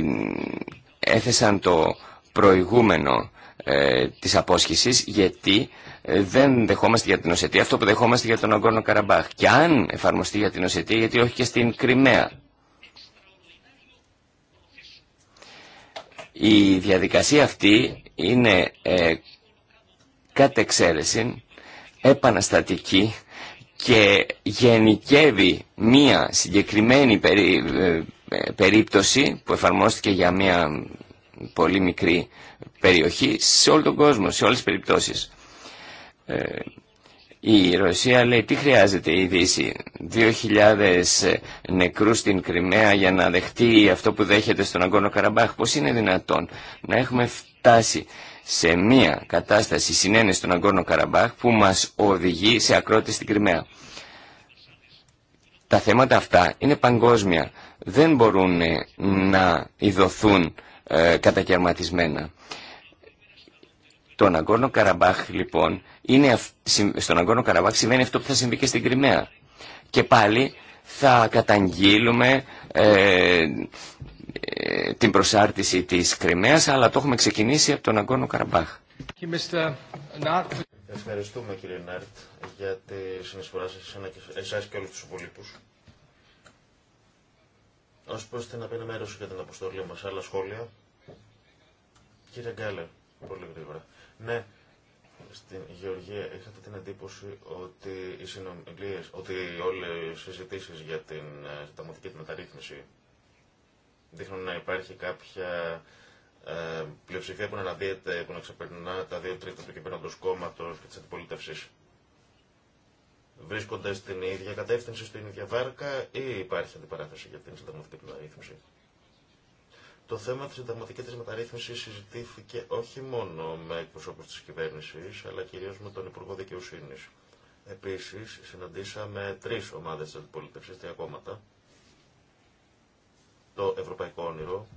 έθεσαν το προηγούμενο ε, της απόσχησης γιατί ε, δεν δεχόμαστε για την Οσετία αυτό που δεχόμαστε για τον Αγκόρνο Καραμπάχ. Και αν εφαρμοστεί για την Οσετία, γιατί όχι και στην Κρυμαία. Η διαδικασία αυτή είναι ε, κατ' εξαίρεση επαναστατική και γενικεύει μία συγκεκριμένη ε, περίπτωση που εφαρμόστηκε για μία πολύ μικρή περιοχή σε όλο τον κόσμο, σε όλες τις περιπτώσεις. Ε, η Ρωσία λέει τι χρειάζεται η Δύση 2.000 ε, νεκρού στην Κρυμαία για να δεχτεί αυτό που δέχεται στον Αγκόνο Καραμπάχ πως είναι δυνατόν να έχουμε φτάσει σε μια κατάσταση συνένεση στον Αγκόνο Καραμπάχ που μας οδηγεί σε ακρότητα στην Κρυμαία τα θέματα αυτά είναι παγκόσμια δεν μπορούν ε, να ειδωθούν ε, κατακαιρματισμένα το Αγκόρνο Καραμπάχ λοιπόν, είναι, στον Αγκόρνο Καραμπάχ σημαίνει αυτό που θα συμβεί και στην Κρυμαία. Και πάλι θα καταγγείλουμε ε, ε την προσάρτηση της Κρυμαίας, αλλά το έχουμε ξεκινήσει από τον Αγκόρνο Καραμπάχ. Ευχαριστούμε κύριε Νάρτ για τη συνεισφορά σας εσάς και όλους τους υπολείπους. Ως να την μέρος για την αποστολή μας, άλλα σχόλια. Κύριε Γκάλε, πολύ γρήγορα. Ναι, στην Γεωργία είχατε την εντύπωση ότι οι όλες οι συζητήσεις για την συνταγματική ε, μεταρρύθμιση δείχνουν να υπάρχει κάποια ε, πλειοψηφία που να αναδύεται, που να ξεπερνά τα δύο τρίτα του κυβερνώντος κόμματος και της αντιπολίτευσης. Βρίσκονται στην ίδια κατεύθυνση, στην ίδια βάρκα ή υπάρχει αντιπαράθεση για την συνταγματική μεταρρύθμιση. Το θέμα της συνταγματικής μεταρρύθμισης συζητήθηκε όχι μόνο με εκπροσώπους της κυβέρνησης, αλλά κυρίως με τον Υπουργό Δικαιοσύνης. Επίσης, συναντήσαμε τρεις ομάδες της αντιπολίτευσης, τρία κόμματα. Το Ευρωπαϊκό Όνειρο,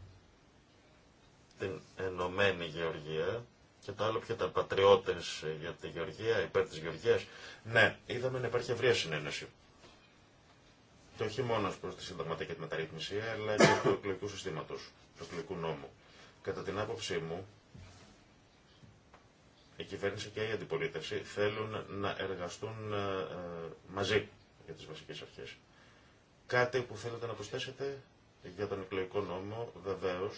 την Ενωμένη Γεωργία και το άλλο ποιο τα πατριώτες για τη Γεωργία, υπέρ της Γεωργίας. Ναι, είδαμε να υπάρχει ευρία συνένεση. Και όχι μόνο προ τη συνταγματική μεταρρύθμιση, αλλά και του εκλογικού συστήματος του εκλογικού νόμου. Κατά την άποψή μου, η κυβέρνηση και η αντιπολίτευση θέλουν να εργαστούν ε, ε, μαζί για τις βασικές αρχές. Κάτι που θέλετε να προσθέσετε για τον εκλογικό νόμο, βεβαίως,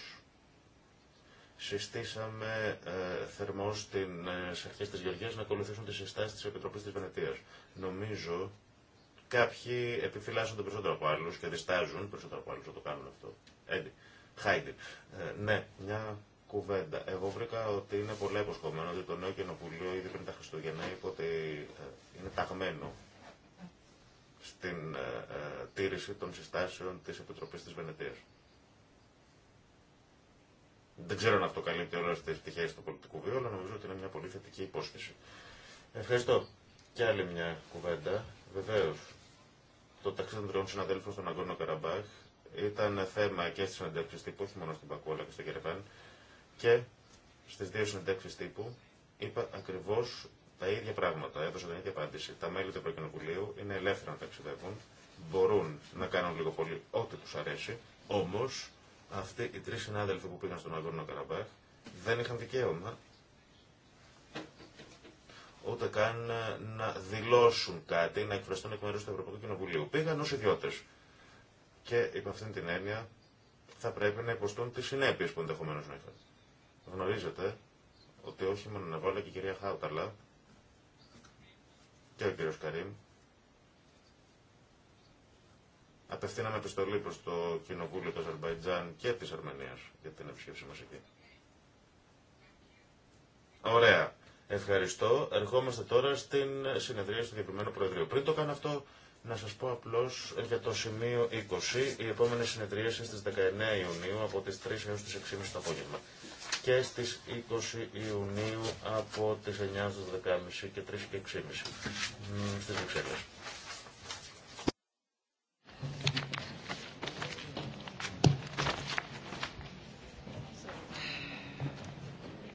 συστήσαμε ε, θερμό στις ε, στις αρχές της Γεωργίας να ακολουθήσουν τις συστάσεις της Επιτροπής της Βενετίας. Νομίζω κάποιοι επιφυλάσσονται περισσότερο από άλλους και διστάζουν περισσότερο από άλλους να το κάνουν αυτό. Έτσι. Χάιντι. Ε, ναι, μια κουβέντα. Εγώ βρήκα ότι είναι πολύ αποσχολημένο ότι το νέο κοινοβουλίο ήδη πριν τα Χριστούγεννα είπε ότι ε, είναι ταγμένο στην ε, ε, τήρηση των συστάσεων της Επιτροπής της Βενετίας. Δεν ξέρω αν αυτό καλύπτει όλε τι του πολιτικού βίου, αλλά νομίζω ότι είναι μια πολύ θετική υπόσχεση. Ευχαριστώ. Και άλλη μια κουβέντα. Βεβαίως, το ταξίδι των τριών συναδέλφων στον Αγκόνο Καραμπάχ ήταν θέμα και στι συνεντεύξει τύπου, όχι μόνο στην Πακού και στο Κερεβάν. Και στι δύο συνεντεύξει τύπου είπα ακριβώ τα ίδια πράγματα, έδωσα την ίδια απάντηση. Τα μέλη του Ευρωκοινοβουλίου είναι ελεύθερα να ταξιδεύουν, μπορούν να κάνουν λίγο πολύ ό,τι του αρέσει, Όμω αυτοί οι τρει συνάδελφοι που πήγαν στον Αγόρνο Καραμπάχ δεν είχαν δικαίωμα ούτε καν να δηλώσουν κάτι, να εκφραστούν εκ μέρου του Ευρωπαϊκού Κοινοβουλίου. Πήγαν ω ιδιώτε και υπ' αυτήν την έννοια θα πρέπει να υποστούν τι συνέπειε που ενδεχομένω να έχουν. Γνωρίζετε ότι όχι μόνο εγώ αλλά και η κυρία Χάουταλα και ο κύριο Καρύμ απευθύναμε επιστολή προ το Κοινοβούλιο του Αζερμπαϊτζάν και τη Αρμενία για την επισκέψη μα εκεί. Ωραία. Ευχαριστώ. Ερχόμαστε τώρα στην συνεδρία στο Διευρυμένου Προεδρείο. Πριν το κάνω αυτό, να σας πω απλώς για το σημείο 20, η επόμενη είναι στις 19 Ιουνίου από τις 3 έως τις 6.30 το απόγευμα και στις 20 Ιουνίου από τις 9 στις 10.30 και 3 και 6.30 στις Βρυξέλλες.